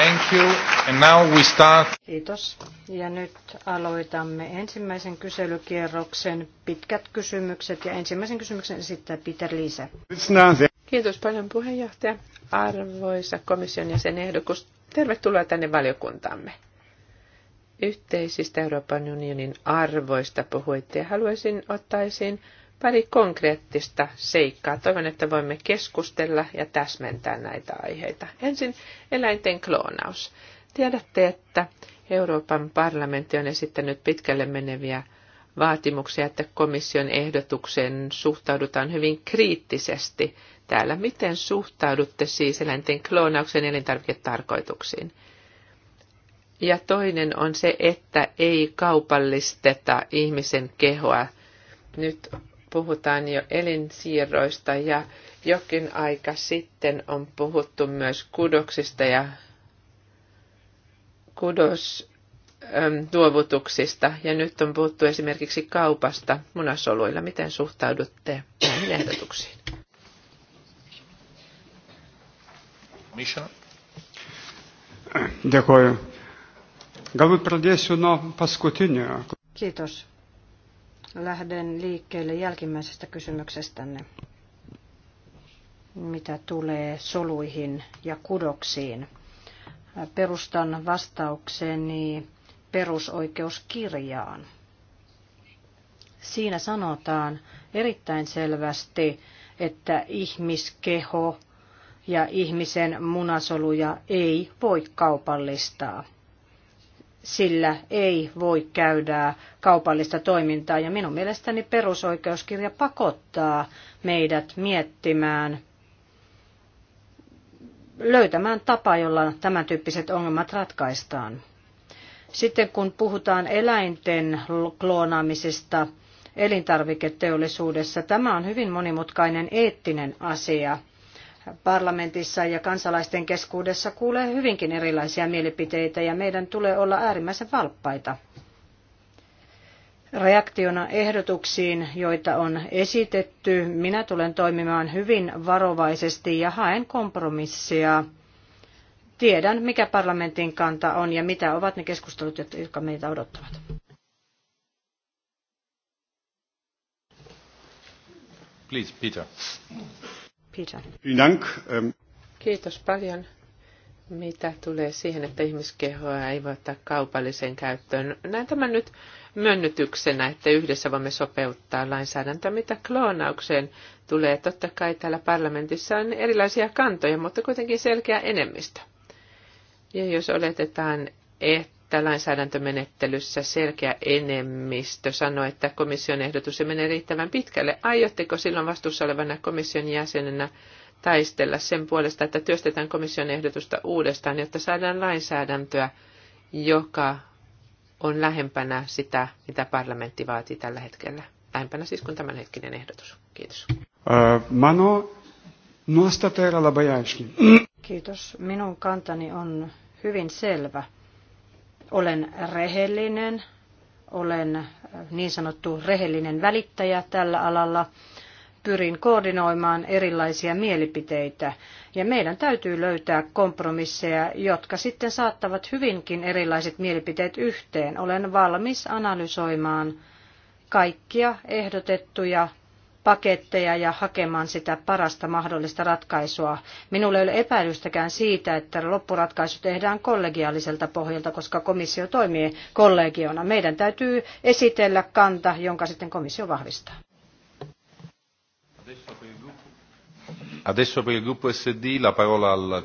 Thank you. And now we start. Kiitos. Ja nyt aloitamme ensimmäisen kyselykierroksen pitkät kysymykset. Ja ensimmäisen kysymyksen esittää Peter Liise. Kiitos paljon puheenjohtaja. Arvoisa komission jäsen ehdokus, tervetuloa tänne valiokuntaamme. Yhteisistä Euroopan unionin arvoista puhuitte ja haluaisin ottaisin pari konkreettista seikkaa. Toivon, että voimme keskustella ja täsmentää näitä aiheita. Ensin eläinten kloonaus. Tiedätte, että Euroopan parlamentti on esittänyt pitkälle meneviä vaatimuksia, että komission ehdotukseen suhtaudutaan hyvin kriittisesti täällä. Miten suhtaudutte siis eläinten kloonauksen elintarviketarkoituksiin? Ja toinen on se, että ei kaupallisteta ihmisen kehoa. Nyt puhutaan jo elinsiirroista ja jokin aika sitten on puhuttu myös kudoksista ja kudosluovutuksista ja nyt on puhuttu esimerkiksi kaupasta munasoluilla. Miten suhtaudutte näihin ehdotuksiin? Misha. Dėkoju. Galbūt pradėsiu nuo paskutinio. Kiitos. Lähden liikkeelle jälkimmäisestä kysymyksestänne, mitä tulee soluihin ja kudoksiin. Perustan vastaukseni perusoikeuskirjaan. Siinä sanotaan erittäin selvästi, että ihmiskeho ja ihmisen munasoluja ei voi kaupallistaa – sillä ei voi käydä kaupallista toimintaa. Ja minun mielestäni perusoikeuskirja pakottaa meidät miettimään, löytämään tapa, jolla tämän tyyppiset ongelmat ratkaistaan. Sitten kun puhutaan eläinten kloonaamisesta elintarviketeollisuudessa, tämä on hyvin monimutkainen eettinen asia – parlamentissa ja kansalaisten keskuudessa kuulee hyvinkin erilaisia mielipiteitä ja meidän tulee olla äärimmäisen valppaita. Reaktiona ehdotuksiin, joita on esitetty, minä tulen toimimaan hyvin varovaisesti ja haen kompromissia. Tiedän, mikä parlamentin kanta on ja mitä ovat ne keskustelut, jotka meitä odottavat. Please, Peter. Peter. Ähm, Kiitos paljon. Mitä tulee siihen, että ihmiskehoa ei voi ottaa kaupalliseen käyttöön? Näen tämän nyt myönnytyksenä, että yhdessä voimme sopeuttaa lainsäädäntöä, mitä kloonaukseen tulee. Totta kai täällä parlamentissa on erilaisia kantoja, mutta kuitenkin selkeä enemmistö. Ja jos oletetaan, että että lainsäädäntömenettelyssä selkeä enemmistö sanoi, että komission ehdotus ei mene riittävän pitkälle. Aiotteko silloin vastuussa olevana komission jäsenenä taistella sen puolesta, että työstetään komission ehdotusta uudestaan, jotta saadaan lainsäädäntöä, joka on lähempänä sitä, mitä parlamentti vaatii tällä hetkellä. Lähempänä siis kuin tämänhetkinen ehdotus. Kiitos. Äh, Mano, nuosta teillä Kiitos. Minun kantani on hyvin selvä. Olen rehellinen, olen äh, niin sanottu rehellinen välittäjä tällä alalla. Pyrin koordinoimaan erilaisia mielipiteitä ja meidän täytyy löytää kompromisseja, jotka sitten saattavat hyvinkin erilaiset mielipiteet yhteen. Olen valmis analysoimaan kaikkia ehdotettuja paketteja ja hakemaan sitä parasta mahdollista ratkaisua. Minulle ei ole epäilystäkään siitä, että loppuratkaisu tehdään kollegiaaliselta pohjalta, koska komissio toimii kollegiona. Meidän täytyy esitellä kanta, jonka sitten komissio vahvistaa. Adesso per il gruppo SD la parola al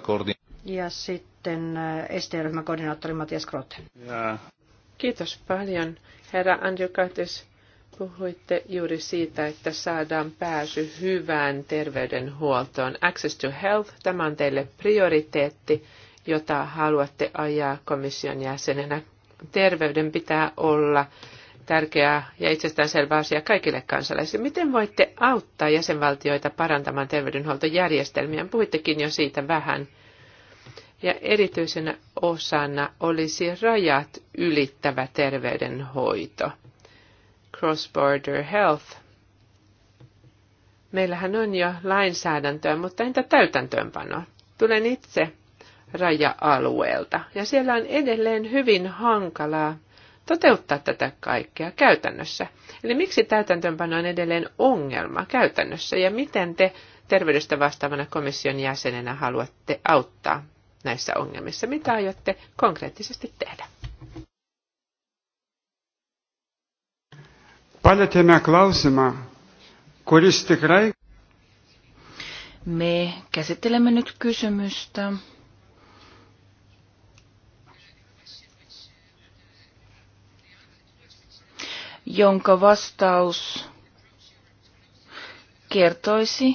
ja sitten äh, ST-ryhmän koordinaattori Mattias Grote. Kiitos paljon, herra Andrew Puhuitte juuri siitä, että saadaan pääsy hyvään terveydenhuoltoon. Access to Health, tämä on teille prioriteetti, jota haluatte ajaa komission jäsenenä. Terveyden pitää olla tärkeä ja itsestäänselvä asia kaikille kansalaisille. Miten voitte auttaa jäsenvaltioita parantamaan terveydenhuoltojärjestelmiä? Puhuittekin jo siitä vähän. Ja erityisenä osana olisi rajat ylittävä terveydenhoito – cross-border health. Meillähän on jo lainsäädäntöä, mutta entä täytäntöönpano? Tulen itse raja-alueelta ja siellä on edelleen hyvin hankalaa toteuttaa tätä kaikkea käytännössä. Eli miksi täytäntöönpano on edelleen ongelma käytännössä ja miten te terveydestä vastaavana komission jäsenenä haluatte auttaa näissä ongelmissa? Mitä aiotte konkreettisesti tehdä? palėtėme klausimą, kuris tikrai. Me käsittelemme nyt kysymystä, jonka vastaus kertoisi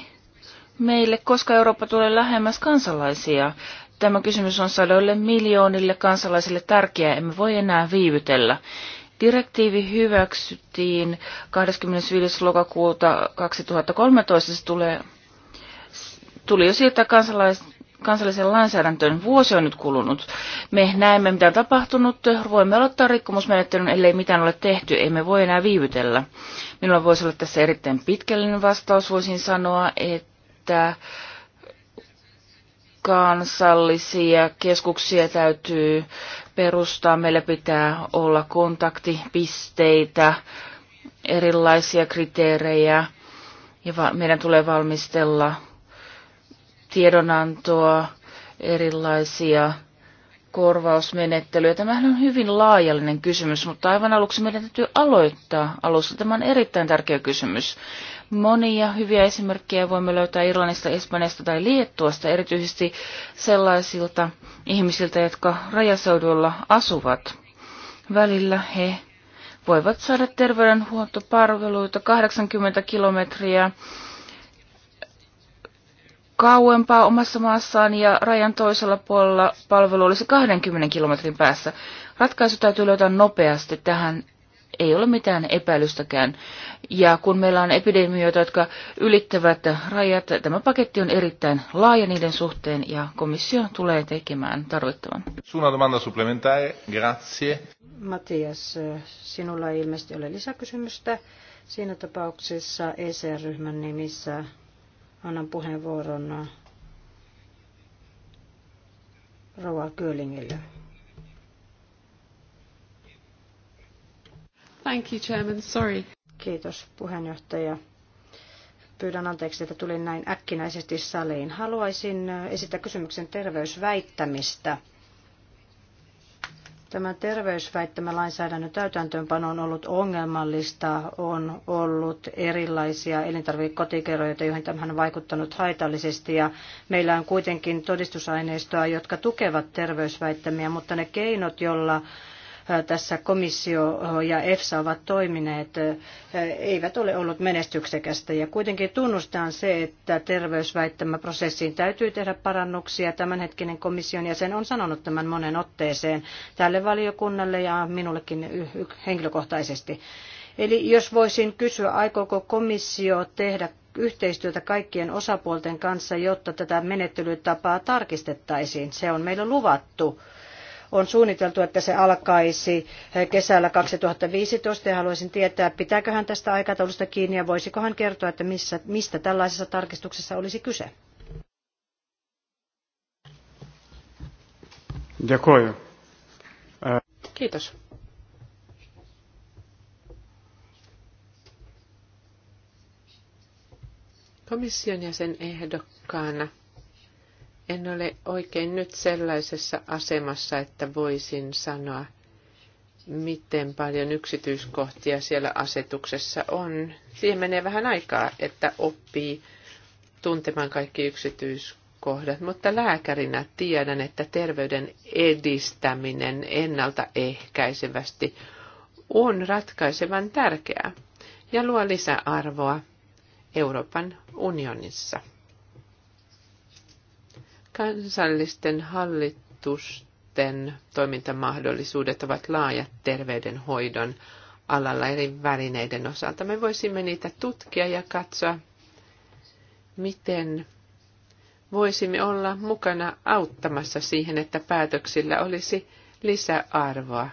meille, koska Eurooppa tulee lähemmäs kansalaisia. Tämä kysymys on sadoille miljoonille kansalaisille tärkeä, emme voi enää viivytellä. Direktiivi hyväksyttiin 25. lokakuuta 2013. Se tulee, tuli jo siitä kansalais, kansallisen lainsäädäntöön. Vuosi on nyt kulunut. Me näemme, mitä on tapahtunut. Voimme aloittaa rikkomusmenettelyn, ellei mitään ole tehty. Emme voi enää viivytellä. Minulla voisi olla tässä erittäin pitkällinen vastaus. Voisin sanoa, että kansallisia keskuksia täytyy perustaa. Meillä pitää olla kontaktipisteitä, erilaisia kriteerejä ja meidän tulee valmistella tiedonantoa, erilaisia korvausmenettelyjä. Tämähän on hyvin laajallinen kysymys, mutta aivan aluksi meidän täytyy aloittaa alussa. Tämä on erittäin tärkeä kysymys monia hyviä esimerkkejä voimme löytää Irlannista, Espanjasta tai Liettuasta, erityisesti sellaisilta ihmisiltä, jotka rajaseudulla asuvat. Välillä he voivat saada terveydenhuoltopalveluita 80 kilometriä kauempaa omassa maassaan ja rajan toisella puolella palvelu olisi 20 kilometrin päässä. Ratkaisu täytyy löytää nopeasti tähän ei ole mitään epäilystäkään. Ja kun meillä on epidemioita, jotka ylittävät rajat, tämä paketti on erittäin laaja niiden suhteen ja komissio tulee tekemään tarvittavan. Suuna domanda supplementare, grazie. Matias, sinulla ei ilmeisesti ole lisäkysymystä. Siinä tapauksessa ECR-ryhmän nimissä annan puheenvuoron Rova Kölingille. Thank you, Chairman. Sorry. Kiitos puheenjohtaja. Pyydän anteeksi, että tulin näin äkkinäisesti saliin. Haluaisin äh, esittää kysymyksen terveysväittämistä. Tämä terveysväittämälainsäädännön täytäntöönpano on ollut ongelmallista, on ollut erilaisia elintarvikekotikeroita, joihin tämä on vaikuttanut haitallisesti. Ja meillä on kuitenkin todistusaineistoa, jotka tukevat terveysväittämiä, mutta ne keinot, joilla tässä komissio ja EFSA ovat toimineet, eivät ole ollut menestyksekästä. Ja kuitenkin tunnustetaan se, että terveysväittämäprosessiin täytyy tehdä parannuksia. Tämänhetkinen komission jäsen on sanonut tämän monen otteeseen tälle valiokunnalle ja minullekin henkilökohtaisesti. Eli jos voisin kysyä, aikooko komissio tehdä yhteistyötä kaikkien osapuolten kanssa, jotta tätä menettelytapaa tarkistettaisiin. Se on meille luvattu on suunniteltu, että se alkaisi kesällä 2015 ja haluaisin tietää, pitääkö hän tästä aikataulusta kiinni ja voisiko hän kertoa, että missä, mistä tällaisessa tarkistuksessa olisi kyse. Kiitos. Komission jäsen ehdokkaana – en ole oikein nyt sellaisessa asemassa, että voisin sanoa, miten paljon yksityiskohtia siellä asetuksessa on. Siihen menee vähän aikaa, että oppii tuntemaan kaikki yksityiskohdat, mutta lääkärinä tiedän, että terveyden edistäminen ennaltaehkäisevästi on ratkaisevan tärkeää ja luo lisäarvoa Euroopan unionissa. Kansallisten hallitusten toimintamahdollisuudet ovat laajat terveydenhoidon alalla eri välineiden osalta. Me voisimme niitä tutkia ja katsoa, miten voisimme olla mukana auttamassa siihen, että päätöksillä olisi lisäarvoa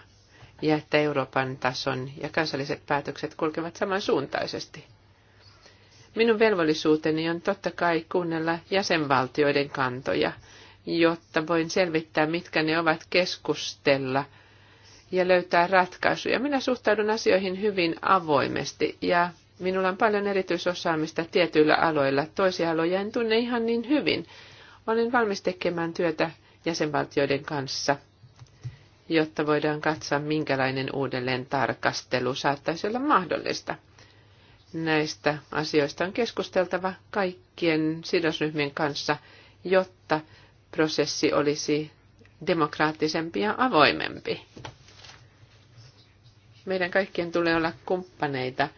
ja että Euroopan tason ja kansalliset päätökset kulkevat samansuuntaisesti. Minun velvollisuuteni on totta kai kuunnella jäsenvaltioiden kantoja, jotta voin selvittää, mitkä ne ovat keskustella ja löytää ratkaisuja. Minä suhtaudun asioihin hyvin avoimesti ja minulla on paljon erityisosaamista tietyillä aloilla. Toisia aloja en tunne ihan niin hyvin. Olen valmis tekemään työtä jäsenvaltioiden kanssa, jotta voidaan katsoa, minkälainen uudelleen tarkastelu saattaisi olla mahdollista näistä asioista on keskusteltava kaikkien sidosryhmien kanssa, jotta prosessi olisi demokraattisempi ja avoimempi. Meidän kaikkien tulee olla kumppaneita,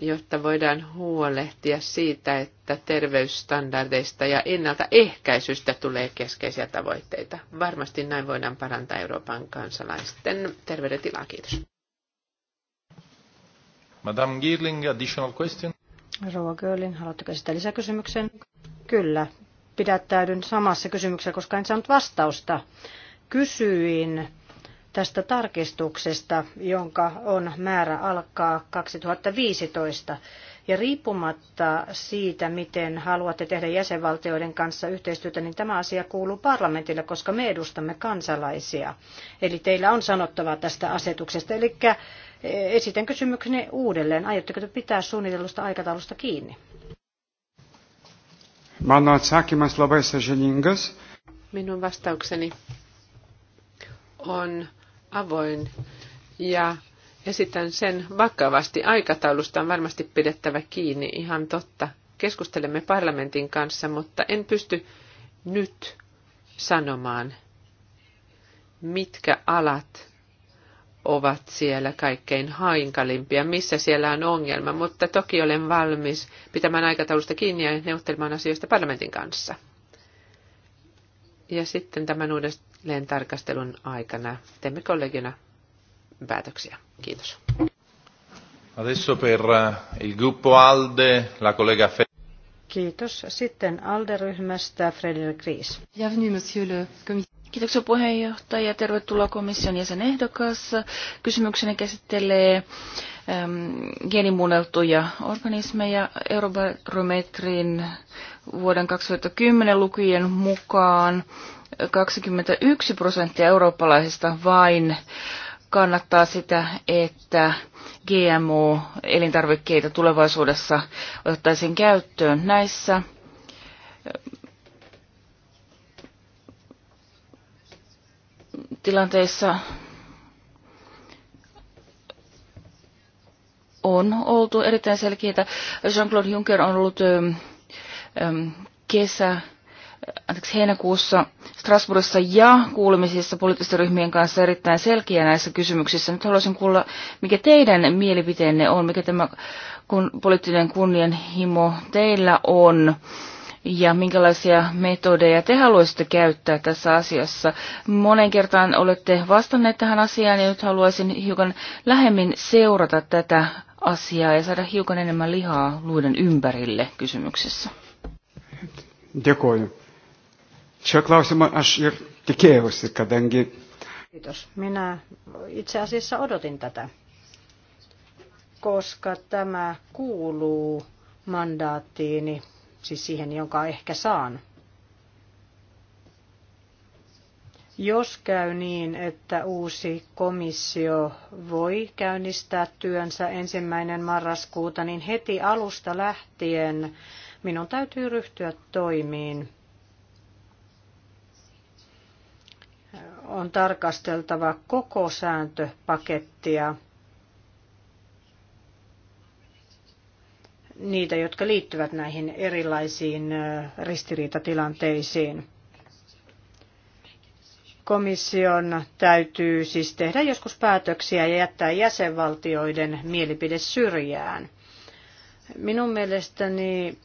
jotta voidaan huolehtia siitä, että terveysstandardeista ja ennaltaehkäisystä tulee keskeisiä tavoitteita. Varmasti näin voidaan parantaa Euroopan kansalaisten terveydentilaa. Kiitos. Madame Girling, additional question? Rouva Girling, haluatteko sitä lisäkysymyksen? Kyllä, pidättäydyn samassa kysymyksessä, koska en saanut vastausta. Kysyin tästä tarkistuksesta, jonka on määrä alkaa 2015. Ja riippumatta siitä, miten haluatte tehdä jäsenvaltioiden kanssa yhteistyötä, niin tämä asia kuuluu parlamentille, koska me edustamme kansalaisia. Eli teillä on sanottavaa tästä asetuksesta. Eli Esitän kysymykseni uudelleen. Aiotteko te pitää suunnitellusta aikataulusta kiinni? Minun vastaukseni on avoin ja esitän sen vakavasti. Aikataulusta on varmasti pidettävä kiinni, ihan totta. Keskustelemme parlamentin kanssa, mutta en pysty nyt sanomaan, mitkä alat ovat siellä kaikkein hainkalimpia, missä siellä on ongelma, mutta toki olen valmis pitämään aikataulusta kiinni ja neuvottelemaan asioista parlamentin kanssa. Ja sitten tämän uudelleen tarkastelun aikana teemme kollegina päätöksiä. Kiitos. Adesso per eh, il gruppo ALDE, la collega Fe- Kiitos. Sitten ALDE-ryhmästä Fredrik Ries. Bienvenue, monsieur le commissaire. Kiitoksia puheenjohtaja. Tervetuloa komission jäsenehdokas. Kysymykseni käsittelee äm, geenimuunneltuja organismeja. Eurobarometrin vuoden 2010 lukujen mukaan 21 prosenttia eurooppalaisista vain kannattaa sitä, että GMO-elintarvikkeita tulevaisuudessa otettaisiin käyttöön näissä tilanteissa on oltu erittäin selkeitä. Jean-Claude Juncker on ollut kesä, anteeksi, heinäkuussa Strasbourgissa ja kuulemisissa poliittisten ryhmien kanssa erittäin selkeä näissä kysymyksissä. Nyt haluaisin kuulla, mikä teidän mielipiteenne on, mikä tämä kun, poliittinen kunnianhimo teillä on ja minkälaisia metodeja te haluaisitte käyttää tässä asiassa. Monen kertaan olette vastanneet tähän asiaan ja nyt haluaisin hiukan lähemmin seurata tätä asiaa ja saada hiukan enemmän lihaa luiden ympärille kysymyksessä. Kiitos. Minä itse asiassa odotin tätä, koska tämä kuuluu mandaattiini siis siihen, jonka ehkä saan. Jos käy niin, että uusi komissio voi käynnistää työnsä ensimmäinen marraskuuta, niin heti alusta lähtien minun täytyy ryhtyä toimiin. On tarkasteltava koko sääntöpakettia niitä, jotka liittyvät näihin erilaisiin ristiriitatilanteisiin. Komission täytyy siis tehdä joskus päätöksiä ja jättää jäsenvaltioiden mielipide syrjään. Minun mielestäni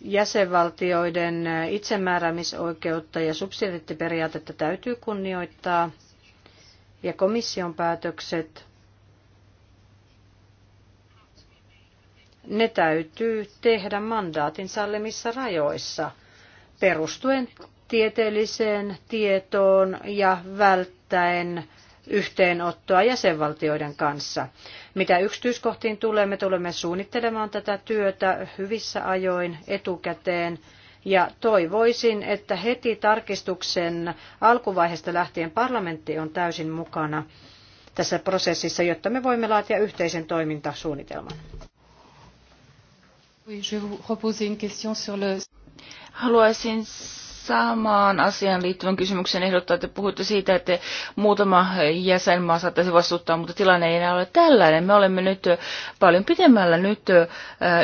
jäsenvaltioiden itsemääräämisoikeutta ja subsidiariteettiperiaatetta täytyy kunnioittaa ja komission päätökset ne täytyy tehdä mandaatin sallimissa rajoissa perustuen tieteelliseen tietoon ja välttäen yhteenottoa jäsenvaltioiden kanssa. Mitä yksityiskohtiin tulee, me tulemme suunnittelemaan tätä työtä hyvissä ajoin etukäteen ja toivoisin, että heti tarkistuksen alkuvaiheesta lähtien parlamentti on täysin mukana tässä prosessissa, jotta me voimme laatia yhteisen toimintasuunnitelman. Haluaisin samaan asiaan liittyvän kysymyksen ehdottaa, että puhutte siitä, että muutama jäsenmaa saattaisi vastuuttaa, mutta tilanne ei enää ole tällainen. Me olemme nyt paljon pitemmällä. Nyt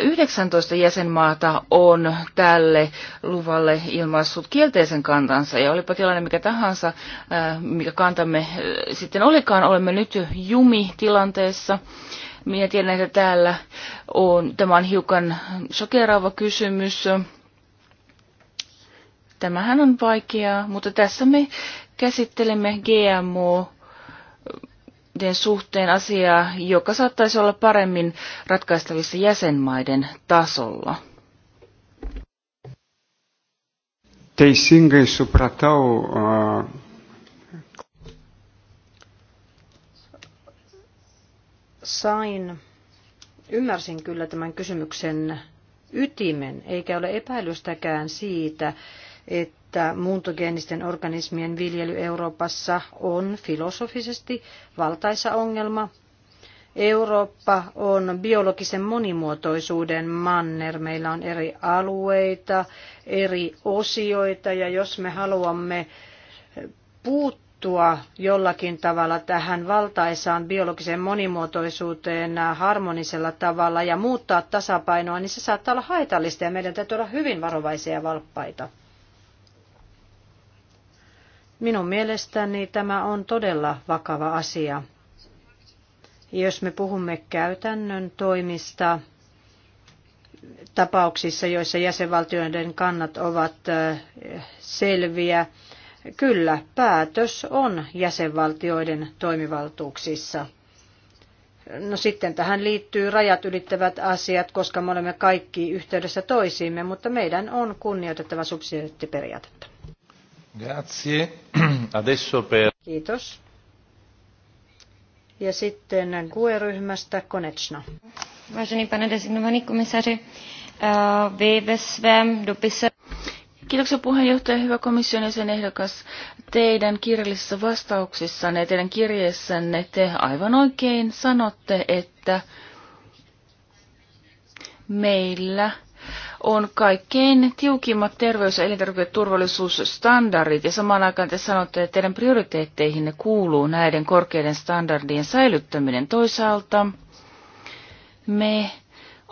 19 jäsenmaata on tälle luvalle ilmaissut kielteisen kantansa. Ja olipa tilanne mikä tahansa, mikä kantamme sitten olikaan, olemme nyt jumi tilanteessa. Minä tiedän, että täällä on, tämä on hiukan sokeraava kysymys. Tämähän on vaikeaa, mutta tässä me käsittelemme GMO suhteen asiaa, joka saattaisi olla paremmin ratkaistavissa jäsenmaiden tasolla. Teisingai supratau sain, ymmärsin kyllä tämän kysymyksen ytimen, eikä ole epäilystäkään siitä, että muuntogeenisten organismien viljely Euroopassa on filosofisesti valtaisa ongelma. Eurooppa on biologisen monimuotoisuuden manner. Meillä on eri alueita, eri osioita ja jos me haluamme puuttua puuttua jollakin tavalla tähän valtaisaan biologiseen monimuotoisuuteen harmonisella tavalla ja muuttaa tasapainoa, niin se saattaa olla haitallista ja meidän täytyy olla hyvin varovaisia ja valppaita. Minun mielestäni tämä on todella vakava asia. Jos me puhumme käytännön toimista, tapauksissa, joissa jäsenvaltioiden kannat ovat eh, selviä, Kyllä, päätös on jäsenvaltioiden toimivaltuuksissa. No sitten tähän liittyy rajat ylittävät asiat, koska me olemme kaikki yhteydessä toisiimme, mutta meidän on kunnioitettava subsidiariteettiperiaatetta. Grazie. Adesso per... Kiitos. Ja sitten GUE-ryhmästä Konechna. Vážený pane designovani komisaři, eh, vy ve dopise... Kiitoksia puheenjohtaja, hyvä komission jäsen ehdokas. Teidän kirjallisissa vastauksissanne ja teidän kirjeessänne te aivan oikein sanotte, että meillä on kaikkein tiukimmat terveys- ja elintarviketurvallisuusstandardit ja samaan aikaan te sanotte, että teidän prioriteetteihinne kuuluu näiden korkeiden standardien säilyttäminen toisaalta. Me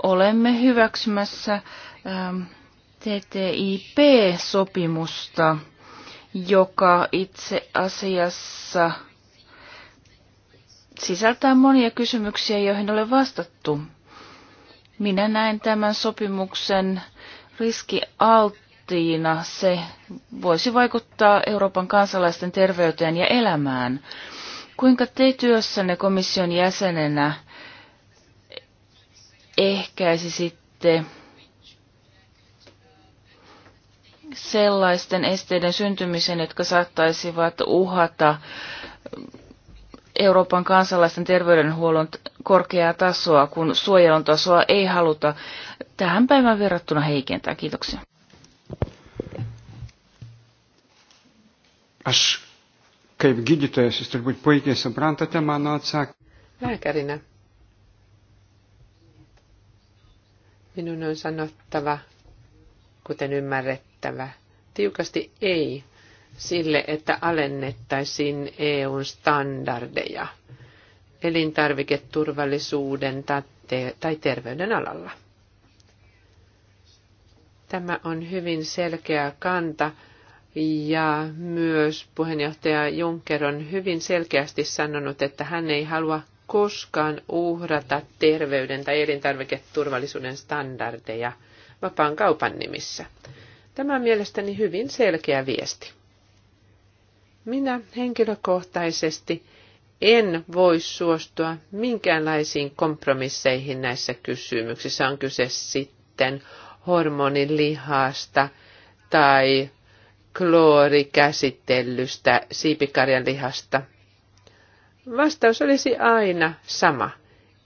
olemme hyväksymässä ähm, TTIP-sopimusta, joka itse asiassa sisältää monia kysymyksiä, joihin olen vastattu. Minä näen tämän sopimuksen riskialttiina. Se voisi vaikuttaa Euroopan kansalaisten terveyteen ja elämään. Kuinka te työssänne komission jäsenenä ehkäisisitte sitten sellaisten esteiden syntymisen, jotka saattaisivat uhata Euroopan kansalaisten terveydenhuollon korkeaa tasoa, kun suojelun tasoa ei haluta tähän päivään verrattuna heikentää. Kiitoksia. Aš kaip gydytojas, jūs turbūt puikiai suprantate mano atsakymą. Lääkärinä. Minun on sanottava, kuten ymmärrettävä, tiukasti ei sille, että alennettaisiin EUn standardeja elintarviketurvallisuuden tai terveyden alalla. Tämä on hyvin selkeä kanta ja myös puheenjohtaja Juncker on hyvin selkeästi sanonut, että hän ei halua koskaan uhrata terveyden tai elintarviketurvallisuuden standardeja – vapaan kaupan nimissä. Tämä on mielestäni hyvin selkeä viesti. Minä henkilökohtaisesti en voi suostua minkäänlaisiin kompromisseihin näissä kysymyksissä. On kyse sitten hormonilihasta tai kloorikäsittelystä siipikarjan lihasta. Vastaus olisi aina sama –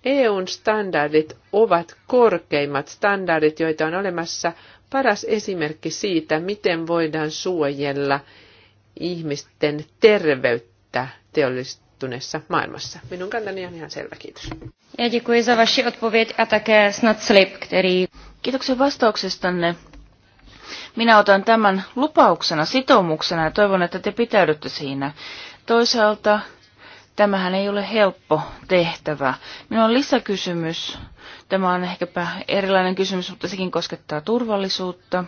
EUn standardit ovat korkeimmat standardit, joita on olemassa paras esimerkki siitä, miten voidaan suojella ihmisten terveyttä teollistuneessa maailmassa. Minun kantani on ihan selvä, kiitos. Ja za vaši odpověď a také snad který... Kiitoksia vastauksestanne. Minä otan tämän lupauksena, sitoumuksena ja toivon, että te pitäydytte siinä. Toisaalta Tämähän ei ole helppo tehtävä. Minulla on lisäkysymys. Tämä on ehkäpä erilainen kysymys, mutta sekin koskettaa turvallisuutta.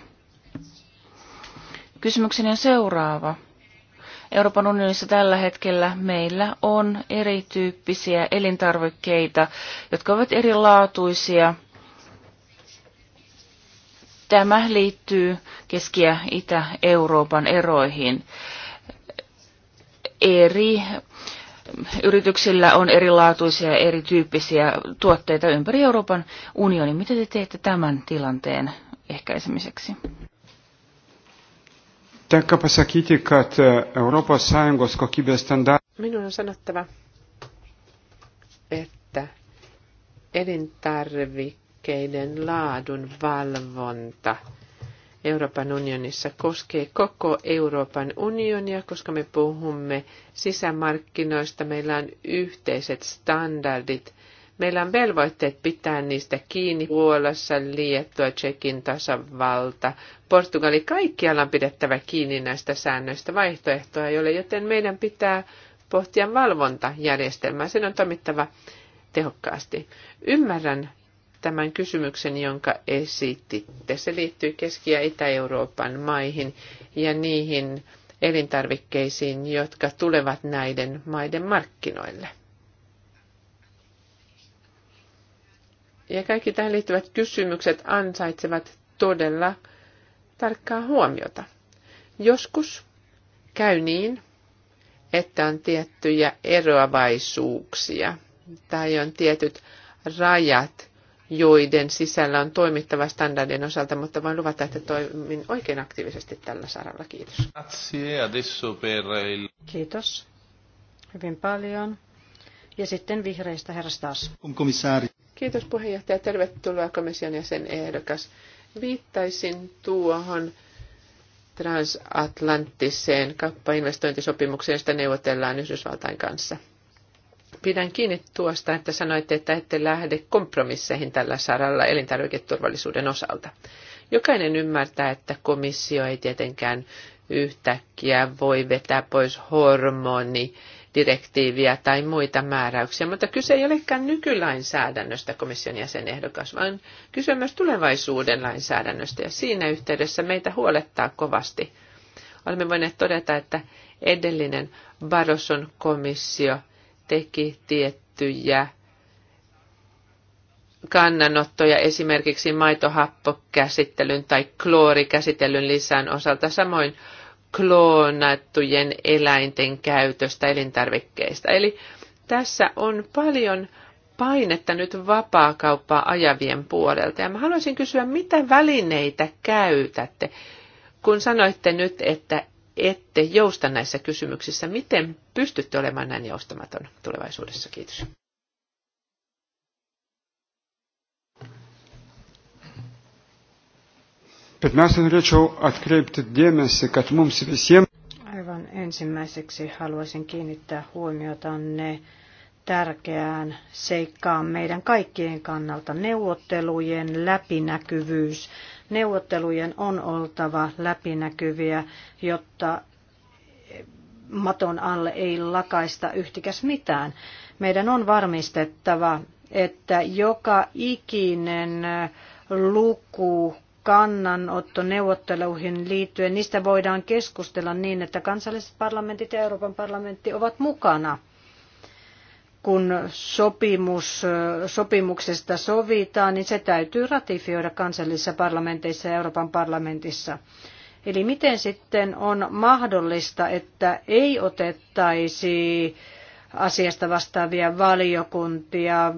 Kysymykseni on seuraava. Euroopan unionissa tällä hetkellä meillä on erityyppisiä elintarvikkeita, jotka ovat erilaatuisia. Tämä liittyy Keski- ja Itä-Euroopan eroihin. Eri yrityksillä on erilaatuisia ja erityyppisiä tuotteita ympäri Euroopan unionin. Mitä te teette tämän tilanteen ehkäisemiseksi? E, Minun on sanottava, että elintarvikkeiden laadun valvonta – Euroopan unionissa koskee koko Euroopan unionia, koska me puhumme sisämarkkinoista, meillä on yhteiset standardit, meillä on velvoitteet pitää niistä kiinni Puolassa, Liettua, Tsekin tasavalta, Portugali, kaikkialla on pidettävä kiinni näistä säännöistä, vaihtoehtoa ei ole, joten meidän pitää pohtia valvontajärjestelmää, sen on toimittava tehokkaasti. Ymmärrän tämän kysymyksen, jonka esititte. Se liittyy Keski- ja Itä-Euroopan maihin ja niihin elintarvikkeisiin, jotka tulevat näiden maiden markkinoille. Ja kaikki tähän liittyvät kysymykset ansaitsevat todella tarkkaa huomiota. Joskus käy niin, että on tiettyjä eroavaisuuksia tai on tietyt rajat joiden sisällä on toimittava standardien osalta, mutta voin luvata, että toimin oikein aktiivisesti tällä saralla. Kiitos. Kiitos hyvin paljon. Ja sitten vihreistä herra Stas. Kiitos puheenjohtaja. Tervetuloa komission jäsen ehdokas. Viittaisin tuohon transatlanttiseen kauppainvestointisopimukseen, josta neuvotellaan Yhdysvaltain kanssa – pidän kiinni tuosta, että sanoitte, että ette lähde kompromisseihin tällä saralla elintarviketurvallisuuden osalta. Jokainen ymmärtää, että komissio ei tietenkään yhtäkkiä voi vetää pois hormoni direktiiviä tai muita määräyksiä, mutta kyse ei olekään nykylainsäädännöstä komission jäsenehdokas, vaan kyse myös tulevaisuuden lainsäädännöstä ja siinä yhteydessä meitä huolettaa kovasti. Olemme voineet todeta, että edellinen Barroson komissio – teki tiettyjä kannanottoja esimerkiksi maitohappokäsittelyn tai kloorikäsittelyn lisään osalta, samoin kloonattujen eläinten käytöstä elintarvikkeista. Eli tässä on paljon painetta nyt vapaakauppaa ajavien puolelta. Ja mä haluaisin kysyä, mitä välineitä käytätte, kun sanoitte nyt, että ette jousta näissä kysymyksissä. Miten pystytte olemaan näin joustamaton tulevaisuudessa? Kiitos. Aivan ensimmäiseksi haluaisin kiinnittää ne tärkeään seikkaan meidän kaikkien kannalta neuvottelujen läpinäkyvyys Neuvottelujen on oltava läpinäkyviä, jotta maton alle ei lakaista yhtikäs mitään. Meidän on varmistettava, että joka ikinen luku kannanotto neuvotteluihin liittyen, niistä voidaan keskustella niin, että kansalliset parlamentit ja Euroopan parlamentti ovat mukana kun sopimus, sopimuksesta sovitaan, niin se täytyy ratifioida kansallisissa parlamenteissa ja Euroopan parlamentissa. Eli miten sitten on mahdollista, että ei otettaisi asiasta vastaavia valiokuntia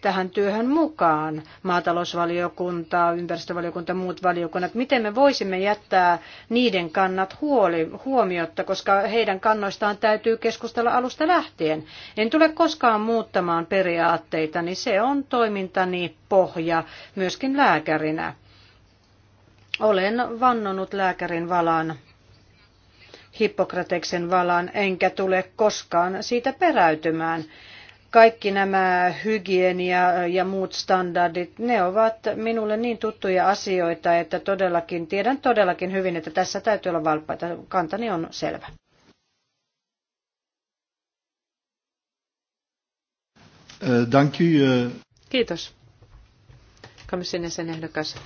tähän työhön mukaan, maatalousvaliokunta, ympäristövaliokunta, muut valiokunnat, miten me voisimme jättää niiden kannat huoli, huomiotta, koska heidän kannoistaan täytyy keskustella alusta lähtien. En tule koskaan muuttamaan periaatteita, niin se on toimintani pohja myöskin lääkärinä. Olen vannonut lääkärin valan Hippokrateksen valan, enkä tule koskaan siitä peräytymään. Kaikki nämä hygienia ja muut standardit, ne ovat minulle niin tuttuja asioita, että todellakin tiedän todellakin hyvin, että tässä täytyy olla valppaita. Kantani on selvä. Äh, äh. Kiitos. Komission sen ehdokas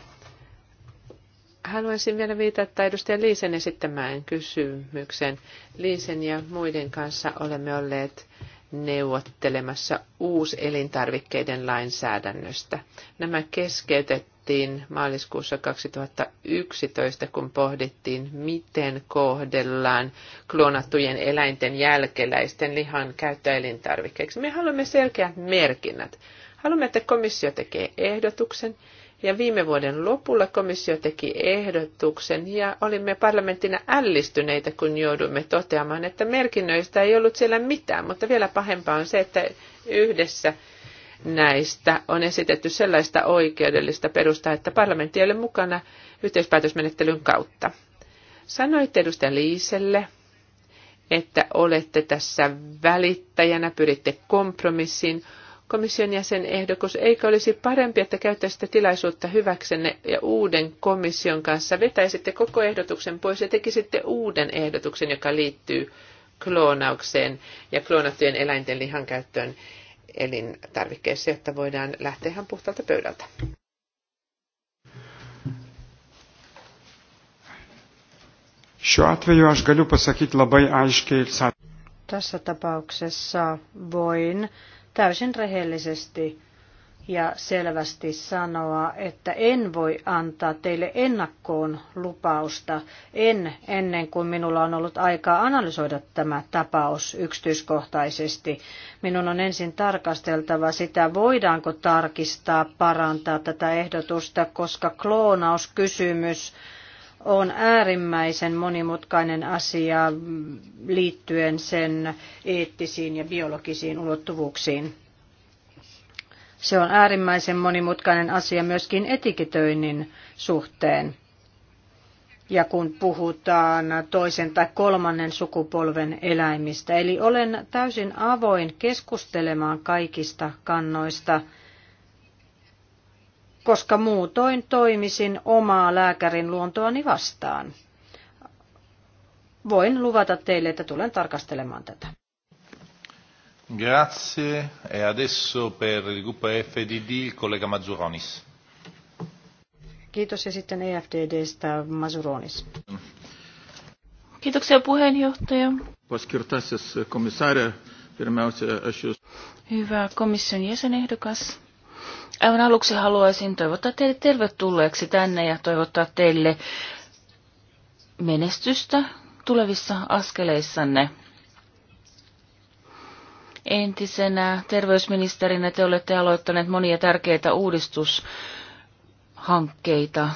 Haluaisin vielä viitata edustaja Liisen esittämään kysymykseen. Liisen ja muiden kanssa olemme olleet neuvottelemassa uuselintarvikkeiden lainsäädännöstä. Nämä keskeytettiin maaliskuussa 2011, kun pohdittiin, miten kohdellaan kloonattujen eläinten jälkeläisten lihan käyttöelintarvikkeiksi. Me haluamme selkeät merkinnät. Haluamme, että komissio tekee ehdotuksen ja viime vuoden lopulla komissio teki ehdotuksen ja olimme parlamenttina ällistyneitä, kun jouduimme toteamaan, että merkinnöistä ei ollut siellä mitään, mutta vielä pahempaa on se, että yhdessä näistä on esitetty sellaista oikeudellista perustaa, että parlamentti ei ole mukana yhteispäätösmenettelyn kautta. Sanoitte edustaja Liiselle, että olette tässä välittäjänä, pyritte kompromissiin komission jäsen ehdokus, eikö olisi parempi, että käyttäisitte tilaisuutta hyväksenne ja uuden komission kanssa vetäisitte koko ehdotuksen pois ja tekisitte uuden ehdotuksen, joka liittyy kloonaukseen ja kloonattujen eläinten lihan käyttöön elintarvikkeissa, jotta voidaan lähteä ihan puhtaalta pöydältä. Tässä tapauksessa voin täysin rehellisesti ja selvästi sanoa, että en voi antaa teille ennakkoon lupausta, en ennen kuin minulla on ollut aikaa analysoida tämä tapaus yksityiskohtaisesti. Minun on ensin tarkasteltava sitä, voidaanko tarkistaa, parantaa tätä ehdotusta, koska kloonauskysymys kysymys on äärimmäisen monimutkainen asia liittyen sen eettisiin ja biologisiin ulottuvuuksiin. Se on äärimmäisen monimutkainen asia myöskin etiketöinnin suhteen. Ja kun puhutaan toisen tai kolmannen sukupolven eläimistä. Eli olen täysin avoin keskustelemaan kaikista kannoista – koska muutoin toimisin omaa lääkärin luontoani vastaan. Voin luvata teille, että tulen tarkastelemaan tätä. Grazie. E adesso per il gruppo FDD il collega Mazzuronis. Kiitos ja sitten EFDDstä Mazzuronis. Kiitoksia puheenjohtaja. Paskirtaisessa komissaari, Hyvä komission jäsenehdokas. Aivan aluksi haluaisin toivottaa teille tervetulleeksi tänne ja toivottaa teille menestystä tulevissa askeleissanne. Entisenä terveysministerinä te olette aloittaneet monia tärkeitä uudistushankkeita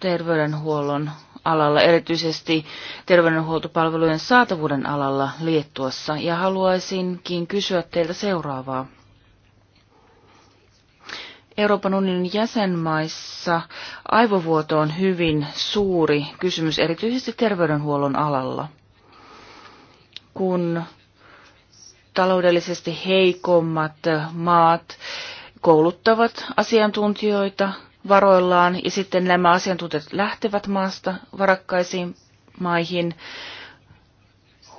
terveydenhuollon alalla, erityisesti terveydenhuoltopalvelujen saatavuuden alalla Liettuassa. Ja haluaisinkin kysyä teiltä seuraavaa. Euroopan unionin jäsenmaissa aivovuoto on hyvin suuri kysymys, erityisesti terveydenhuollon alalla. Kun taloudellisesti heikommat maat kouluttavat asiantuntijoita varoillaan ja sitten nämä asiantuntijat lähtevät maasta varakkaisiin maihin,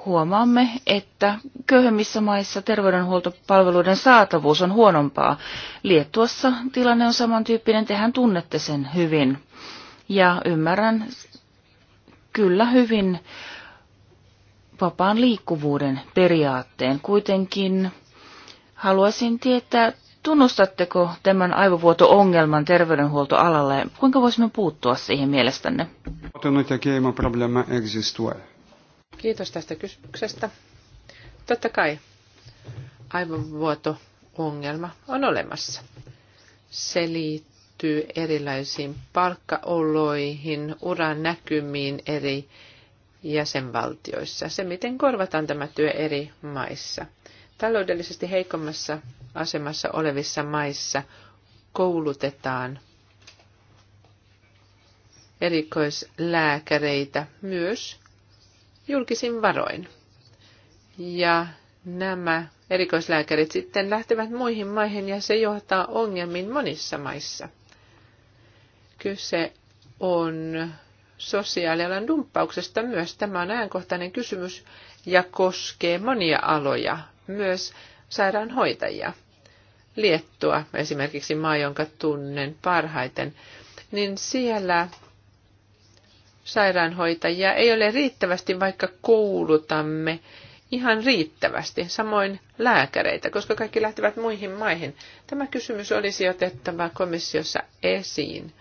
huomaamme, että köyhemmissä maissa terveydenhuoltopalveluiden saatavuus on huonompaa. Liettuassa tilanne on samantyyppinen, tehän tunnette sen hyvin. Ja ymmärrän kyllä hyvin vapaan liikkuvuuden periaatteen. Kuitenkin haluaisin tietää, tunnustatteko tämän aivovuoto-ongelman terveydenhuoltoalalle? Kuinka voisimme puuttua siihen mielestänne? No, Problema existuoja. Kiitos tästä kysymyksestä. Totta kai aivovuoto-ongelma on olemassa. Se liittyy erilaisiin palkkaoloihin, uran näkymiin eri jäsenvaltioissa. Se, miten korvataan tämä työ eri maissa. Taloudellisesti heikommassa asemassa olevissa maissa koulutetaan erikoislääkäreitä myös julkisin varoin. Ja nämä erikoislääkärit sitten lähtevät muihin maihin ja se johtaa ongelmiin monissa maissa. Kyse on sosiaalialan dumppauksesta myös. Tämä on ajankohtainen kysymys ja koskee monia aloja, myös sairaanhoitajia. Liettua, esimerkiksi maa, jonka tunnen parhaiten, niin siellä sairaanhoitajia ei ole riittävästi, vaikka koulutamme ihan riittävästi, samoin lääkäreitä, koska kaikki lähtevät muihin maihin. Tämä kysymys olisi otettava komissiossa esiin.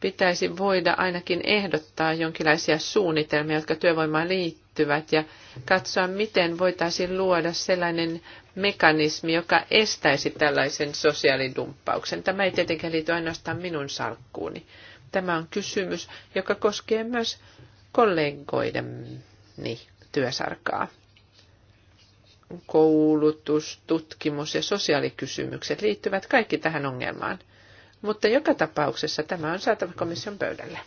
Pitäisi voida ainakin ehdottaa jonkinlaisia suunnitelmia, jotka työvoimaan liittyvät, ja katsoa, miten voitaisiin luoda sellainen mekanismi, joka estäisi tällaisen sosiaalidumppauksen. Tämä ei tietenkään liity ainoastaan minun salkkuuni. Tämä on kysymys, joka koskee myös kollegoideni työsarkaa. Koulutus, tutkimus ja sosiaalikysymykset liittyvät kaikki tähän ongelmaan. Mutta joka tapauksessa tämä on saatava komission pöydälle.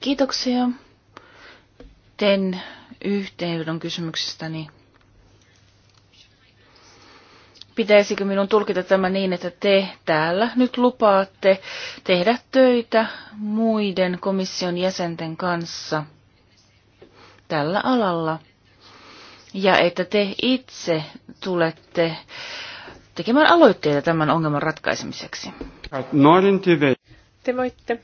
Kiitoksia. Teen yhteenvedon kysymyksestäni, Pitäisikö minun tulkita tämä niin, että te täällä nyt lupaatte tehdä töitä muiden komission jäsenten kanssa tällä alalla? Ja että te itse tulette tekemään aloitteita tämän ongelman ratkaisemiseksi. Te voitte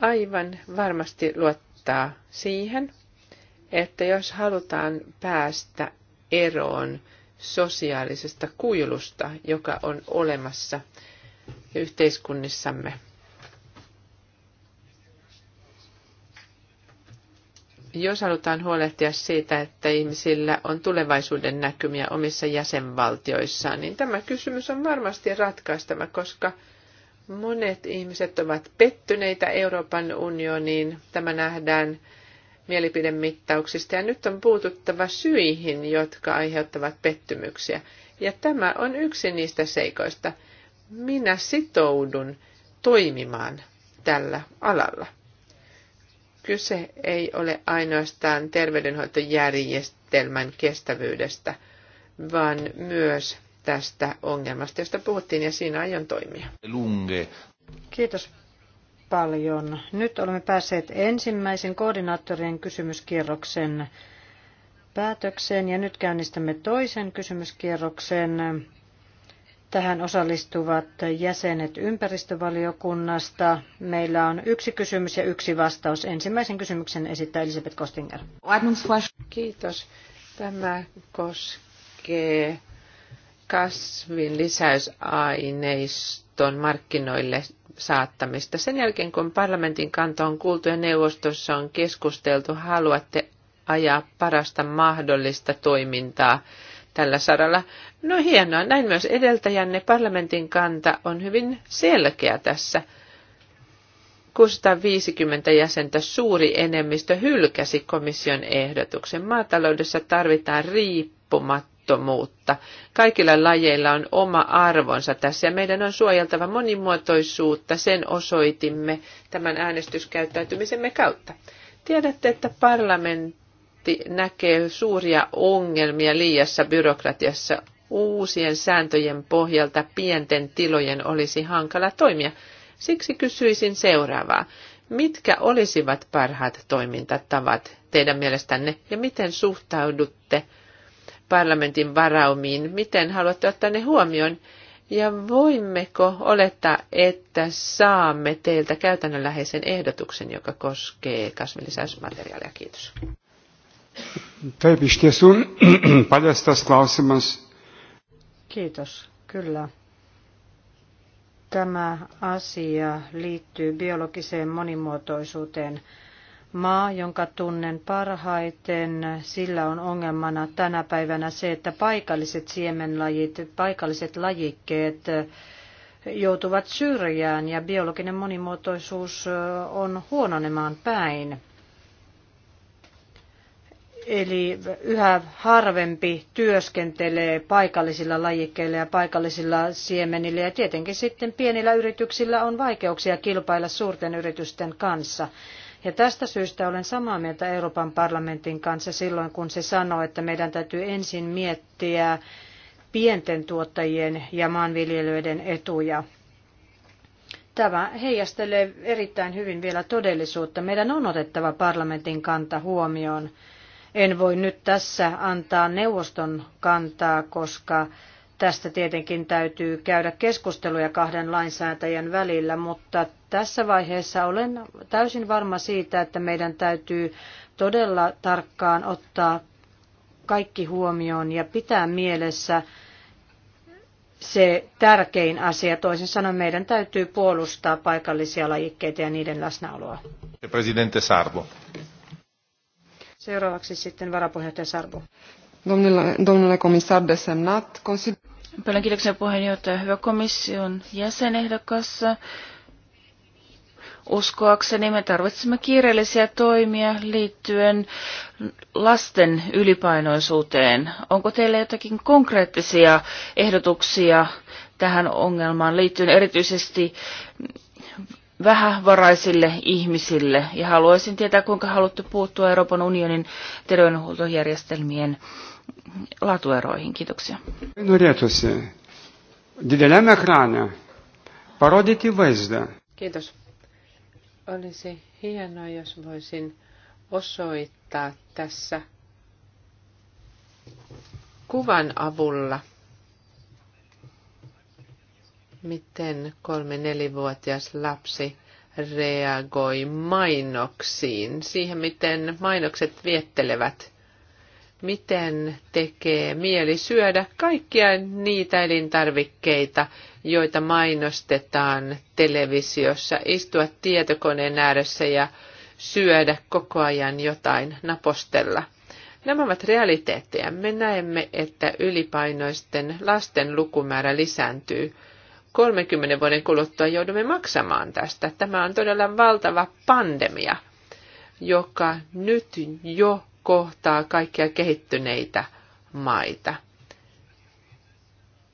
aivan varmasti luottaa siihen, että jos halutaan päästä eroon sosiaalisesta kuilusta, joka on olemassa yhteiskunnissamme. Jos halutaan huolehtia siitä, että ihmisillä on tulevaisuuden näkymiä omissa jäsenvaltioissaan, niin tämä kysymys on varmasti ratkaistava, koska monet ihmiset ovat pettyneitä Euroopan unioniin. Tämä nähdään mielipidemittauksista ja nyt on puututtava syihin, jotka aiheuttavat pettymyksiä. Ja tämä on yksi niistä seikoista. Minä sitoudun toimimaan tällä alalla. Kyse ei ole ainoastaan terveydenhoitojärjestelmän kestävyydestä, vaan myös tästä ongelmasta, josta puhuttiin, ja siinä aion toimia. Lunge. Kiitos paljon. Nyt olemme päässeet ensimmäisen koordinaattorien kysymyskierroksen päätökseen ja nyt käynnistämme toisen kysymyskierroksen. Tähän osallistuvat jäsenet ympäristövaliokunnasta. Meillä on yksi kysymys ja yksi vastaus. Ensimmäisen kysymyksen esittää Elisabeth Kostinger. Kiitos. Tämä koskee kasvin lisäysaineiston markkinoille saattamista. Sen jälkeen, kun parlamentin kanta on kuultu ja neuvostossa on keskusteltu, haluatte ajaa parasta mahdollista toimintaa tällä saralla. No hienoa, näin myös edeltäjänne parlamentin kanta on hyvin selkeä tässä. 650 jäsentä suuri enemmistö hylkäsi komission ehdotuksen. Maataloudessa tarvitaan riippumatta levottomuutta. Kaikilla lajeilla on oma arvonsa tässä ja meidän on suojeltava monimuotoisuutta, sen osoitimme tämän äänestyskäyttäytymisemme kautta. Tiedätte, että parlamentti näkee suuria ongelmia liiassa byrokratiassa. Uusien sääntöjen pohjalta pienten tilojen olisi hankala toimia. Siksi kysyisin seuraavaa. Mitkä olisivat parhaat toimintatavat teidän mielestänne ja miten suhtaudutte parlamentin varaumiin. Miten haluatte ottaa ne huomioon? Ja voimmeko olettaa, että saamme teiltä käytännönläheisen ehdotuksen, joka koskee kasvillisäysmateriaalia? Kiitos. Kiitos, kyllä. Tämä asia liittyy biologiseen monimuotoisuuteen maa, jonka tunnen parhaiten, sillä on ongelmana tänä päivänä se, että paikalliset siemenlajit, paikalliset lajikkeet joutuvat syrjään ja biologinen monimuotoisuus on huononemaan päin. Eli yhä harvempi työskentelee paikallisilla lajikkeilla ja paikallisilla siemenillä ja tietenkin sitten pienillä yrityksillä on vaikeuksia kilpailla suurten yritysten kanssa. Ja tästä syystä olen samaa mieltä Euroopan parlamentin kanssa silloin, kun se sanoo, että meidän täytyy ensin miettiä pienten tuottajien ja maanviljelijöiden etuja. Tämä heijastelee erittäin hyvin vielä todellisuutta. Meidän on otettava parlamentin kanta huomioon. En voi nyt tässä antaa neuvoston kantaa, koska Tästä tietenkin täytyy käydä keskusteluja kahden lainsäätäjän välillä, mutta tässä vaiheessa olen täysin varma siitä, että meidän täytyy todella tarkkaan ottaa kaikki huomioon ja pitää mielessä se tärkein asia. Toisin sanoen meidän täytyy puolustaa paikallisia lajikkeita ja niiden läsnäoloa. Presidente Sarbo. Seuraavaksi sitten varapuheenjohtaja Sarbo. Domnule, domnule de desemnat, Paljon kiitoksia puheenjohtaja. Hyvä komission jäsenehdokas. Uskoakseni me tarvitsemme kiireellisiä toimia liittyen lasten ylipainoisuuteen. Onko teillä jotakin konkreettisia ehdotuksia tähän ongelmaan liittyen erityisesti vähävaraisille ihmisille? Ja haluaisin tietää, kuinka haluatte puuttua Euroopan unionin terveydenhuoltojärjestelmien latueroihin. Kiitoksia. Kiitos. Olisi hienoa, jos voisin osoittaa tässä kuvan avulla, miten kolme-nelivuotias lapsi reagoi mainoksiin, siihen miten mainokset viettelevät, miten tekee mieli syödä kaikkia niitä elintarvikkeita, joita mainostetaan televisiossa, istua tietokoneen ääressä ja syödä koko ajan jotain, napostella. Nämä ovat realiteetteja. Me näemme, että ylipainoisten lasten lukumäärä lisääntyy. 30 vuoden kuluttua joudumme maksamaan tästä. Tämä on todella valtava pandemia, joka nyt jo kohtaa kaikkia kehittyneitä maita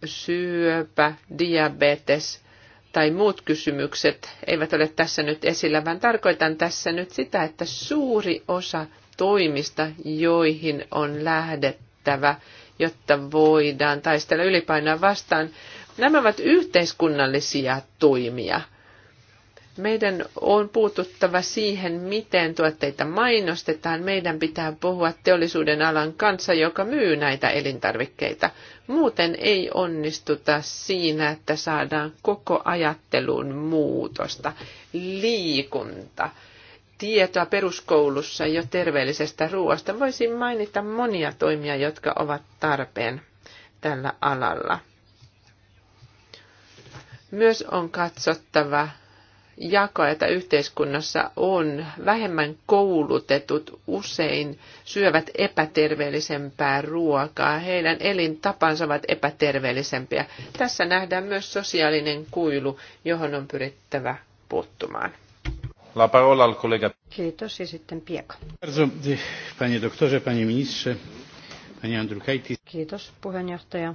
syöpä, diabetes tai muut kysymykset eivät ole tässä nyt esillä, vaan tarkoitan tässä nyt sitä, että suuri osa toimista, joihin on lähdettävä, jotta voidaan taistella ylipainoa vastaan, nämä ovat yhteiskunnallisia toimia – meidän on puututtava siihen, miten tuotteita mainostetaan. Meidän pitää puhua teollisuuden alan kanssa, joka myy näitä elintarvikkeita. Muuten ei onnistuta siinä, että saadaan koko ajattelun muutosta. Liikunta, tietoa peruskoulussa jo terveellisestä ruoasta. Voisin mainita monia toimia, jotka ovat tarpeen tällä alalla. Myös on katsottava jakoa, että yhteiskunnassa on. Vähemmän koulutetut usein syövät epäterveellisempää ruokaa. Heidän elintapansa ovat epäterveellisempiä. Tässä nähdään myös sosiaalinen kuilu, johon on pyrittävä puuttumaan. La parola al collega. Kiitos ja sitten Pieka. Kiitos puheenjohtaja.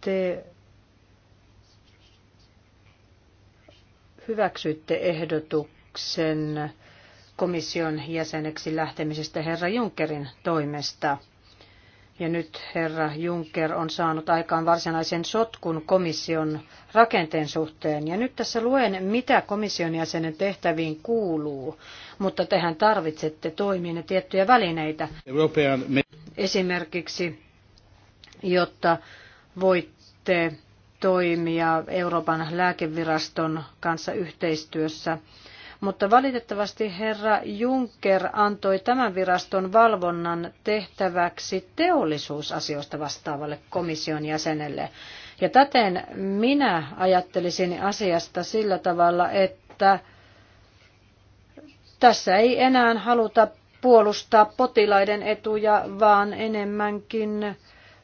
Te hyväksytte ehdotuksen komission jäseneksi lähtemisestä herra Junckerin toimesta. Ja nyt herra Juncker on saanut aikaan varsinaisen sotkun komission rakenteen suhteen. Ja nyt tässä luen, mitä komission jäsenen tehtäviin kuuluu, mutta tehän tarvitsette toimiin tiettyjä välineitä. Esimerkiksi, jotta voitte toimia Euroopan lääkeviraston kanssa yhteistyössä. Mutta valitettavasti herra Juncker antoi tämän viraston valvonnan tehtäväksi teollisuusasioista vastaavalle komission jäsenelle. Ja täten minä ajattelisin asiasta sillä tavalla, että tässä ei enää haluta puolustaa potilaiden etuja, vaan enemmänkin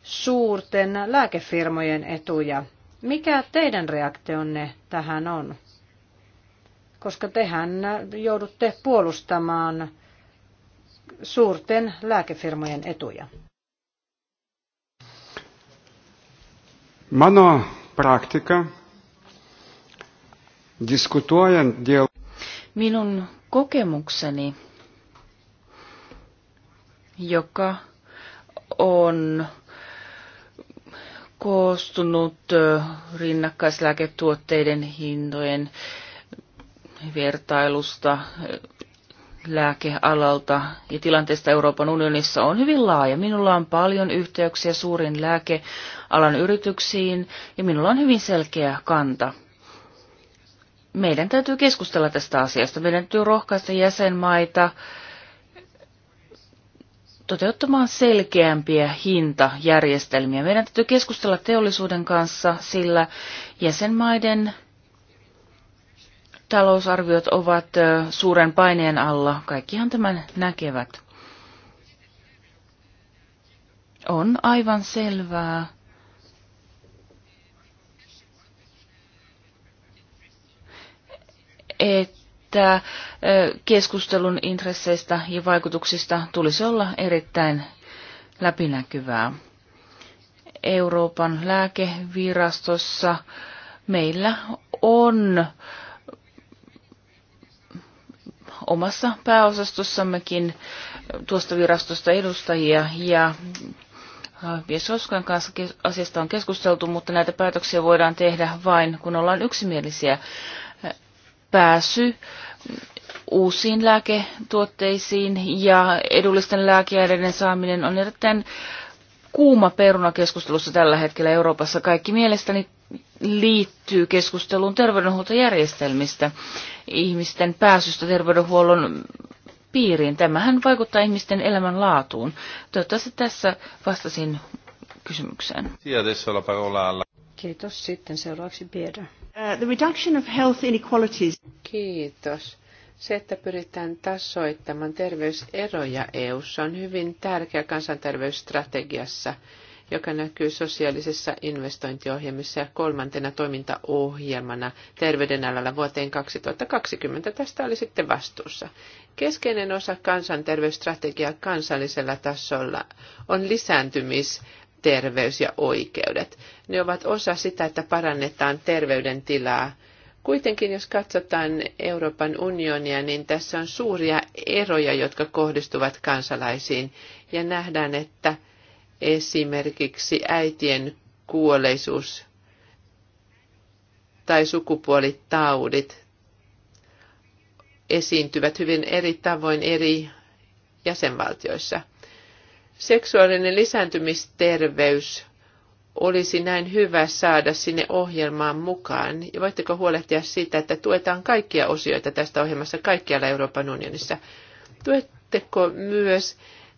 suurten lääkefirmojen etuja. Mikä teidän reaktionne tähän on? Koska tehän joudutte puolustamaan suurten lääkefirmojen etuja. Mano praktika diskutoijan dėl... Minun kokemukseni, joka on koostunut rinnakkaislääketuotteiden hintojen vertailusta lääkealalta ja tilanteesta Euroopan unionissa on hyvin laaja. Minulla on paljon yhteyksiä suurin lääkealan yrityksiin ja minulla on hyvin selkeä kanta. Meidän täytyy keskustella tästä asiasta. Meidän täytyy rohkaista jäsenmaita toteuttamaan selkeämpiä hintajärjestelmiä. Meidän täytyy keskustella teollisuuden kanssa, sillä jäsenmaiden talousarviot ovat suuren paineen alla. Kaikkihan tämän näkevät. On aivan selvää. että että keskustelun intresseistä ja vaikutuksista tulisi olla erittäin läpinäkyvää. Euroopan lääkevirastossa meillä on omassa pääosastossammekin tuosta virastosta edustajia ja Viesoskan kanssa asiasta on keskusteltu, mutta näitä päätöksiä voidaan tehdä vain, kun ollaan yksimielisiä pääsy uusiin lääketuotteisiin ja edullisten lääkeaineiden saaminen on erittäin kuuma peruna keskustelussa tällä hetkellä Euroopassa. Kaikki mielestäni liittyy keskusteluun terveydenhuoltojärjestelmistä, ihmisten pääsystä terveydenhuollon piiriin. Tämähän vaikuttaa ihmisten elämänlaatuun. Toivottavasti tässä vastasin kysymykseen. Kiitos. Sitten seuraavaksi Bieda. Uh, the reduction of health inequalities. Kiitos. Se, että pyritään tasoittamaan terveyseroja eu on hyvin tärkeä kansanterveysstrategiassa, joka näkyy sosiaalisessa investointiohjelmissa ja kolmantena toimintaohjelmana terveydenalalla vuoteen 2020. Tästä oli sitten vastuussa. Keskeinen osa kansanterveysstrategiaa kansallisella tasolla on lisääntymis terveys ja oikeudet. Ne ovat osa sitä, että parannetaan terveydentilaa. Kuitenkin jos katsotaan Euroopan unionia, niin tässä on suuria eroja, jotka kohdistuvat kansalaisiin. Ja nähdään, että esimerkiksi äitien kuolleisuus tai sukupuolitaudit esiintyvät hyvin eri tavoin eri jäsenvaltioissa – seksuaalinen lisääntymisterveys olisi näin hyvä saada sinne ohjelmaan mukaan? Ja voitteko huolehtia siitä, että tuetaan kaikkia osioita tästä ohjelmassa kaikkialla Euroopan unionissa? Tuetteko myös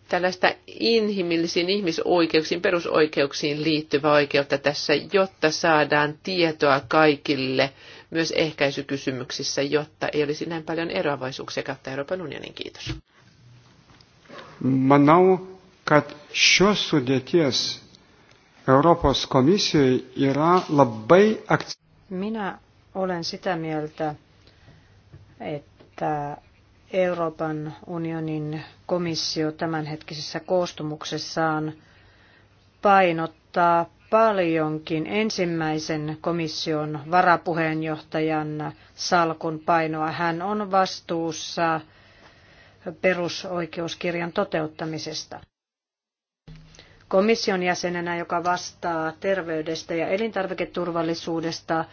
tällaista inhimillisiin ihmisoikeuksiin, perusoikeuksiin liittyvää oikeutta tässä, jotta saadaan tietoa kaikille myös ehkäisykysymyksissä, jotta ei olisi näin paljon eroavaisuuksia kautta Euroopan unionin. Kiitos. Manau, kad šios sudėties Europos komisijoje yra labai Minä olen sitä mieltä, että Euroopan unionin komissio tämänhetkisessä koostumuksessaan painottaa paljonkin ensimmäisen komission varapuheenjohtajan salkun painoa. Hän on vastuussa perusoikeuskirjan toteuttamisesta komission jäsenenä, joka vastaa terveydestä ja elintarviketurvallisuudesta,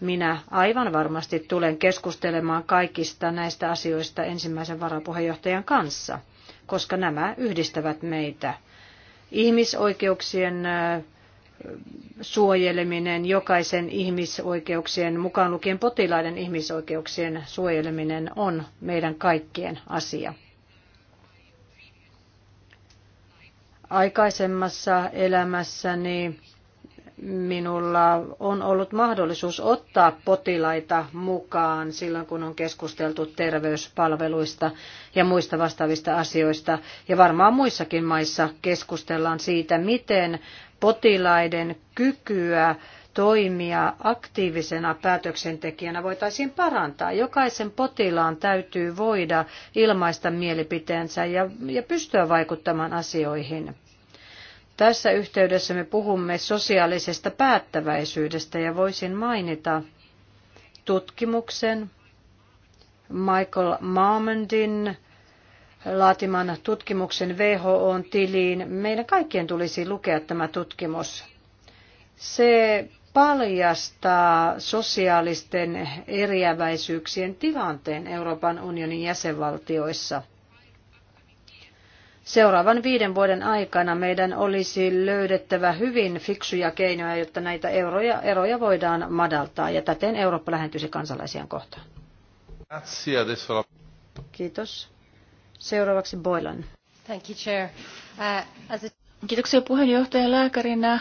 minä aivan varmasti tulen keskustelemaan kaikista näistä asioista ensimmäisen varapuheenjohtajan kanssa, koska nämä yhdistävät meitä. Ihmisoikeuksien suojeleminen, jokaisen ihmisoikeuksien, mukaan lukien potilaiden ihmisoikeuksien suojeleminen on meidän kaikkien asia. aikaisemmassa elämässäni minulla on ollut mahdollisuus ottaa potilaita mukaan silloin, kun on keskusteltu terveyspalveluista ja muista vastaavista asioista. Ja varmaan muissakin maissa keskustellaan siitä, miten potilaiden kykyä toimia aktiivisena päätöksentekijänä voitaisiin parantaa. Jokaisen potilaan täytyy voida ilmaista mielipiteensä ja, ja pystyä vaikuttamaan asioihin. Tässä yhteydessä me puhumme sosiaalisesta päättäväisyydestä ja voisin mainita tutkimuksen Michael Marmondin laatiman tutkimuksen WHOn tiliin. Meidän kaikkien tulisi lukea tämä tutkimus. Se paljastaa sosiaalisten eriäväisyyksien tilanteen Euroopan unionin jäsenvaltioissa. Seuraavan viiden vuoden aikana meidän olisi löydettävä hyvin fiksuja keinoja, jotta näitä euroja, eroja voidaan madaltaa ja täten Eurooppa lähentyisi kansalaisiaan kohtaan. Kiitos. Seuraavaksi Boylan. Thank you, Chair. Uh, as a... Kiitoksia puheenjohtaja lääkärinä.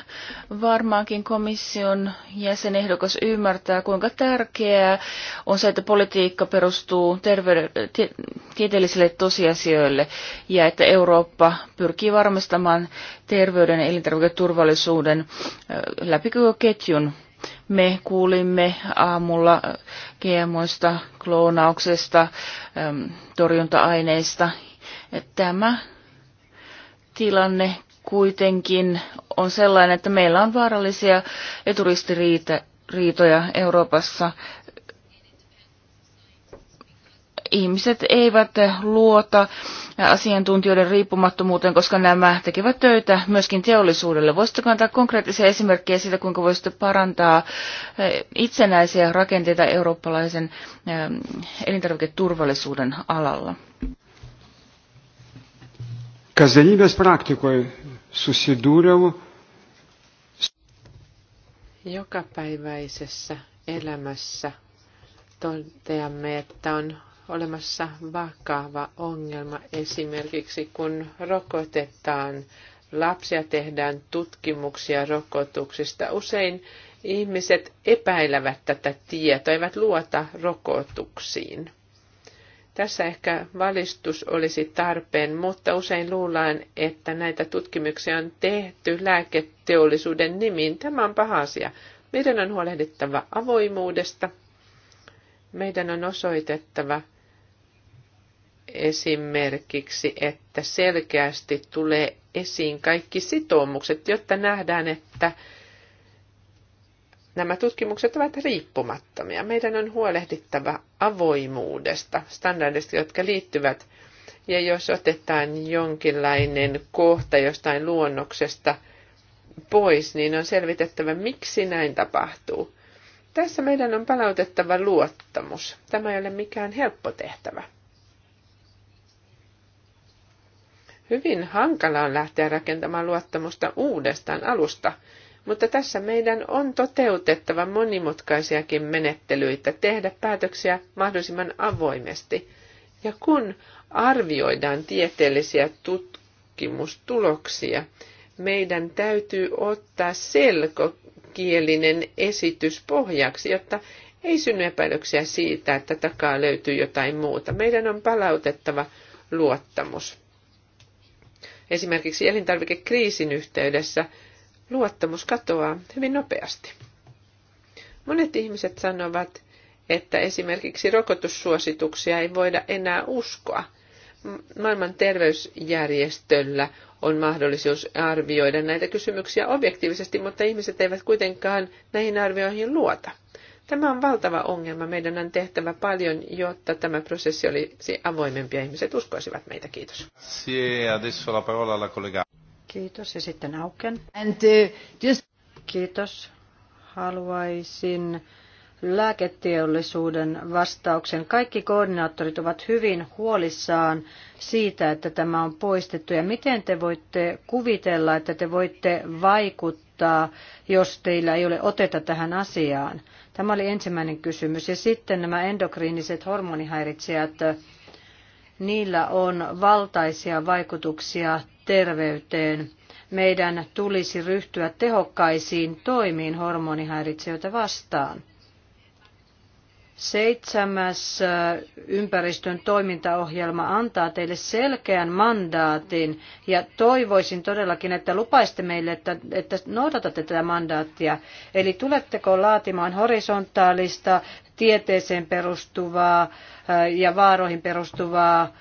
Varmaankin komission jäsenehdokas ymmärtää, kuinka tärkeää on se, että politiikka perustuu terveyden, tieteellisille tosiasioille ja että Eurooppa pyrkii varmistamaan terveyden ja elintarviketurvallisuuden äh, läpikyvyketjun. Me kuulimme aamulla GMOista, kloonauksesta, torjunta-aineista. Tämä tilanne kuitenkin on sellainen, että meillä on vaarallisia eturistiriitoja Euroopassa. Ihmiset eivät luota asiantuntijoiden riippumattomuuteen, koska nämä tekevät töitä myöskin teollisuudelle. Voisitteko antaa konkreettisia esimerkkejä siitä, kuinka voisitte parantaa eh, itsenäisiä rakenteita eurooppalaisen eh, elintarviketurvallisuuden alalla? kasdienybės praktikoje susidūriau. Jokapäiväisessä elämässä toteamme, että on olemassa vakava ongelma esimerkiksi, kun rokotetaan lapsia, tehdään tutkimuksia rokotuksista. Usein ihmiset epäilevät tätä tietoa, eivät luota rokotuksiin. Tässä ehkä valistus olisi tarpeen, mutta usein luullaan, että näitä tutkimuksia on tehty lääketeollisuuden nimiin. Tämä on paha asia. Meidän on huolehdittava avoimuudesta. Meidän on osoitettava esimerkiksi, että selkeästi tulee esiin kaikki sitoumukset, jotta nähdään, että nämä tutkimukset ovat riippumattomia. Meidän on huolehdittava avoimuudesta, standardista, jotka liittyvät. Ja jos otetaan jonkinlainen kohta jostain luonnoksesta pois, niin on selvitettävä, miksi näin tapahtuu. Tässä meidän on palautettava luottamus. Tämä ei ole mikään helppo tehtävä. Hyvin hankala on lähteä rakentamaan luottamusta uudestaan alusta, mutta tässä meidän on toteutettava monimutkaisiakin menettelyitä, tehdä päätöksiä mahdollisimman avoimesti. Ja kun arvioidaan tieteellisiä tutkimustuloksia, meidän täytyy ottaa selkokielinen esitys pohjaksi, jotta ei synny epäilyksiä siitä, että takaa löytyy jotain muuta. Meidän on palautettava luottamus. Esimerkiksi elintarvikekriisin yhteydessä – luottamus katoaa hyvin nopeasti. Monet ihmiset sanovat, että esimerkiksi rokotussuosituksia ei voida enää uskoa. Maailman terveysjärjestöllä on mahdollisuus arvioida näitä kysymyksiä objektiivisesti, mutta ihmiset eivät kuitenkaan näihin arvioihin luota. Tämä on valtava ongelma. Meidän on tehtävä paljon, jotta tämä prosessi olisi avoimempi ja ihmiset uskoisivat meitä. Kiitos. Kiitos. Ja sitten Auken. And, uh, just... Kiitos. Haluaisin lääketeollisuuden vastauksen. Kaikki koordinaattorit ovat hyvin huolissaan siitä, että tämä on poistettu. Ja miten te voitte kuvitella, että te voitte vaikuttaa, jos teillä ei ole oteta tähän asiaan? Tämä oli ensimmäinen kysymys. Ja sitten nämä endokriiniset hormonihäiritsijät, niillä on valtaisia vaikutuksia terveyteen. Meidän tulisi ryhtyä tehokkaisiin toimiin hormonihäiritsijöitä vastaan. Seitsemäs ympäristön toimintaohjelma antaa teille selkeän mandaatin ja toivoisin todellakin, että lupaisitte meille, että, että noudatatte tätä mandaattia. Eli tuletteko laatimaan horisontaalista, tieteeseen perustuvaa ja vaaroihin perustuvaa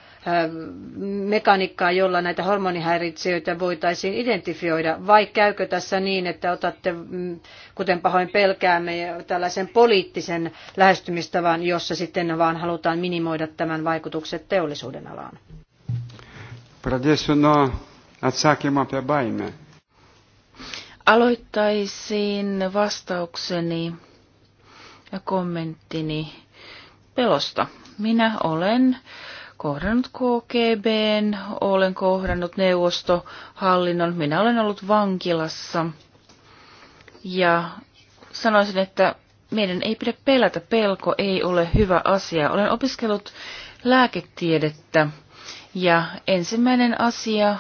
mekaniikkaa, jolla näitä hormonihäiritsijöitä voitaisiin identifioida, vai käykö tässä niin, että otatte, mm, kuten pahoin pelkäämme, tällaisen poliittisen lähestymistavan, jossa sitten vaan halutaan minimoida tämän vaikutukset teollisuuden alaan? No Aloittaisin vastaukseni ja kommenttini pelosta. Minä olen kohdannut KGB, olen kohdannut neuvostohallinnon, minä olen ollut vankilassa. Ja sanoisin, että meidän ei pidä pelätä, pelko ei ole hyvä asia. Olen opiskellut lääketiedettä ja ensimmäinen asia,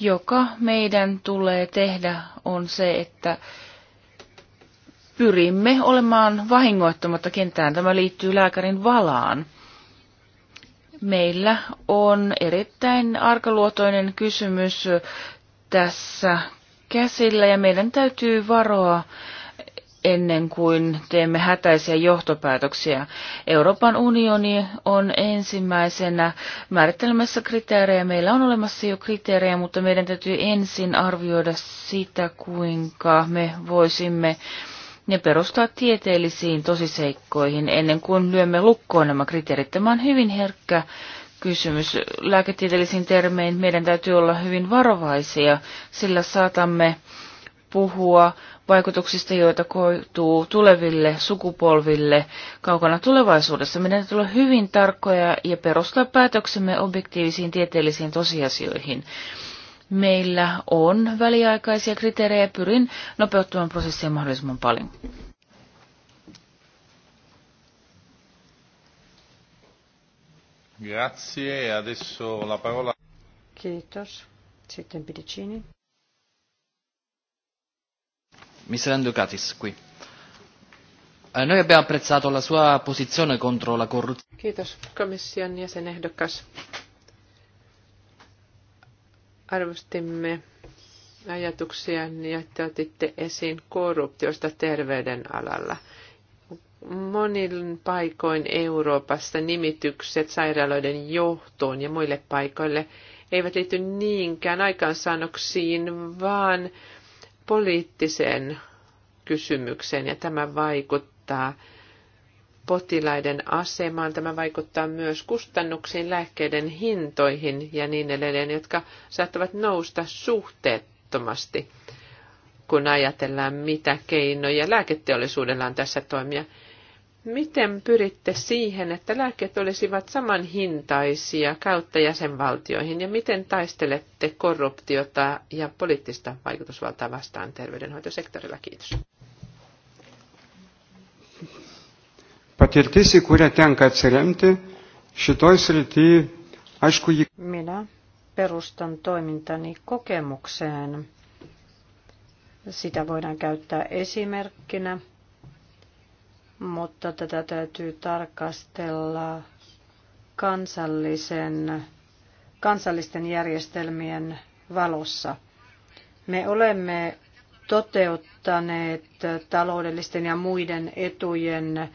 joka meidän tulee tehdä, on se, että pyrimme olemaan vahingoittamatta kentään. Tämä liittyy lääkärin valaan meillä on erittäin arkaluotoinen kysymys tässä käsillä ja meidän täytyy varoa ennen kuin teemme hätäisiä johtopäätöksiä. Euroopan unioni on ensimmäisenä määrittelemässä kriteerejä. Meillä on olemassa jo kriteerejä, mutta meidän täytyy ensin arvioida sitä, kuinka me voisimme ne perustaa tieteellisiin tosiseikkoihin ennen kuin lyömme lukkoon nämä kriteerit. Tämä on hyvin herkkä kysymys. Lääketieteellisiin termein meidän täytyy olla hyvin varovaisia, sillä saatamme puhua vaikutuksista, joita koituu tuleville sukupolville kaukana tulevaisuudessa. Meidän täytyy olla hyvin tarkkoja ja perustaa päätöksemme objektiivisiin tieteellisiin tosiasioihin. Meillä on väliaikaisia kriteerejä. Pyrin nopeuttamaan prosessia mahdollisimman paljon. Grazie. E adesso la parola. Kiitos. Sitten Pidicini. Mister Andukatis, qui. Eh, noi abbiamo apprezzato la sua posizione contro la corruzione. Kiitos komission jäsenehdokas. Arvostimme ajatuksia, ja niin te otitte esiin korruptiosta terveydenalalla. Monin paikoin Euroopassa nimitykset sairaaloiden johtoon ja muille paikoille eivät liity niinkään aikaansaannoksiin, vaan poliittiseen kysymykseen, ja tämä vaikuttaa potilaiden asemaan. Tämä vaikuttaa myös kustannuksiin, lääkkeiden hintoihin ja niin edelleen, jotka saattavat nousta suhteettomasti, kun ajatellaan, mitä keinoja lääketeollisuudella on tässä toimia. Miten pyritte siihen, että lääkkeet olisivat samanhintaisia kautta jäsenvaltioihin ja miten taistelette korruptiota ja poliittista vaikutusvaltaa vastaan terveydenhoitosektorilla? Kiitos. patirtis, į kurią tenka atsiremti, šitoj srity, aišku, jį. Minä perustan toimintani kokemukseen. Sitä voidaan käyttää esimerkkinä, mutta tätä täytyy tarkastella kansallisen, kansallisten järjestelmien valossa. Me olemme toteuttaneet taloudellisten ja muiden etujen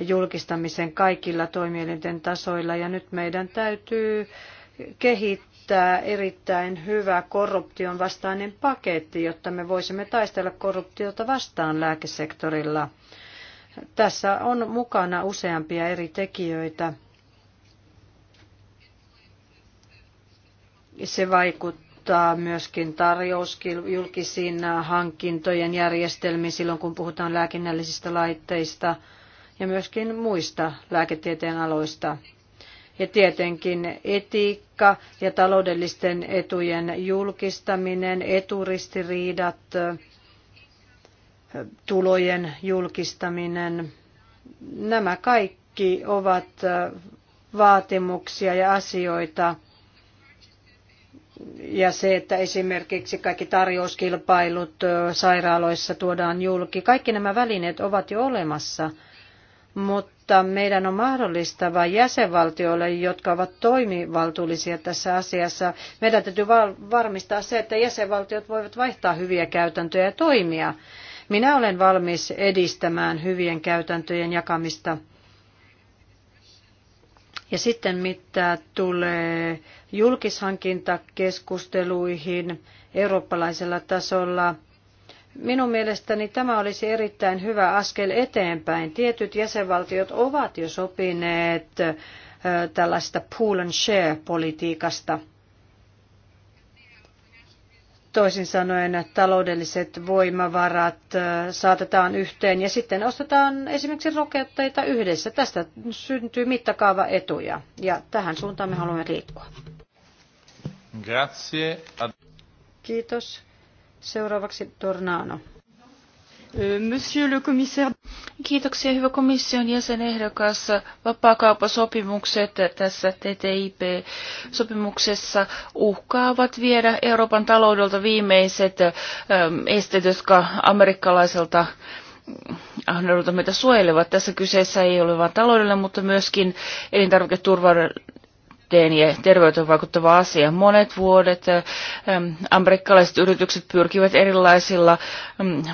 julkistamisen kaikilla toimielinten tasoilla. Ja nyt meidän täytyy kehittää erittäin hyvä korruption vastainen paketti, jotta me voisimme taistella korruptiota vastaan lääkesektorilla. Tässä on mukana useampia eri tekijöitä. Se vaikuttaa myöskin tarjous julkisiin hankintojen järjestelmiin silloin, kun puhutaan lääkinnällisistä laitteista – ja myöskin muista lääketieteen aloista. Ja tietenkin etiikka ja taloudellisten etujen julkistaminen, eturistiriidat, tulojen julkistaminen, nämä kaikki ovat vaatimuksia ja asioita. Ja se, että esimerkiksi kaikki tarjouskilpailut sairaaloissa tuodaan julki, kaikki nämä välineet ovat jo olemassa – mutta meidän on mahdollistava jäsenvaltioille, jotka ovat toimivaltuullisia tässä asiassa. Meidän täytyy varmistaa se, että jäsenvaltiot voivat vaihtaa hyviä käytäntöjä ja toimia. Minä olen valmis edistämään hyvien käytäntöjen jakamista. Ja sitten mitä tulee julkishankintakeskusteluihin eurooppalaisella tasolla – Minun mielestäni tämä olisi erittäin hyvä askel eteenpäin. Tietyt jäsenvaltiot ovat jo sopineet tällaista pool and share-politiikasta. Toisin sanoen taloudelliset voimavarat saatetaan yhteen ja sitten ostetaan esimerkiksi rokotteita yhdessä. Tästä syntyy mittakaava etuja ja tähän suuntaan me haluamme liikkua. Grazie. Kiitos. Seuraavaksi Tornano. Monsieur le commissaire. Kiitoksia hyvä komission jäsenehdokas. Vapaakauppasopimukset tässä TTIP-sopimuksessa uhkaavat viedä Euroopan taloudelta viimeiset esteet, jotka amerikkalaiselta mm, ahneudelta meitä suojelevat. Tässä kyseessä ei ole vain taloudellinen, mutta myöskin elintarviketurvallisuus terveyteen ja terveyteen vaikuttava asia. Monet vuodet amerikkalaiset yritykset pyrkivät erilaisilla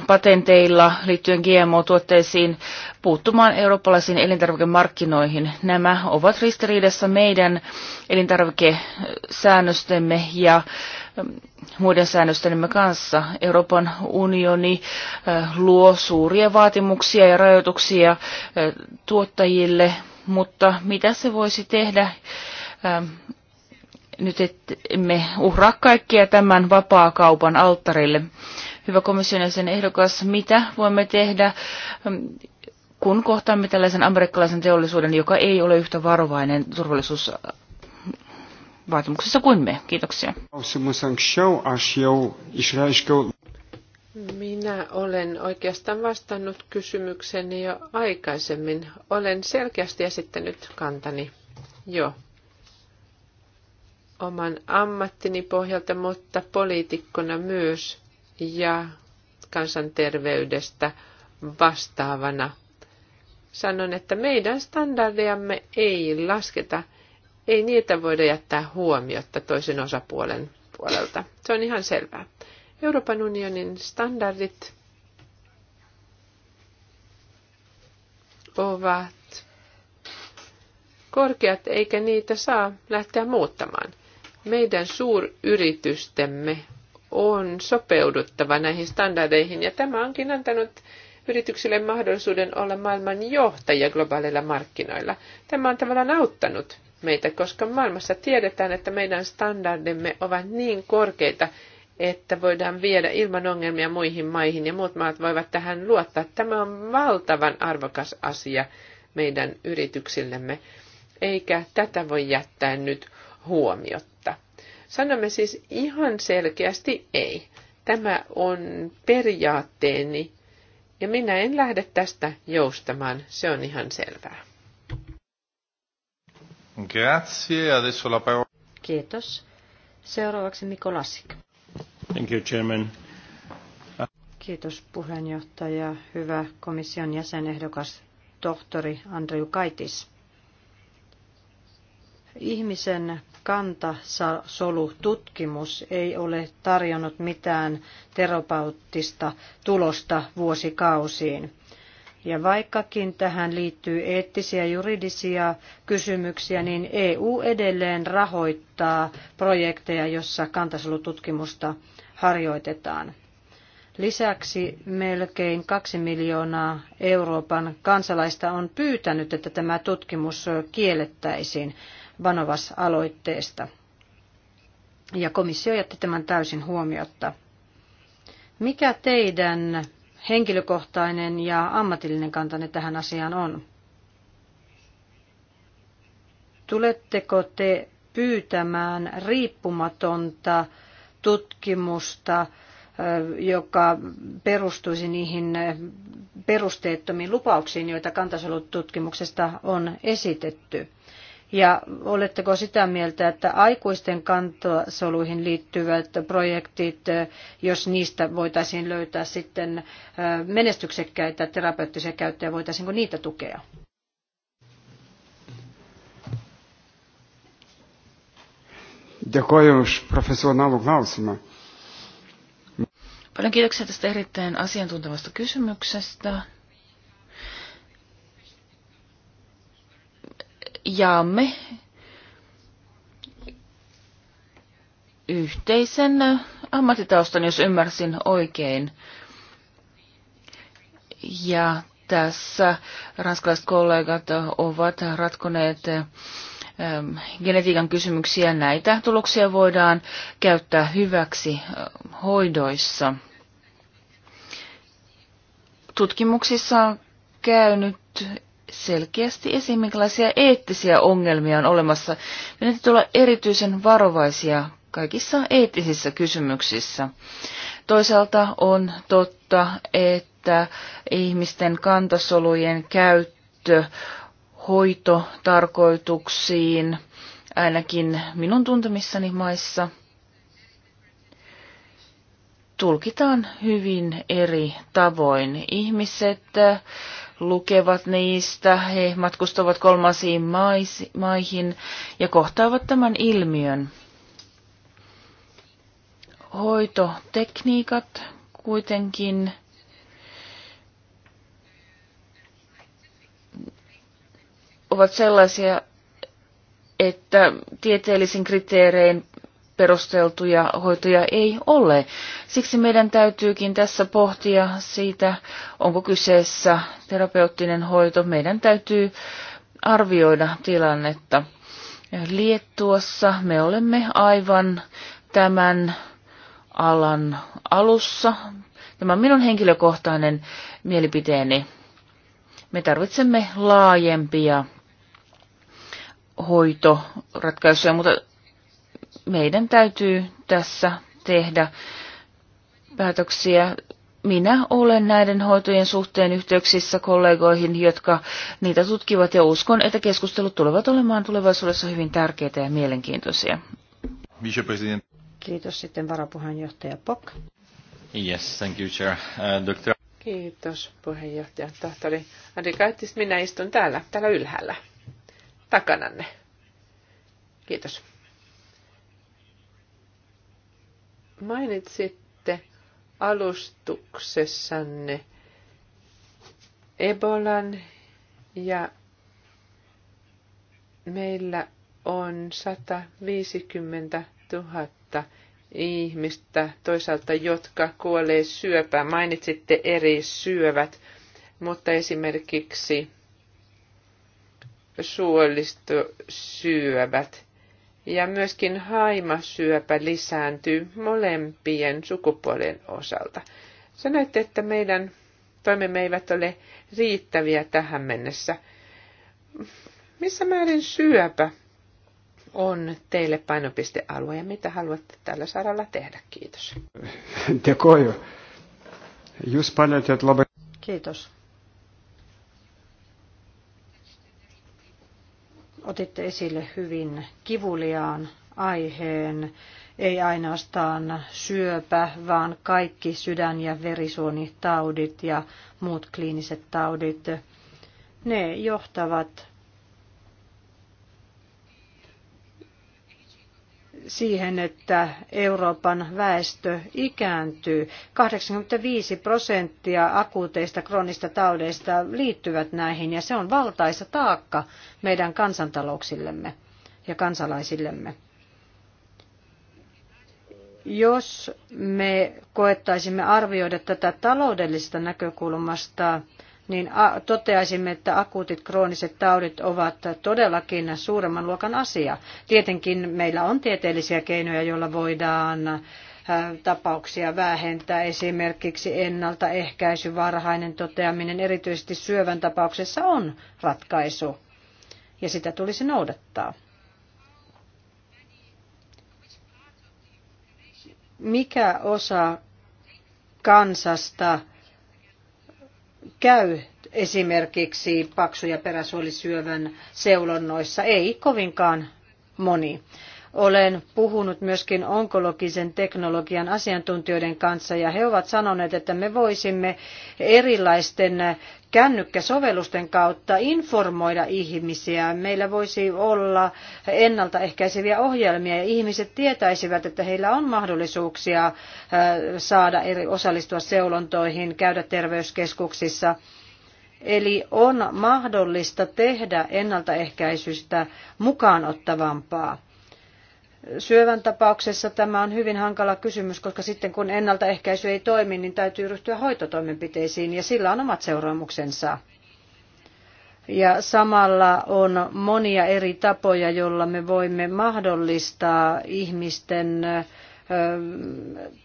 patenteilla liittyen GMO-tuotteisiin puuttumaan eurooppalaisiin elintarvikemarkkinoihin. Nämä ovat ristiriidassa meidän elintarvikesäännöstemme ja muiden säännöstemme kanssa. Euroopan unioni luo suuria vaatimuksia ja rajoituksia tuottajille, mutta mitä se voisi tehdä, Ähm, nyt emme uhraa kaikkia tämän vapaakaupan alttarille. Hyvä komission jäsen ehdokas, mitä voimme tehdä, ähm, kun kohtaamme tällaisen amerikkalaisen teollisuuden, joka ei ole yhtä varovainen turvallisuus vaatimuksessa kuin me. Kiitoksia. Minä olen oikeastaan vastannut kysymykseni jo aikaisemmin. Olen selkeästi esittänyt kantani jo oman ammattini pohjalta, mutta poliitikkona myös ja kansanterveydestä vastaavana. Sanon, että meidän standardejamme ei lasketa, ei niitä voida jättää huomiotta toisen osapuolen puolelta. Se on ihan selvää. Euroopan unionin standardit ovat korkeat, eikä niitä saa lähteä muuttamaan – meidän suuryritystemme on sopeuduttava näihin standardeihin ja tämä onkin antanut yrityksille mahdollisuuden olla maailman johtaja globaaleilla markkinoilla. Tämä on tavallaan auttanut meitä, koska maailmassa tiedetään, että meidän standardimme ovat niin korkeita, että voidaan viedä ilman ongelmia muihin maihin ja muut maat voivat tähän luottaa. Tämä on valtavan arvokas asia meidän yrityksillemme, eikä tätä voi jättää nyt huomiota Sanomme siis ihan selkeästi ei. Tämä on periaatteeni ja minä en lähde tästä joustamaan, se on ihan selvää. Grazie, adesso la parola. Kiitos. Seuraavaksi Mikko Lassik. Thank you, Chairman. Kiitos puheenjohtaja, hyvä komission jäsenehdokas tohtori Andrew Kaitis. Ihmisen kantasolututkimus ei ole tarjonnut mitään terapeuttista tulosta vuosikausiin. Ja vaikkakin tähän liittyy eettisiä juridisia kysymyksiä, niin EU edelleen rahoittaa projekteja, jossa kantasolututkimusta harjoitetaan. Lisäksi melkein kaksi miljoonaa Euroopan kansalaista on pyytänyt, että tämä tutkimus kiellettäisiin. Vanovas-aloitteesta. Ja komissio jätti tämän täysin huomiotta. Mikä teidän henkilökohtainen ja ammatillinen kantanne tähän asiaan on? Tuletteko te pyytämään riippumatonta tutkimusta, joka perustuisi niihin perusteettomiin lupauksiin, joita kantasolututkimuksesta on esitetty? Ja oletteko sitä mieltä, että aikuisten kantasoluihin liittyvät projektit, jos niistä voitaisiin löytää sitten menestyksekkäitä terapeuttisia käyttäjiä, voitaisiinko niitä tukea? Paljon kiitoksia tästä erittäin asiantuntevasta kysymyksestä. jaamme yhteisen ammattitaustan, jos ymmärsin oikein. Ja tässä ranskalaiset kollegat ovat ratkoneet ähm, genetiikan kysymyksiä. Näitä tuloksia voidaan käyttää hyväksi äh, hoidoissa. Tutkimuksissa on käynyt selkeästi esiin, minkälaisia eettisiä ongelmia on olemassa. Meidän täytyy olla erityisen varovaisia kaikissa eettisissä kysymyksissä. Toisaalta on totta, että ihmisten kantasolujen käyttö hoitotarkoituksiin, ainakin minun tuntemissani maissa, tulkitaan hyvin eri tavoin. Ihmiset lukevat niistä, he matkustavat kolmansiin maihin ja kohtaavat tämän ilmiön. Hoitotekniikat kuitenkin ovat sellaisia, että tieteellisin kriteerein perusteltuja hoitoja ei ole. Siksi meidän täytyykin tässä pohtia siitä, onko kyseessä terapeuttinen hoito. Meidän täytyy arvioida tilannetta. Liettuossa me olemme aivan tämän alan alussa. Tämä on minun henkilökohtainen mielipiteeni. Me tarvitsemme laajempia hoitoratkaisuja, mutta meidän täytyy tässä tehdä päätöksiä. Minä olen näiden hoitojen suhteen yhteyksissä kollegoihin, jotka niitä tutkivat ja uskon, että keskustelut tulevat olemaan tulevaisuudessa hyvin tärkeitä ja mielenkiintoisia. Kiitos sitten varapuheenjohtaja Pock. Yes, thank you, Chair. Uh, doctor... Kiitos puheenjohtaja. Tohtori Andri Kaitis. minä istun täällä, täällä ylhäällä, takananne. Kiitos. Mainitsitte alustuksessanne Ebolan ja meillä on 150 000 ihmistä, toisaalta jotka kuolee syöpää. Mainitsitte eri syövät, mutta esimerkiksi suolistosyövät ja myöskin haimasyöpä lisääntyy molempien sukupuolen osalta. Sanoitte, että meidän toimemme eivät ole riittäviä tähän mennessä. Missä määrin syöpä on teille painopistealue ja mitä haluatte tällä saralla tehdä? Kiitos. Kiitos. otitte esille hyvin kivuliaan aiheen, ei ainoastaan syöpä, vaan kaikki sydän- ja verisuonitaudit ja muut kliiniset taudit, ne johtavat siihen, että Euroopan väestö ikääntyy. 85 prosenttia akuuteista kronista taudeista liittyvät näihin ja se on valtaisa taakka meidän kansantalouksillemme ja kansalaisillemme. Jos me koettaisimme arvioida tätä taloudellisesta näkökulmasta, niin toteaisimme, että akuutit krooniset taudit ovat todellakin suuremman luokan asia. Tietenkin meillä on tieteellisiä keinoja, joilla voidaan tapauksia vähentää, esimerkiksi ennaltaehkäisy, varhainen toteaminen, erityisesti syövän tapauksessa on ratkaisu, ja sitä tulisi noudattaa. Mikä osa kansasta käy esimerkiksi paksu- ja peräsuolisyövän seulonnoissa? Ei kovinkaan moni. Olen puhunut myöskin onkologisen teknologian asiantuntijoiden kanssa ja he ovat sanoneet, että me voisimme erilaisten kännykkäsovellusten kautta informoida ihmisiä. Meillä voisi olla ennaltaehkäiseviä ohjelmia ja ihmiset tietäisivät, että heillä on mahdollisuuksia äh, saada eri, osallistua seulontoihin, käydä terveyskeskuksissa. Eli on mahdollista tehdä ennaltaehkäisystä mukaanottavampaa. Syövän tapauksessa tämä on hyvin hankala kysymys, koska sitten kun ennaltaehkäisy ei toimi, niin täytyy ryhtyä hoitotoimenpiteisiin ja sillä on omat seuraamuksensa. Ja samalla on monia eri tapoja, joilla me voimme mahdollistaa ihmisten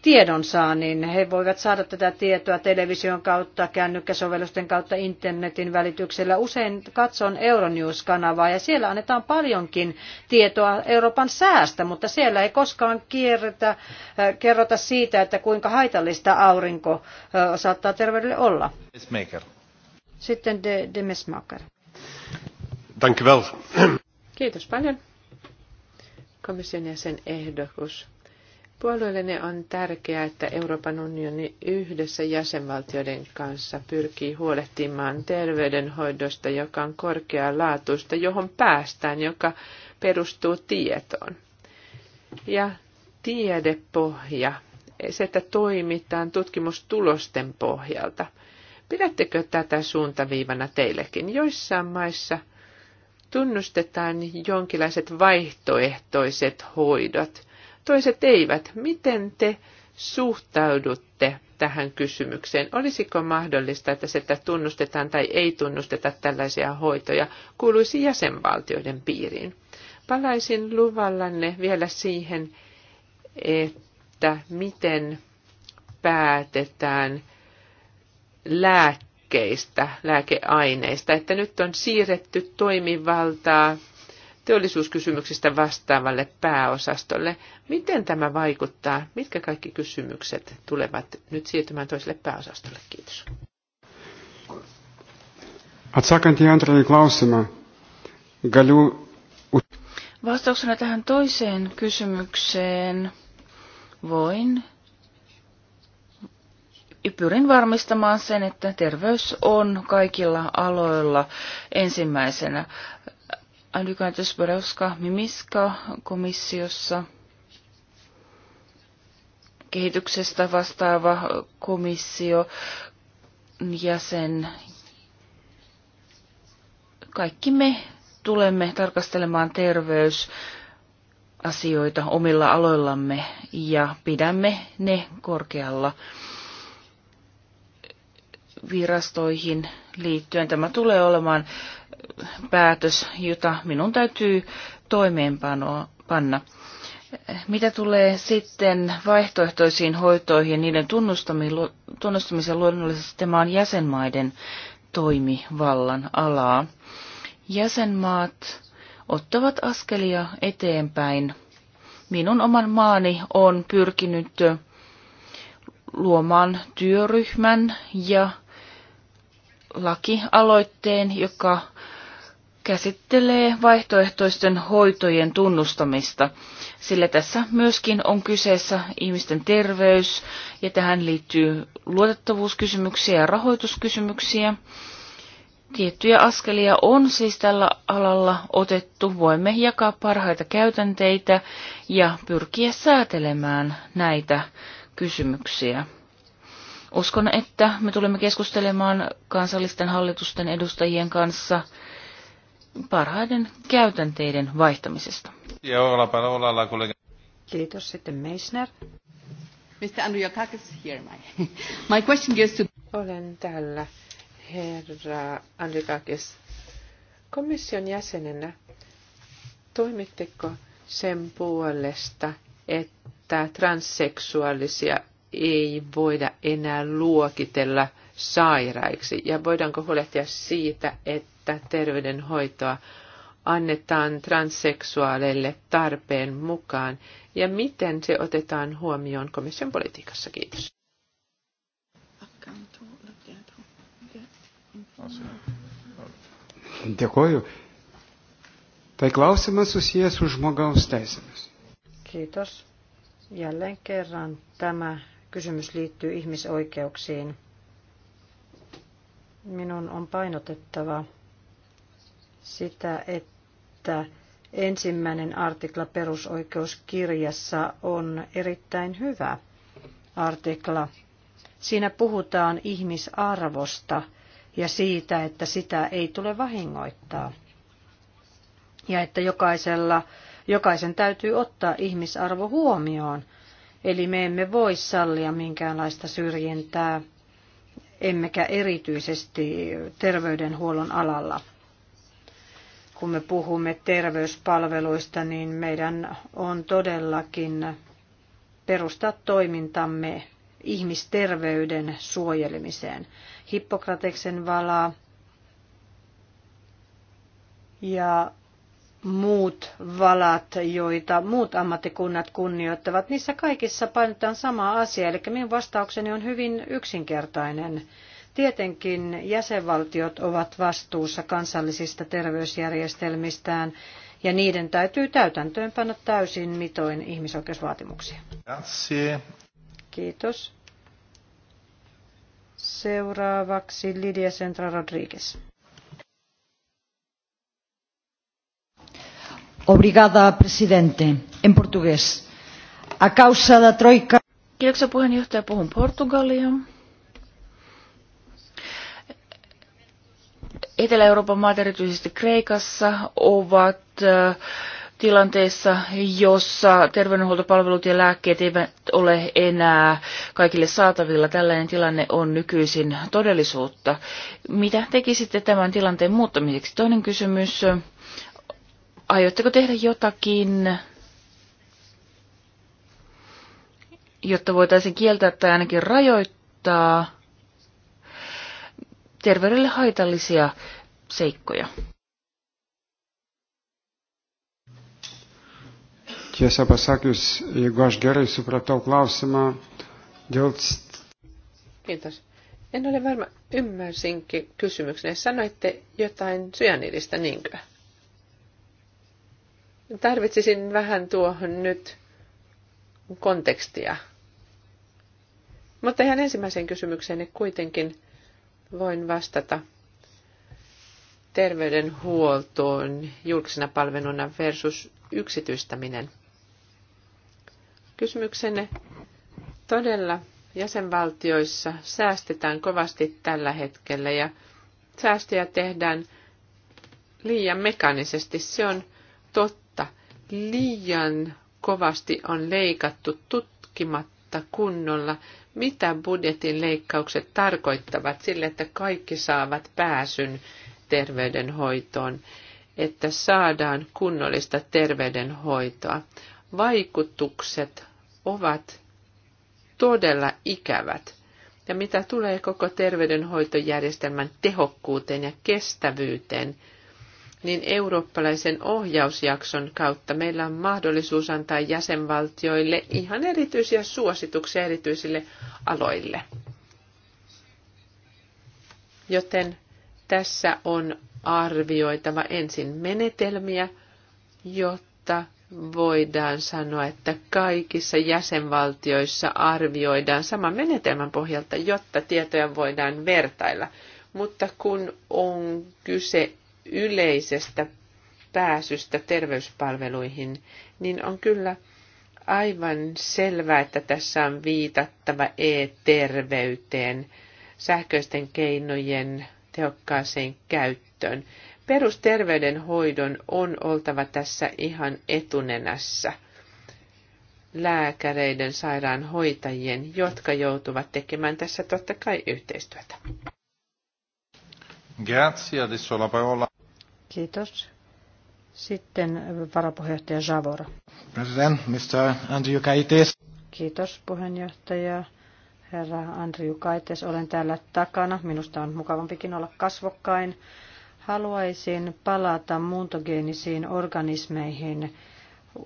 tiedonsaannin. He voivat saada tätä tietoa television kautta, kännykkäsovellusten kautta, internetin välityksellä. Usein katson Euronews-kanavaa ja siellä annetaan paljonkin tietoa Euroopan säästä, mutta siellä ei koskaan kierretä, kerrota siitä, että kuinka haitallista aurinko saattaa terveydelle olla. Sitten de, de Mesmaker. Kiitos paljon. Komission jäsen ehdokus Puolueelleni on tärkeää, että Euroopan unioni yhdessä jäsenvaltioiden kanssa pyrkii huolehtimaan terveydenhoidosta, joka on korkealaatuista, johon päästään, joka perustuu tietoon. Ja tiedepohja, se, että toimitaan tutkimustulosten pohjalta. Pidättekö tätä suuntaviivana teillekin? Joissain maissa tunnustetaan jonkinlaiset vaihtoehtoiset hoidot – toiset eivät. Miten te suhtaudutte tähän kysymykseen? Olisiko mahdollista, että sitä tunnustetaan tai ei tunnusteta tällaisia hoitoja kuuluisi jäsenvaltioiden piiriin? Palaisin luvallanne vielä siihen, että miten päätetään lääkkeistä, lääkeaineista, että nyt on siirretty toimivaltaa teollisuuskysymyksistä vastaavalle pääosastolle. Miten tämä vaikuttaa? Mitkä kaikki kysymykset tulevat nyt siirtymään toiselle pääosastolle? Kiitos. Vastauksena tähän toiseen kysymykseen voin pyrin varmistamaan sen, että terveys on kaikilla aloilla ensimmäisenä. Andrika Tosborowska Mimiska komissiossa kehityksestä vastaava komissio jäsen. Kaikki me tulemme tarkastelemaan terveys asioita omilla aloillamme ja pidämme ne korkealla virastoihin liittyen. Tämä tulee olemaan päätös, jota minun täytyy toimeenpanna. Mitä tulee sitten vaihtoehtoisiin hoitoihin, niiden tunnustamisen luonnollisesti tämä on jäsenmaiden toimivallan alaa. Jäsenmaat ottavat askelia eteenpäin. Minun oman maani on pyrkinyt luomaan työryhmän ja lakialoitteen, joka käsittelee vaihtoehtoisten hoitojen tunnustamista, sillä tässä myöskin on kyseessä ihmisten terveys ja tähän liittyy luotettavuuskysymyksiä ja rahoituskysymyksiä. Tiettyjä askelia on siis tällä alalla otettu. Voimme jakaa parhaita käytänteitä ja pyrkiä säätelemään näitä kysymyksiä. Uskon, että me tulemme keskustelemaan kansallisten hallitusten edustajien kanssa – parhaiden käytänteiden vaihtamisesta. Kiitos sitten Meisner. Mr. Andriakakis, here my, my question goes to... Olen täällä, herra Andriakakis. Komission jäsenenä, toimitteko sen puolesta, että transseksuaalisia ei voida enää luokitella – sairaiksi ja voidaanko huolehtia siitä, että terveydenhoitoa annetaan transseksuaaleille tarpeen mukaan ja miten se otetaan huomioon komission politiikassa. Kiitos. Kiitos. Jälleen kerran tämä kysymys liittyy ihmisoikeuksiin minun on painotettava sitä, että ensimmäinen artikla perusoikeuskirjassa on erittäin hyvä artikla. Siinä puhutaan ihmisarvosta ja siitä, että sitä ei tule vahingoittaa. Ja että jokaisella, jokaisen täytyy ottaa ihmisarvo huomioon. Eli me emme voi sallia minkäänlaista syrjintää emmekä erityisesti terveydenhuollon alalla. Kun me puhumme terveyspalveluista, niin meidän on todellakin perustaa toimintamme ihmisterveyden suojelemiseen. Hippokrateksen valaa ja muut valat, joita muut ammattikunnat kunnioittavat, niissä kaikissa painotetaan sama asia, Eli minun vastaukseni on hyvin yksinkertainen. Tietenkin jäsenvaltiot ovat vastuussa kansallisista terveysjärjestelmistään ja niiden täytyy täytäntöönpanna täysin mitoin ihmisoikeusvaatimuksia. Grazie. Kiitos. Seuraavaksi Lidia Centra Rodriguez. Obrigada, presidente. En portugués. A causa da troika... Kiitoksia puheenjohtaja. Puhun Portugalia. Etelä-Euroopan maat, erityisesti Kreikassa, ovat tilanteessa, jossa terveydenhuoltopalvelut ja lääkkeet eivät ole enää kaikille saatavilla. Tällainen tilanne on nykyisin todellisuutta. Mitä tekisitte tämän tilanteen muuttamiseksi? Toinen kysymys. Aiotteko tehdä jotakin, jotta voitaisiin kieltää tai ainakin rajoittaa terveydelle haitallisia seikkoja? Tiesa pasakius, jeigu aš gerai supratau klausimą dėl... Kiitos. En ole varma, ymmärsinkin kysymyksen. Sanoitte jotain syanidista, niinkö? tarvitsisin vähän tuohon nyt kontekstia. Mutta ihan ensimmäiseen kysymykseen kuitenkin voin vastata terveydenhuoltoon julkisena palveluna versus yksityistäminen. Kysymyksenne todella jäsenvaltioissa säästetään kovasti tällä hetkellä ja säästöjä tehdään liian mekaanisesti. Se on totta liian kovasti on leikattu tutkimatta kunnolla, mitä budjetin leikkaukset tarkoittavat sille, että kaikki saavat pääsyn terveydenhoitoon, että saadaan kunnollista terveydenhoitoa. Vaikutukset ovat todella ikävät. Ja mitä tulee koko terveydenhoitojärjestelmän tehokkuuteen ja kestävyyteen, niin eurooppalaisen ohjausjakson kautta meillä on mahdollisuus antaa jäsenvaltioille ihan erityisiä suosituksia erityisille aloille. Joten tässä on arvioitava ensin menetelmiä, jotta voidaan sanoa, että kaikissa jäsenvaltioissa arvioidaan saman menetelmän pohjalta, jotta tietoja voidaan vertailla. Mutta kun on kyse yleisestä pääsystä terveyspalveluihin, niin on kyllä aivan selvää, että tässä on viitattava e-terveyteen, sähköisten keinojen tehokkaaseen käyttöön. Perusterveydenhoidon on oltava tässä ihan etunenässä lääkäreiden, sairaanhoitajien, jotka joutuvat tekemään tässä totta kai yhteistyötä. Grazie, adesso la parola. Kiitos. Sitten varapuheenjohtaja Javor. President, Mr. Andrew Kaites. Kiitos puheenjohtaja. Herra Andrew Kaites, olen täällä takana. Minusta on mukavampikin olla kasvokkain. Haluaisin palata muuntogeenisiin organismeihin.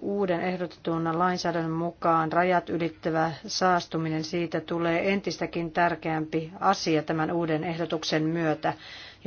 Uuden ehdotetun lainsäädännön mukaan rajat ylittävä saastuminen siitä tulee entistäkin tärkeämpi asia tämän uuden ehdotuksen myötä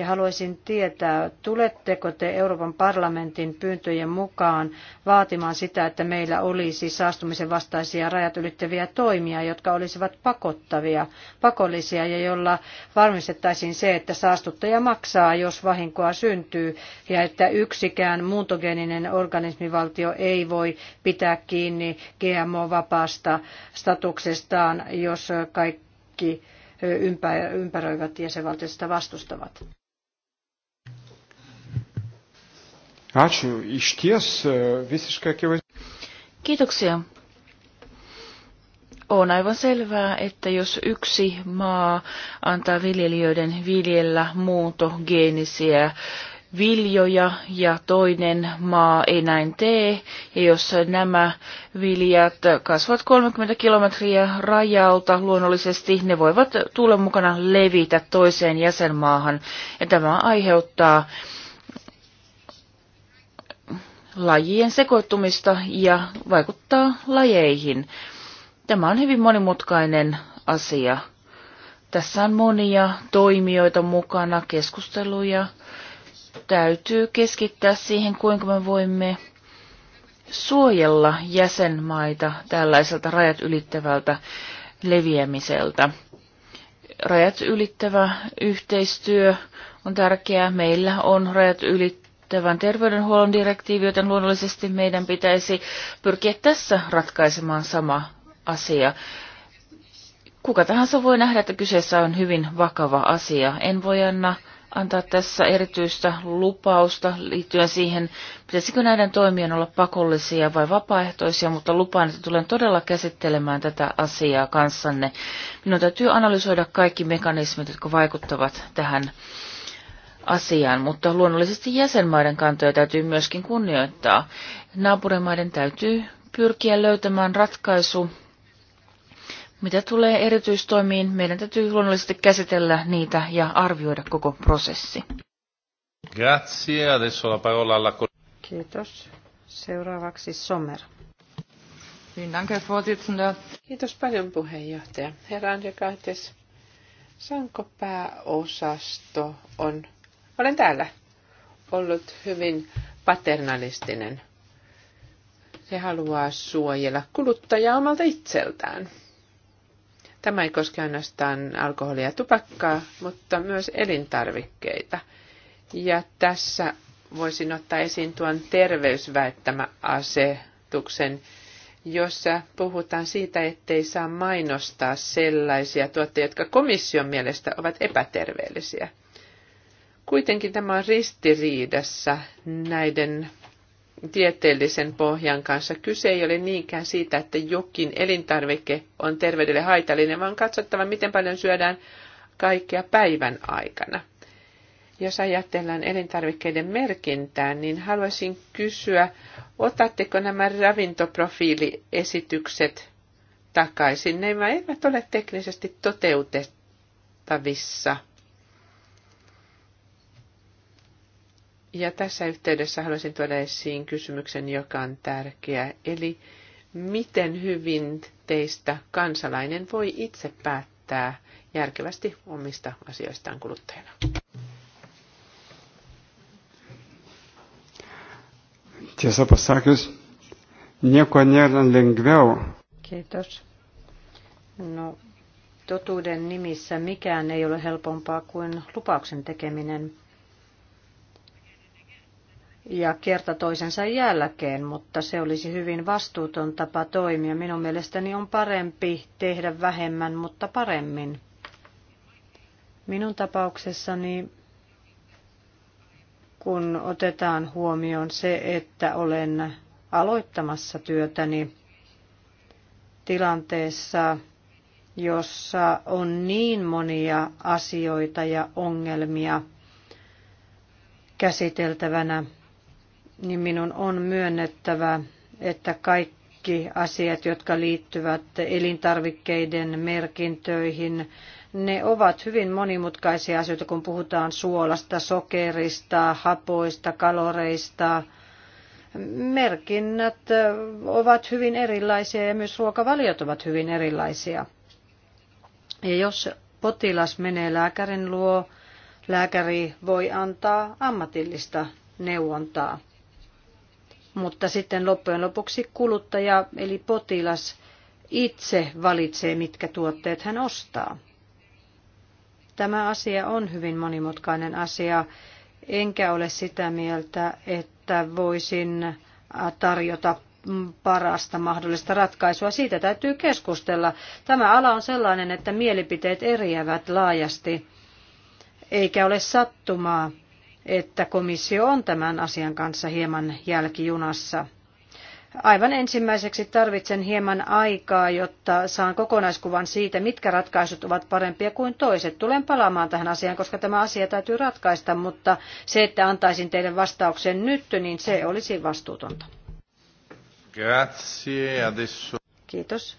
ja haluaisin tietää, tuletteko te Euroopan parlamentin pyyntöjen mukaan vaatimaan sitä, että meillä olisi saastumisen vastaisia rajat ylittäviä toimia, jotka olisivat pakottavia, pakollisia ja jolla varmistettaisiin se, että saastuttaja maksaa, jos vahinkoa syntyy ja että yksikään muuntogeeninen organismivaltio ei voi pitää kiinni GMO-vapaasta statuksestaan, jos kaikki ympäröivät jäsenvaltiot sitä vastustavat. Ačiū. Iš ties e, visiškai akivaizdu. Kiitoksia. On aivan selvää, että jos yksi maa antaa viljelijöiden viljellä muuntogeenisiä viljoja ja toinen maa ei näin tee, ja jos nämä viljat kasvavat 30 kilometriä rajalta luonnollisesti, ne voivat tuulen mukana levitä toiseen jäsenmaahan, ja tämä aiheuttaa lajien sekoittumista ja vaikuttaa lajeihin. Tämä on hyvin monimutkainen asia. Tässä on monia toimijoita mukana, keskusteluja. Täytyy keskittää siihen, kuinka me voimme suojella jäsenmaita tällaiselta rajat ylittävältä leviämiseltä. Rajat ylittävä yhteistyö on tärkeää. Meillä on rajat ylittävä tämän terveydenhuollon direktiivi, joten luonnollisesti meidän pitäisi pyrkiä tässä ratkaisemaan sama asia. Kuka tahansa voi nähdä, että kyseessä on hyvin vakava asia. En voi anna antaa tässä erityistä lupausta liittyen siihen, pitäisikö näiden toimien olla pakollisia vai vapaaehtoisia, mutta lupaan, että tulen todella käsittelemään tätä asiaa kanssanne. Minun täytyy analysoida kaikki mekanismit, jotka vaikuttavat tähän asiaan, mutta luonnollisesti jäsenmaiden kantoja täytyy myöskin kunnioittaa. Naapurimaiden täytyy pyrkiä löytämään ratkaisu. Mitä tulee erityistoimiin, meidän täytyy luonnollisesti käsitellä niitä ja arvioida koko prosessi. Grazie. Adesso la parola alla... Kiitos. Seuraavaksi Sommer. Kiitos paljon puheenjohtaja. Herra Andrikaites, Sanko pääosasto on olen täällä ollut hyvin paternalistinen. Se haluaa suojella kuluttajaa omalta itseltään. Tämä ei koske ainoastaan alkoholia ja tupakkaa, mutta myös elintarvikkeita. Ja tässä voisin ottaa esiin tuon terveysväittämäasetuksen, jossa puhutaan siitä, ettei saa mainostaa sellaisia tuotteita, jotka komission mielestä ovat epäterveellisiä – Kuitenkin tämä on ristiriidassa näiden tieteellisen pohjan kanssa. Kyse ei ole niinkään siitä, että jokin elintarvike on terveydelle haitallinen, vaan katsottava, miten paljon syödään kaikkea päivän aikana. Jos ajatellaan elintarvikkeiden merkintää, niin haluaisin kysyä, otatteko nämä ravintoprofiiliesitykset takaisin? Ne eivät ole teknisesti toteutettavissa – Ja tässä yhteydessä haluaisin tuoda esiin kysymyksen, joka on tärkeä, eli miten hyvin teistä kansalainen voi itse päättää järkevästi omista asioistaan kuluttajana? Tiesą pasakius, nieko nėra lengviau. Kiitos. No, totuuden nimissä mikään ei ole helpompaa kuin lupauksen tekeminen ja kerta toisensa jälkeen, mutta se olisi hyvin vastuuton tapa toimia. Minun mielestäni on parempi tehdä vähemmän, mutta paremmin. Minun tapauksessani, kun otetaan huomioon se, että olen aloittamassa työtäni tilanteessa, jossa on niin monia asioita ja ongelmia käsiteltävänä, niin minun on myönnettävä, että kaikki asiat, jotka liittyvät elintarvikkeiden merkintöihin, ne ovat hyvin monimutkaisia asioita, kun puhutaan suolasta, sokerista, hapoista, kaloreista. Merkinnät ovat hyvin erilaisia ja myös ruokavaliot ovat hyvin erilaisia. Ja jos potilas menee lääkärin luo, lääkäri voi antaa ammatillista neuvontaa mutta sitten loppujen lopuksi kuluttaja eli potilas itse valitsee, mitkä tuotteet hän ostaa. Tämä asia on hyvin monimutkainen asia, enkä ole sitä mieltä, että voisin tarjota parasta mahdollista ratkaisua. Siitä täytyy keskustella. Tämä ala on sellainen, että mielipiteet eriävät laajasti, eikä ole sattumaa, että komissio on tämän asian kanssa hieman jälkijunassa. Aivan ensimmäiseksi tarvitsen hieman aikaa, jotta saan kokonaiskuvan siitä, mitkä ratkaisut ovat parempia kuin toiset. Tulen palaamaan tähän asiaan, koska tämä asia täytyy ratkaista, mutta se, että antaisin teille vastauksen nyt, niin se olisi vastuutonta. Grazie. Adesso... Kiitos.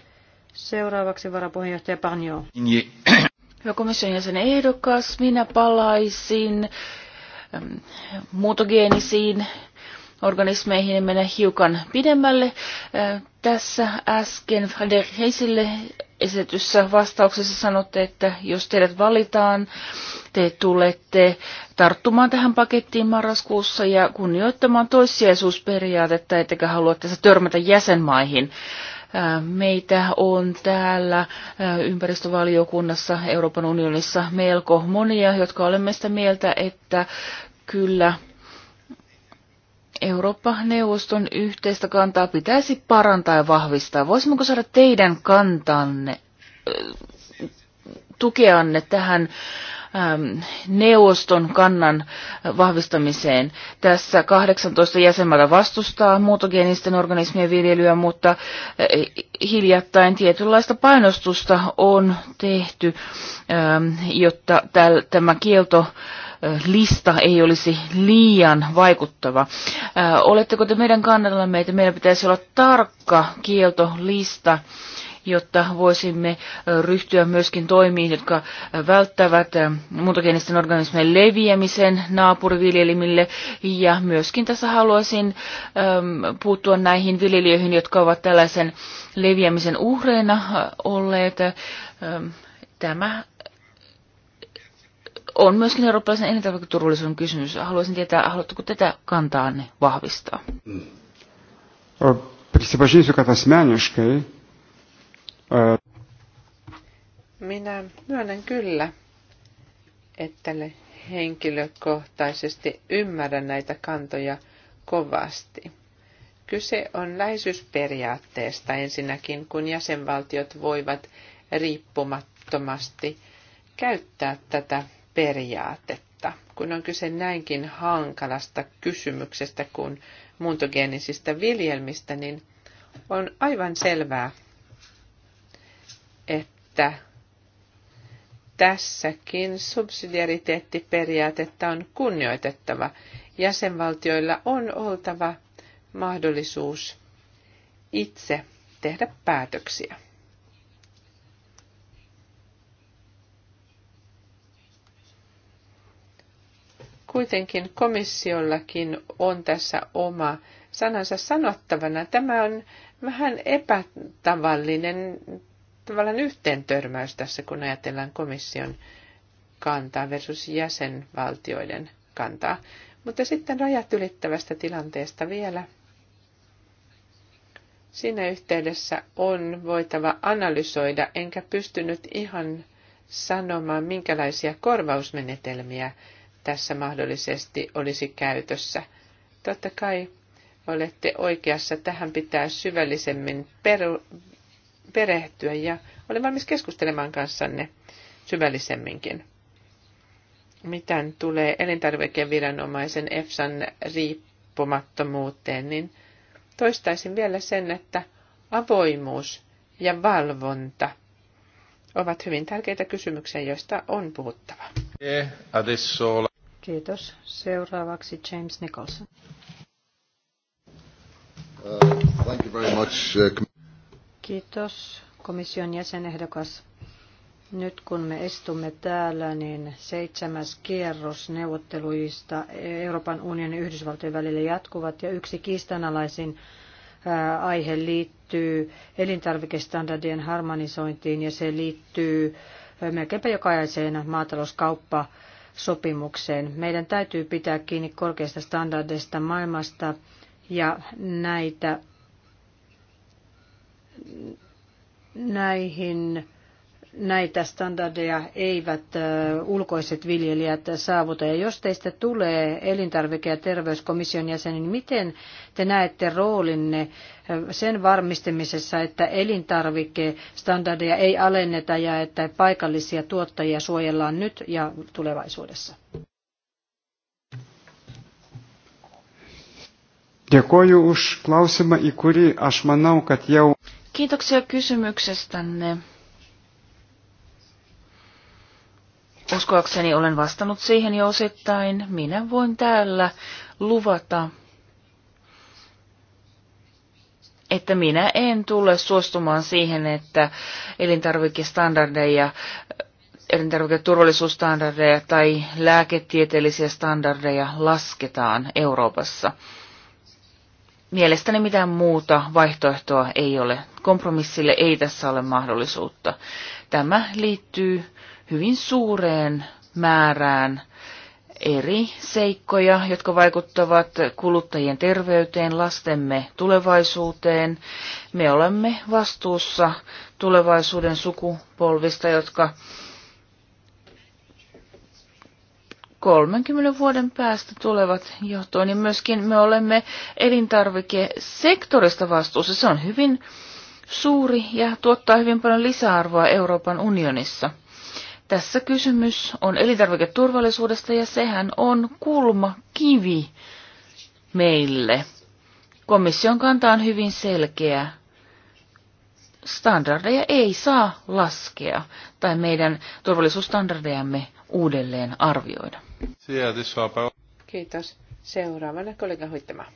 Seuraavaksi varapuheenjohtaja Panjo. Hyvä komission jäsen ehdokas, minä palaisin Ähm, muutogeenisiin organismeihin mennä hiukan pidemmälle. Äh, tässä äsken Freder Heisille esitetyssä vastauksessa sanotte, että jos teidät valitaan, te tulette tarttumaan tähän pakettiin marraskuussa ja kunnioittamaan toissijaisuusperiaatetta, ettekä halua tässä törmätä jäsenmaihin. Meitä on täällä ympäristövaliokunnassa Euroopan unionissa melko monia, jotka olemme sitä mieltä, että kyllä Eurooppa-neuvoston yhteistä kantaa pitäisi parantaa ja vahvistaa. Voisimmeko saada teidän kantanne tukeanne tähän ähm, neuvoston kannan vahvistamiseen. Tässä 18 jäsenmaata vastustaa muutogeenisten organismien viljelyä, mutta äh, hiljattain tietynlaista painostusta on tehty, ähm, jotta tämä kielto äh, lista ei olisi liian vaikuttava. Äh, oletteko te meidän kannallamme, että meidän pitäisi olla tarkka kieltolista? lista? jotta voisimme ryhtyä myöskin toimiin, jotka välttävät muuntogeenisten organismien leviämisen naapuriviljelimille. Ja myöskin tässä haluaisin puuttua näihin viljelijöihin, jotka ovat tällaisen leviämisen uhreina olleet. Tämä on myöskin eurooppalaisen elintarviketurvallisuuden kysymys. Haluaisin tietää, haluatteko tätä kantaanne vahvistaa? Prisipažinsiu, kad asmeniškai minä myönnän kyllä, että henkilökohtaisesti ymmärrän näitä kantoja kovasti. Kyse on läisyysperiaatteesta ensinnäkin, kun jäsenvaltiot voivat riippumattomasti käyttää tätä periaatetta, kun on kyse näinkin hankalasta kysymyksestä kuin muuntogeenisistä viljelmistä, niin on aivan selvää, että tässäkin subsidiariteettiperiaatetta on kunnioitettava. Jäsenvaltioilla on oltava mahdollisuus itse tehdä päätöksiä. Kuitenkin komissiollakin on tässä oma sanansa sanottavana. Tämä on vähän epätavallinen tavallaan yhteen törmäys tässä, kun ajatellaan komission kantaa versus jäsenvaltioiden kantaa. Mutta sitten rajat ylittävästä tilanteesta vielä. Siinä yhteydessä on voitava analysoida, enkä pystynyt ihan sanomaan, minkälaisia korvausmenetelmiä tässä mahdollisesti olisi käytössä. Totta kai olette oikeassa, tähän pitää syvällisemmin peru- perehtyä ja olen valmis keskustelemaan kanssanne syvällisemminkin. Mitään tulee elintarvikeviranomaisen EFSAn riippumattomuuteen, niin toistaisin vielä sen, että avoimuus ja valvonta ovat hyvin tärkeitä kysymyksiä, joista on puhuttava. Kiitos. Seuraavaksi James Nicholson. Uh, thank you very much. Uh, Kiitos komission jäsenehdokas. Nyt kun me istumme täällä, niin seitsemäs kierros neuvotteluista Euroopan unionin ja Yhdysvaltojen välillä jatkuvat ja yksi kiistanalaisin aihe liittyy elintarvikestandardien harmonisointiin ja se liittyy melkeinpä jokaiseen maatalouskauppa sopimukseen. Meidän täytyy pitää kiinni korkeista standardeista maailmasta ja näitä näihin näitä standardeja eivät ulkoiset viljelijät saavuta. Ja jos teistä tulee elintarvike- ja terveyskomission jäsen, niin miten te näette roolinne sen varmistamisessa, että elintarvikestandardeja ei alenneta ja että paikallisia tuottajia suojellaan nyt ja tulevaisuudessa? Dėkoju už klausimą, į kurį aš manau, kad jau. Kiitoksia kysymyksestänne. Uskoakseni olen vastannut siihen jo osittain. Minä voin täällä luvata, että minä en tule suostumaan siihen, että elintarvikestandardeja, elintarviketurvallisuusstandardeja tai lääketieteellisiä standardeja lasketaan Euroopassa – mielestäni mitään muuta vaihtoehtoa ei ole. Kompromissille ei tässä ole mahdollisuutta. Tämä liittyy hyvin suureen määrään eri seikkoja, jotka vaikuttavat kuluttajien terveyteen, lastemme tulevaisuuteen. Me olemme vastuussa tulevaisuuden sukupolvista, jotka 30 vuoden päästä tulevat johtoon, niin myöskin me olemme elintarvikesektorista vastuussa. Se on hyvin suuri ja tuottaa hyvin paljon lisäarvoa Euroopan unionissa. Tässä kysymys on elintarviketurvallisuudesta ja sehän on kulma kivi meille. Komission kanta on hyvin selkeä. Standardeja ei saa laskea tai meidän turvallisuusstandardejamme uudelleen arvioida. Kiitos. Seuraavana kollega Huittema.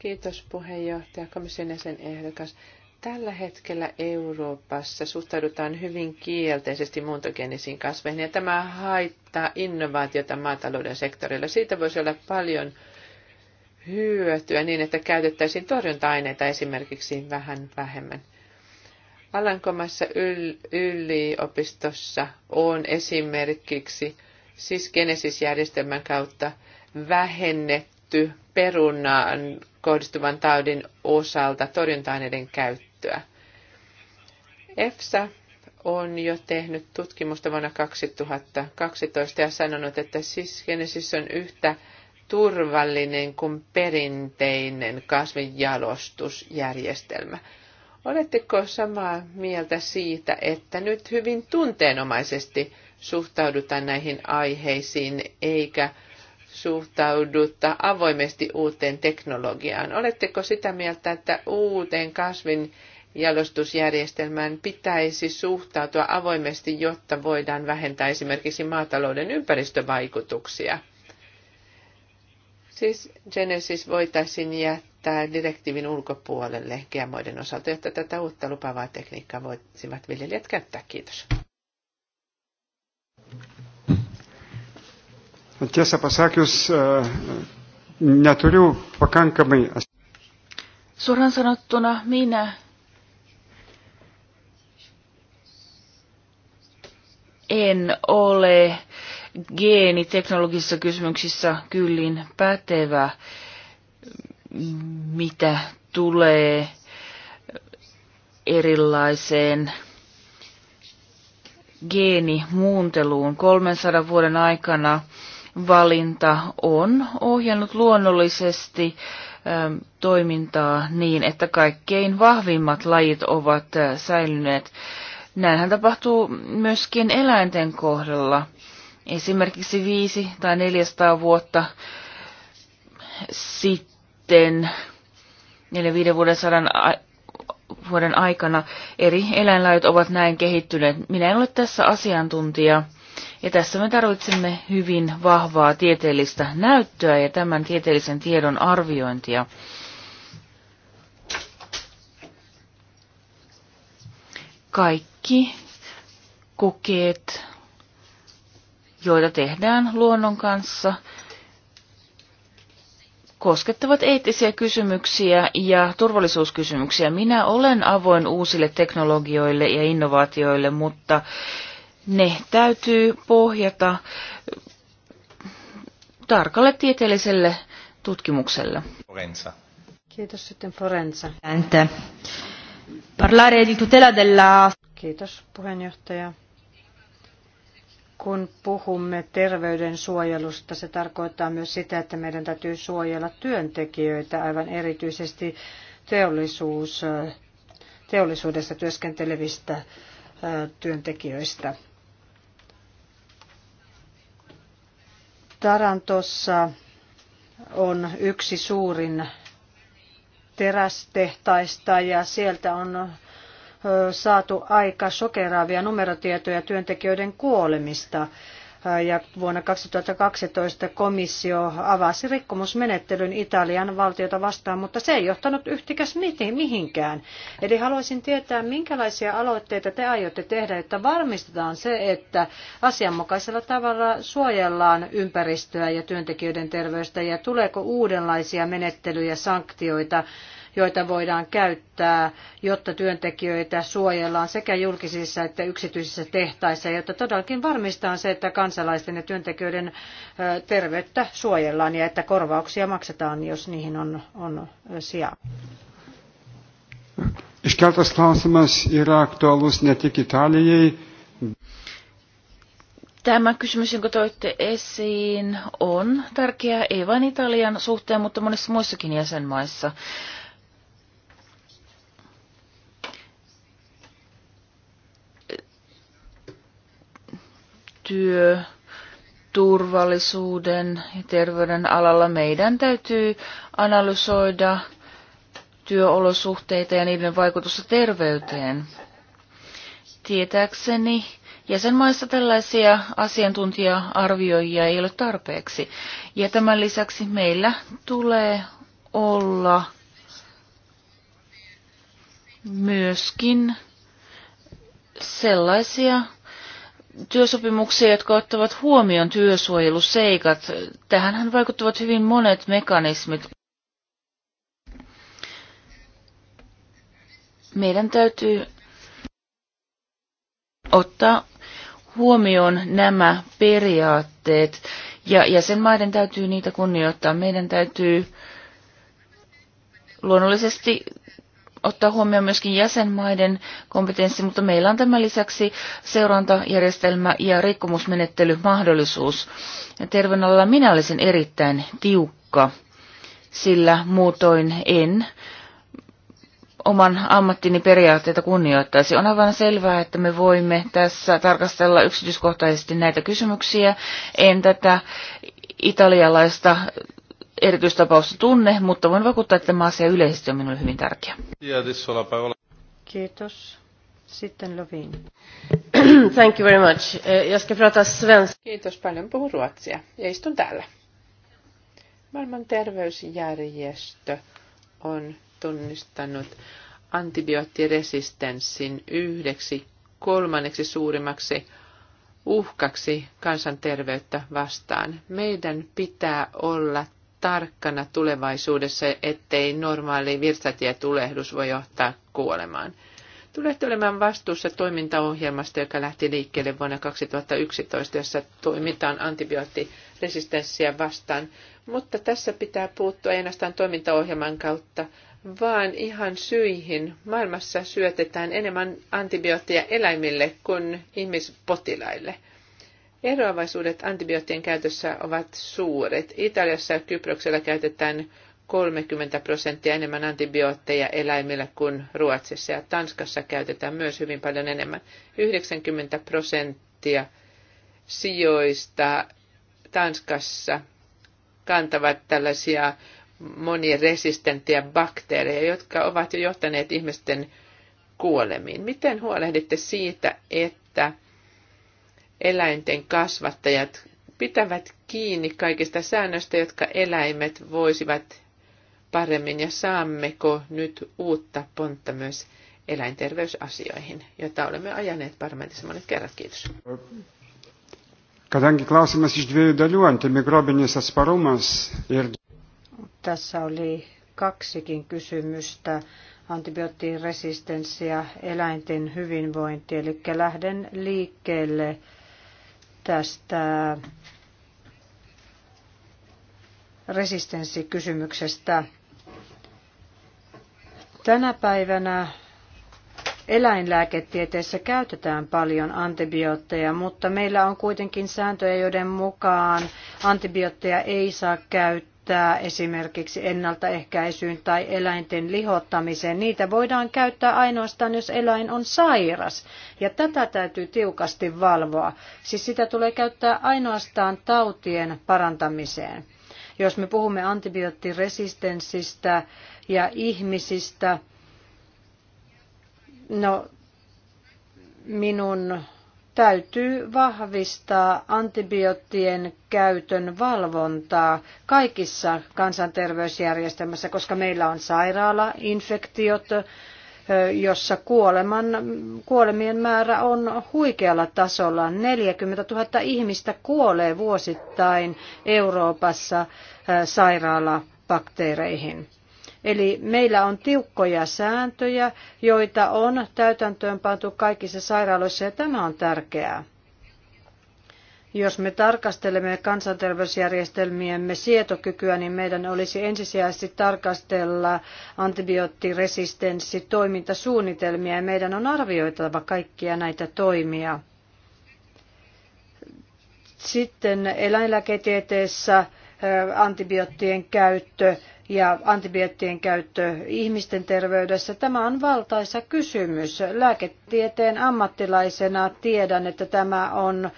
Kiitos puheenjohtaja, komission jäsen ehdokas. Tällä hetkellä Euroopassa suhtaudutaan hyvin kielteisesti muuntogeenisiin kasveihin ja tämä haittaa innovaatiota maatalouden sektorilla. Siitä voisi olla paljon hyötyä niin, että käytettäisiin torjunta-aineita esimerkiksi vähän vähemmän. Alankomassa yl- yliopistossa on esimerkiksi siis Genesis-järjestelmän kautta vähennetty perunaan kohdistuvan taudin osalta torjunta-aineiden käyttöä. EFSA on jo tehnyt tutkimusta vuonna 2012 ja sanonut, että siis Genesis on yhtä turvallinen kuin perinteinen kasvinjalostusjärjestelmä. Oletteko samaa mieltä siitä, että nyt hyvin tunteenomaisesti – suhtauduta näihin aiheisiin eikä suhtauduta avoimesti uuteen teknologiaan. Oletteko sitä mieltä, että uuteen kasvin jalostusjärjestelmään pitäisi suhtautua avoimesti, jotta voidaan vähentää esimerkiksi maatalouden ympäristövaikutuksia? Siis Genesis voitaisiin jättää direktiivin ulkopuolelle GMOiden osalta, jotta tätä uutta lupavaa tekniikkaa voisivat viljelijät käyttää. Kiitos. Tiesą pasakius, e, neturiu pakankamai. Suoraan sanottuna minä en ole geeniteknologisissa kysymyksissä kyllin pätevä, mitä tulee erilaiseen geenimuunteluun 300 vuoden aikana valinta on ohjannut luonnollisesti ähm, toimintaa niin, että kaikkein vahvimmat lajit ovat äh, säilyneet. Näinhän tapahtuu myöskin eläinten kohdalla. Esimerkiksi viisi tai 400 vuotta sitten, neljä viiden vuoden sadan vuoden aikana eri eläinlajit ovat näin kehittyneet. Minä en ole tässä asiantuntija ja tässä me tarvitsemme hyvin vahvaa tieteellistä näyttöä ja tämän tieteellisen tiedon arviointia. Kaikki kokeet, joita tehdään luonnon kanssa, koskettavat eettisiä kysymyksiä ja turvallisuuskysymyksiä. Minä olen avoin uusille teknologioille ja innovaatioille, mutta ne täytyy pohjata tarkalle tieteelliselle tutkimukselle. Forenza. Kiitos sitten Forenza. Ente. Parlare di tutela della... Kiitos puheenjohtaja. Kun puhumme terveyden suojelusta, se tarkoittaa myös sitä, että meidän täytyy suojella työntekijöitä, aivan erityisesti teollisuus, teollisuudessa työskentelevistä työntekijöistä. Tarantossa on yksi suurin terästehtaista ja sieltä on saatu aika sokeraavia numerotietoja työntekijöiden kuolemista. Äh, ja vuonna 2012 komissio avasi rikkomusmenettelyn Italian valtiota vastaan, mutta se ei johtanut yhtikäs mihinkään. Eli haluaisin tietää, minkälaisia aloitteita te aiotte tehdä, että varmistetaan se, että asianmukaisella tavalla suojellaan ympäristöä ja työntekijöiden terveystä ja tuleeko uudenlaisia menettelyjä, sanktioita, joita voidaan käyttää, jotta työntekijöitä suojellaan sekä julkisissa että yksityisissä tehtaissa, jotta todellakin varmistetaan se, että kansalaisten ja työntekijöiden terveyttä suojellaan ja että korvauksia maksetaan, jos niihin on, on sijaa. Iškeltas klausimas yra aktualus ne tik Italijai. Tämä kysymys, jonka toitte esiin, on tärkeä ei vain Italian suhteen, mutta monissa muissakin jäsenmaissa. työ, turvallisuuden ja terveyden alalla meidän täytyy analysoida työolosuhteita ja niiden vaikutusta terveyteen. Tietääkseni jäsenmaissa tällaisia asiantuntija-arvioijia ei ole tarpeeksi. Ja tämän lisäksi meillä tulee olla myöskin sellaisia työsopimuksia, jotka ottavat huomioon työsuojeluseikat. Tähänhän vaikuttavat hyvin monet mekanismit. Meidän täytyy ottaa huomioon nämä periaatteet ja jäsenmaiden täytyy niitä kunnioittaa. Meidän täytyy luonnollisesti ottaa huomioon myöskin jäsenmaiden kompetenssi, mutta meillä on tämän lisäksi seurantajärjestelmä ja rikkomusmenettelymahdollisuus. Terveydenalalla minä olisin erittäin tiukka, sillä muutoin en oman ammattini periaatteita kunnioittaisi. On aivan selvää, että me voimme tässä tarkastella yksityiskohtaisesti näitä kysymyksiä. En tätä italialaista erityistapausta tunne, mutta voin vakuuttaa, että tämä asia yleisesti on minulle hyvin tärkeä. Kiitos. Sitten Lovin. Thank you very much. Eh, jag ska prata Kiitos paljon. Puhun ruotsia ja istun täällä. Maailman terveysjärjestö on tunnistanut antibioottiresistenssin yhdeksi kolmanneksi suurimmaksi uhkaksi kansanterveyttä vastaan. Meidän pitää olla tarkkana tulevaisuudessa, ettei normaali virtsatietulehdus voi johtaa kuolemaan. Tulette olemaan vastuussa toimintaohjelmasta, joka lähti liikkeelle vuonna 2011, jossa toimitaan antibioottiresistenssiä vastaan. Mutta tässä pitää puuttua ei ainoastaan toimintaohjelman kautta, vaan ihan syihin. Maailmassa syötetään enemmän antibiootteja eläimille kuin ihmispotilaille – Eroavaisuudet antibioottien käytössä ovat suuret. Italiassa ja Kyproksella käytetään 30 prosenttia enemmän antibiootteja eläimillä kuin Ruotsissa ja Tanskassa käytetään myös hyvin paljon enemmän. 90 prosenttia sijoista Tanskassa kantavat tällaisia moniresistenttiä bakteereja, jotka ovat jo johtaneet ihmisten kuolemiin. Miten huolehditte siitä, että eläinten kasvattajat pitävät kiinni kaikista säännöistä, jotka eläimet voisivat paremmin ja saammeko nyt uutta pontta myös eläinterveysasioihin, jota olemme ajaneet parlamentissa monet kerrat. Kiitos. Kadangi klausimas iš dviejų dalių, antimikrobinis atsparumas ir... Tässä oli kaksikin kysymystä, antibioottiresistenssi ja eläinten hyvinvointi, eli lähden liikkeelle tästä resistenssikysymyksestä. Tänä päivänä eläinlääketieteessä käytetään paljon antibiootteja, mutta meillä on kuitenkin sääntöjä, joiden mukaan antibiootteja ei saa käyttää käyttää esimerkiksi ennaltaehkäisyyn tai eläinten lihottamiseen. Niitä voidaan käyttää ainoastaan, jos eläin on sairas. Ja tätä täytyy tiukasti valvoa. Siis sitä tulee käyttää ainoastaan tautien parantamiseen. Jos me puhumme antibioottiresistenssistä ja ihmisistä, no minun täytyy vahvistaa antibioottien käytön valvontaa kaikissa kansanterveysjärjestelmässä, koska meillä on sairaalainfektiot, jossa kuoleman, kuolemien määrä on huikealla tasolla. 40 000 ihmistä kuolee vuosittain Euroopassa sairaalabakteereihin. Eli meillä on tiukkoja sääntöjä, joita on täytäntöön kaikissa sairaaloissa ja tämä on tärkeää. Jos me tarkastelemme kansanterveysjärjestelmiemme sietokykyä, niin meidän olisi ensisijaisesti tarkastella antibioottiresistenssitoimintasuunnitelmia ja meidän on arvioitava kaikkia näitä toimia. Sitten eläinlääketieteessä antibioottien käyttö ja antibioottien käyttö ihmisten terveydessä. Tämä on valtaisa kysymys. Lääketieteen ammattilaisena tiedän, että tämä on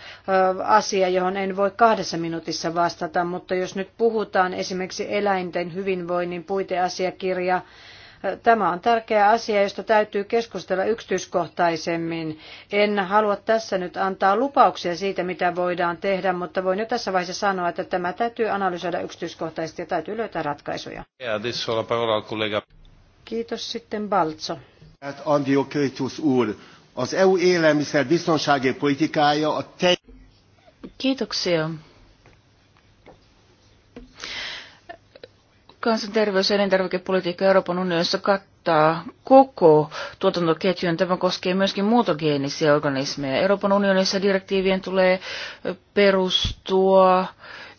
asia, johon en voi kahdessa minuutissa vastata, mutta jos nyt puhutaan esimerkiksi eläinten hyvinvoinnin puiteasiakirja, Tämä on tärkeä asia, josta täytyy keskustella yksityiskohtaisemmin. En halua tässä nyt antaa lupauksia siitä, mitä voidaan tehdä, mutta voin jo tässä vaiheessa sanoa, että tämä täytyy analysoida yksityiskohtaisesti ja täytyy löytää ratkaisuja. Kiitos sitten Baltso. Kiitoksia. Kansanterveys- ja elintarvikepolitiikka Euroopan unionissa kattaa koko tuotantoketjun. Tämä koskee myöskin muutogeenisiä organismeja. Euroopan unionissa direktiivien tulee perustua,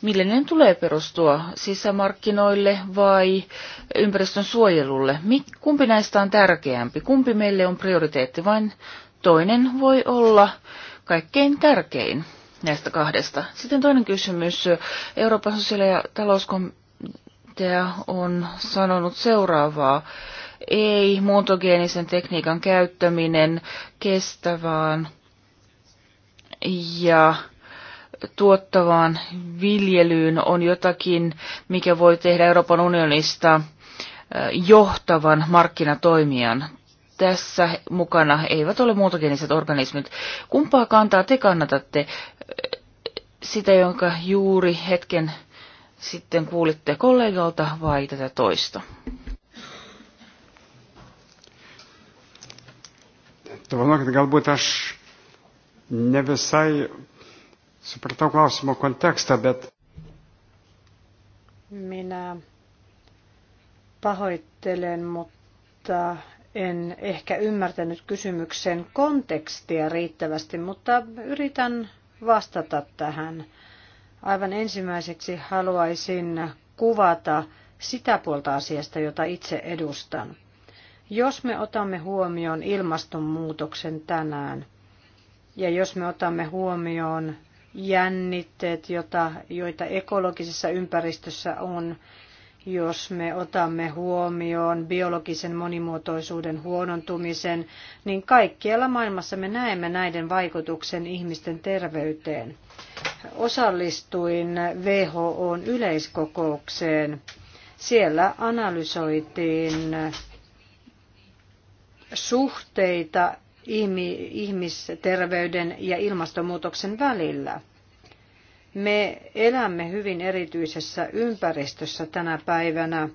mille ne tulee perustua, sisämarkkinoille vai ympäristön suojelulle. Kumpi näistä on tärkeämpi? Kumpi meille on prioriteetti? Vain toinen voi olla kaikkein tärkein näistä kahdesta. Sitten toinen kysymys. Euroopan sosiaali- ja talouskomitea kehittäjä on sanonut seuraavaa. Ei muuntogeenisen tekniikan käyttäminen kestävään ja tuottavaan viljelyyn on jotakin, mikä voi tehdä Euroopan unionista johtavan markkinatoimijan tässä mukana eivät ole muuntogeeniset organismit. Kumpaa kantaa te kannatatte? Sitä, jonka juuri hetken sitten kuulitte kollegalta vai tätä toista? Dovanokit, galbūt aš ne visai supratau klausimo kontekstą, bet. Minä pahoittelen, mutta en ehkä ymmärtänyt kysymyksen kontekstia riittävästi, mutta yritän vastata tähän. Aivan ensimmäiseksi haluaisin kuvata sitä puolta asiasta, jota itse edustan. Jos me otamme huomioon ilmastonmuutoksen tänään, ja jos me otamme huomioon jännitteet, joita ekologisessa ympäristössä on, jos me otamme huomioon biologisen monimuotoisuuden huonontumisen, niin kaikkialla maailmassa me näemme näiden vaikutuksen ihmisten terveyteen. Osallistuin WHOn yleiskokoukseen. Siellä analysoitiin suhteita ihmisterveyden ja ilmastonmuutoksen välillä – me elämme hyvin erityisessä ympäristössä tänä päivänä.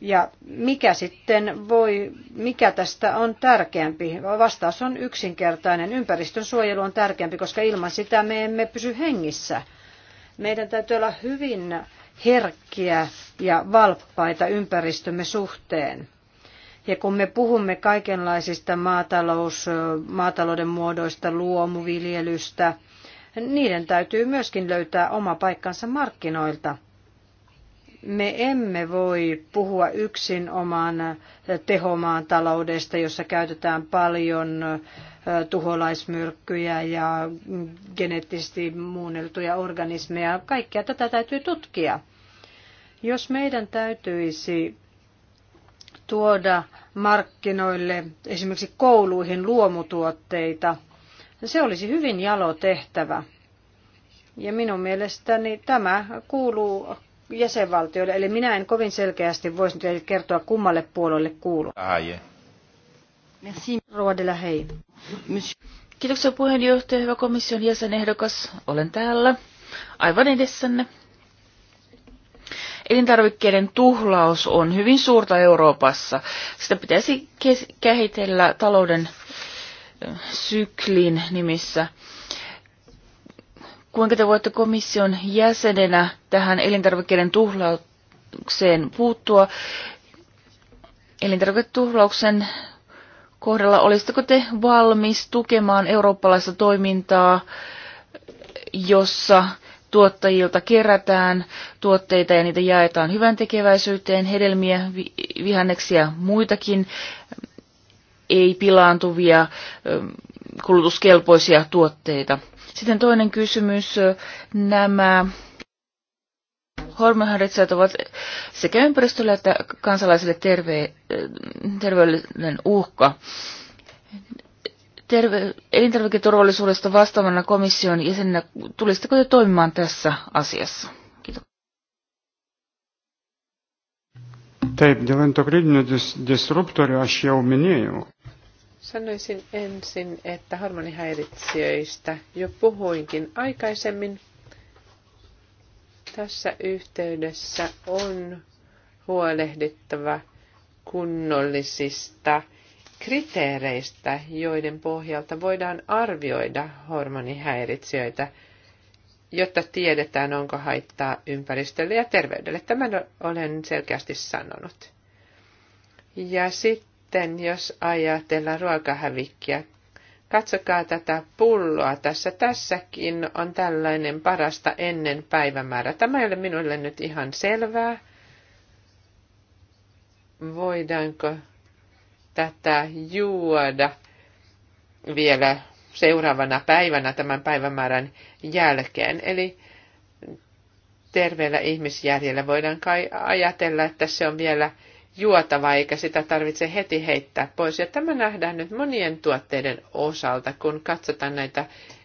Ja mikä sitten voi, mikä tästä on tärkeämpi? Vastaus on yksinkertainen. Ympäristön suojelu on tärkeämpi, koska ilman sitä me emme pysy hengissä. Meidän täytyy olla hyvin herkkiä ja valppaita ympäristömme suhteen. Ja kun me puhumme kaikenlaisista maatalous, maatalouden muodoista, luomuviljelystä, niiden täytyy myöskin löytää oma paikkansa markkinoilta. Me emme voi puhua yksin oman tehomaan taloudesta, jossa käytetään paljon tuholaismyrkkyjä ja geneettisesti muunneltuja organismeja. Kaikkea tätä täytyy tutkia. Jos meidän täytyisi tuoda markkinoille esimerkiksi kouluihin luomutuotteita, No se olisi hyvin jalo tehtävä. Ja minun mielestäni tämä kuuluu jäsenvaltioille, eli minä en kovin selkeästi voisi teille kertoa kummalle puolelle kuuluu. Merci. hei. Kiitoksia puheenjohtaja, hyvä komission jäsenehdokas. Olen täällä, aivan edessänne. Elintarvikkeiden tuhlaus on hyvin suurta Euroopassa. Sitä pitäisi kehitellä talouden syklin nimissä. Kuinka te voitte komission jäsenenä tähän elintarvikkeiden tuhlaukseen puuttua? Elintarviketuhlauksen kohdalla olisitteko te valmis tukemaan eurooppalaista toimintaa, jossa tuottajilta kerätään tuotteita ja niitä jaetaan hyvän tekeväisyyteen, hedelmiä, vihanneksia ja muitakin ei pilaantuvia kulutuskelpoisia tuotteita. Sitten toinen kysymys, nämä hormonharitsijat ovat sekä ympäristölle että kansalaisille terve, terveellinen uhka. Terve, elintarviketurvallisuudesta vastaavana komission jäsenenä, tulisitteko te toimimaan tässä asiassa? Taip, dėl endokrinių disruptorių aš jau minėjau. Sanoisin ensin, että hormonihäiritsijöistä jo puhuinkin aikaisemmin. Tässä yhteydessä on huolehdittava kunnollisista kriteereistä, joiden pohjalta voidaan arvioida hormonihäiritsijöitä, jotta tiedetään, onko haittaa ympäristölle ja terveydelle. Tämän olen selkeästi sanonut. Ja sitten sitten, jos ajatellaan ruokahävikkiä, katsokaa tätä pulloa tässä. Tässäkin on tällainen parasta ennen päivämäärä. Tämä ei ole minulle nyt ihan selvää. Voidaanko tätä juoda vielä seuraavana päivänä tämän päivämäärän jälkeen. Eli terveellä ihmisjärjellä voidaan kai ajatella, että se on vielä juotava, eikä sitä tarvitse heti heittää pois. Ja tämä nähdään nyt monien tuotteiden osalta, kun katsotaan näitä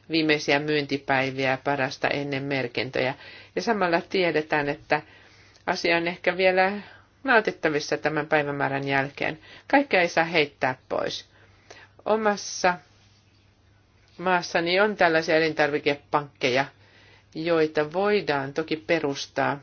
viimeisiä myyntipäiviä parasta ennen merkintöjä. Ja samalla tiedetään, että asia on ehkä vielä nautittavissa tämän päivämäärän jälkeen. Kaikkea ei saa heittää pois. Omassa maassani on tällaisia elintarvikepankkeja, joita voidaan toki perustaa –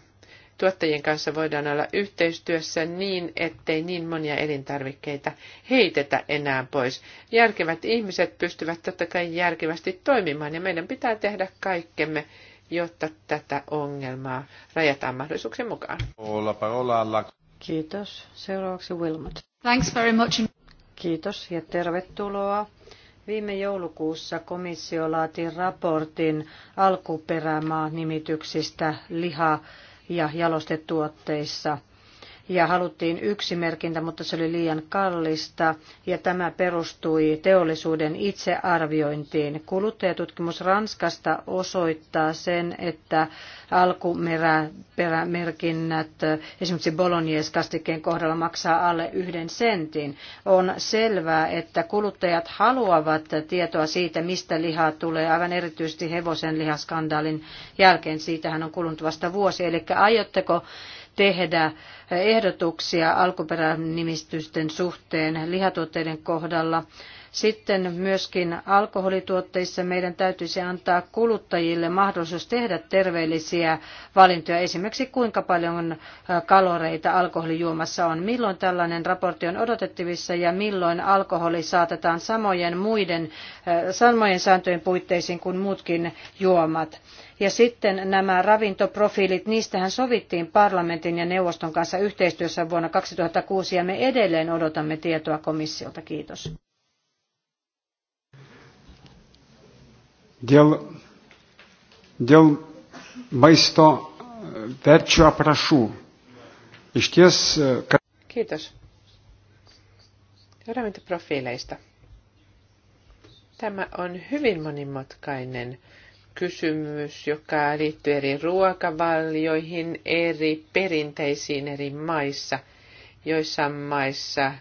tuottajien kanssa voidaan olla yhteistyössä niin, ettei niin monia elintarvikkeita heitetä enää pois. Järkevät ihmiset pystyvät totta kai järkevästi toimimaan ja meidän pitää tehdä kaikkemme, jotta tätä ongelmaa rajataan mahdollisuuksien mukaan. Kiitos. Seuraavaksi Wilmot. Thanks very much. Kiitos ja tervetuloa. Viime joulukuussa komissio laati raportin alkuperämaa nimityksistä liha- ja jalostetuotteissa ja haluttiin yksi merkintä, mutta se oli liian kallista ja tämä perustui teollisuuden itsearviointiin. Kuluttajatutkimus Ranskasta osoittaa sen, että alkuperämerkinnät esimerkiksi Bolognese kastikkeen kohdalla maksaa alle yhden sentin. On selvää, että kuluttajat haluavat tietoa siitä, mistä lihaa tulee, aivan erityisesti hevosen lihaskandaalin jälkeen. Siitähän on kulunut vasta vuosi. Eli aiotteko tehdä ehdotuksia alkuperänimistysten suhteen lihatuotteiden kohdalla sitten myöskin alkoholituotteissa meidän täytyisi antaa kuluttajille mahdollisuus tehdä terveellisiä valintoja, esimerkiksi kuinka paljon äh, kaloreita alkoholijuomassa on, milloin tällainen raportti on odotettavissa ja milloin alkoholi saatetaan samojen muiden, äh, samojen sääntöjen puitteisiin kuin muutkin juomat. Ja sitten nämä ravintoprofiilit, niistähän sovittiin parlamentin ja neuvoston kanssa yhteistyössä vuonna 2006 ja me edelleen odotamme tietoa komissiolta. Kiitos. dėl, dėl maisto e, verčių aprašų. Iš ties, e, kad... Kiitos. Ravintoprofiileista. Tämä on hyvin monimutkainen kysymys, joka liittyy eri ruokavalioihin, eri perinteisiin eri maissa. Joissain maissa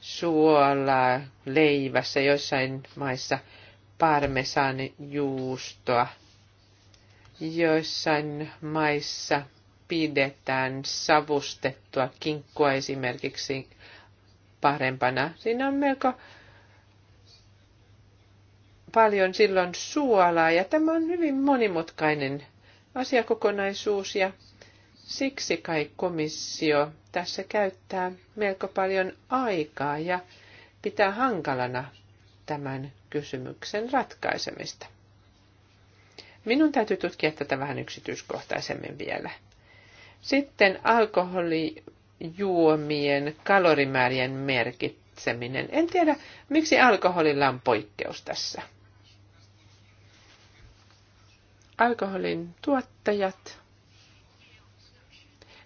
suolaa leivässä, joissain maissa – juustoa, Joissain maissa pidetään savustettua kinkkua esimerkiksi parempana. Siinä on melko paljon silloin suolaa ja tämä on hyvin monimutkainen asiakokonaisuus ja siksi kai komissio tässä käyttää melko paljon aikaa ja pitää hankalana tämän kysymyksen ratkaisemista. Minun täytyy tutkia tätä vähän yksityiskohtaisemmin vielä. Sitten alkoholijuomien kalorimäärien merkitseminen. En tiedä, miksi alkoholilla on poikkeus tässä. Alkoholin tuottajat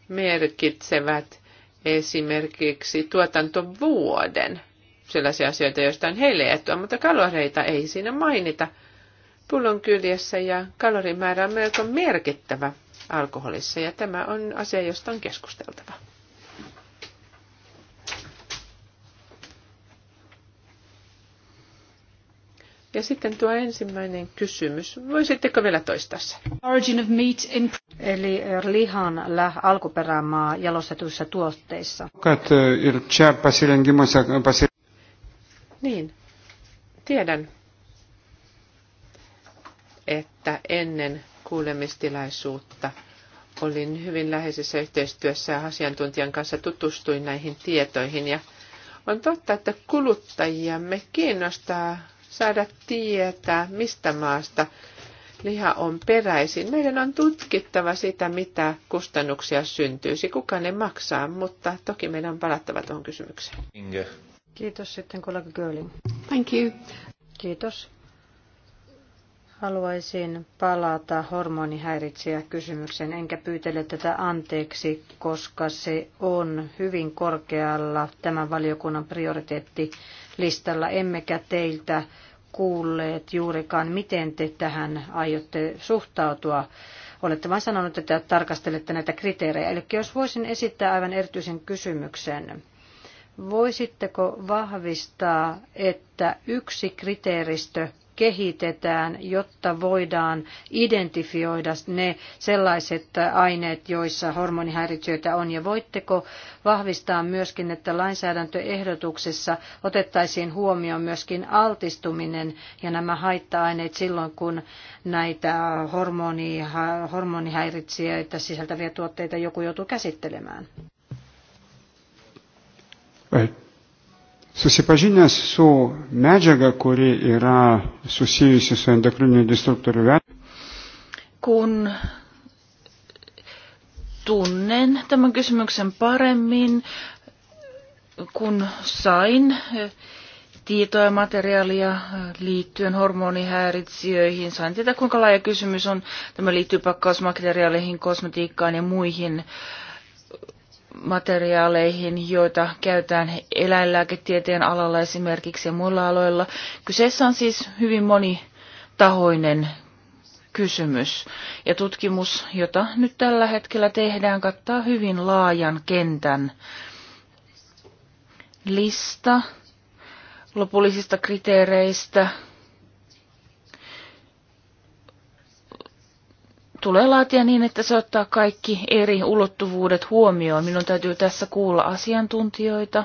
merkitsevät esimerkiksi tuotantovuoden sellaisia asioita, joista on heille etua, mutta kaloreita ei siinä mainita. Pullon kyljessä ja kalorimäärä on melko merkittävä alkoholissa ja tämä on asia, josta on keskusteltava. Ja sitten tuo ensimmäinen kysymys. Voisitteko vielä toistaa sen? of meat in... Eli lihan alkuperämaa jalostetuissa tuotteissa. Eh, niin, tiedän, että ennen kuulemistilaisuutta olin hyvin läheisessä yhteistyössä asiantuntijan kanssa tutustuin näihin tietoihin ja on totta, että kuluttajiamme kiinnostaa saada tietää, mistä maasta liha on peräisin. Meidän on tutkittava sitä, mitä kustannuksia syntyisi, kuka ne maksaa, mutta toki meidän on palattava tuohon kysymykseen. Inge. Kiitos sitten kollega Görling. Thank you. Kiitos. Haluaisin palata hormonihäiritsijä kysymykseen, enkä pyytele tätä anteeksi, koska se on hyvin korkealla tämän valiokunnan prioriteettilistalla, emmekä teiltä kuulleet juurikaan, miten te tähän aiotte suhtautua. Olette vain sanonut, että tarkastelette näitä kriteerejä. Eli jos voisin esittää aivan erityisen kysymyksen Voisitteko vahvistaa, että yksi kriteeristö kehitetään, jotta voidaan identifioida ne sellaiset aineet, joissa hormonihäiriöitä on. Ja voitteko vahvistaa myöskin, että lainsäädäntöehdotuksessa otettaisiin huomioon myöskin altistuminen ja nämä haitta-aineet silloin, kun näitä hormoni, hormonihäiritsijöitä sisältäviä tuotteita joku joutuu käsittelemään? Susipažinęs su medžiaga, kuri yra susijusi su endokriniu destruktoriu. Kun tunnen tämän kysymyksen paremmin, kun sain э, tietoa ja materiaalia liittyen hormonihäiritsijöihin. Sain tietää, kuinka laaja kysymys on. Tämä liittyy pakkausmateriaaleihin, kosmetiikkaan ja muihin äh, materiaaleihin, joita käytetään eläinlääketieteen alalla esimerkiksi ja muilla aloilla. Kyseessä on siis hyvin monitahoinen kysymys. Ja tutkimus, jota nyt tällä hetkellä tehdään, kattaa hyvin laajan kentän lista lopullisista kriteereistä, tulee laatia niin, että se ottaa kaikki eri ulottuvuudet huomioon. Minun täytyy tässä kuulla asiantuntijoita.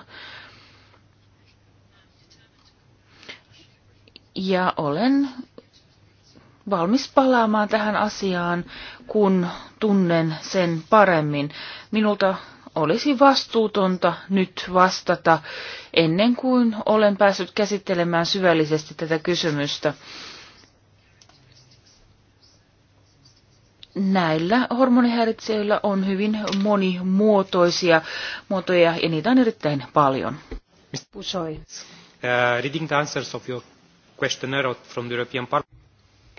Ja olen valmis palaamaan tähän asiaan, kun tunnen sen paremmin. Minulta olisi vastuutonta nyt vastata ennen kuin olen päässyt käsittelemään syvällisesti tätä kysymystä. näillä hormonihäiritseillä on hyvin monimuotoisia muotoja ja niitä on erittäin paljon. Uh, reading answers of your questionnaire from the European Parliament.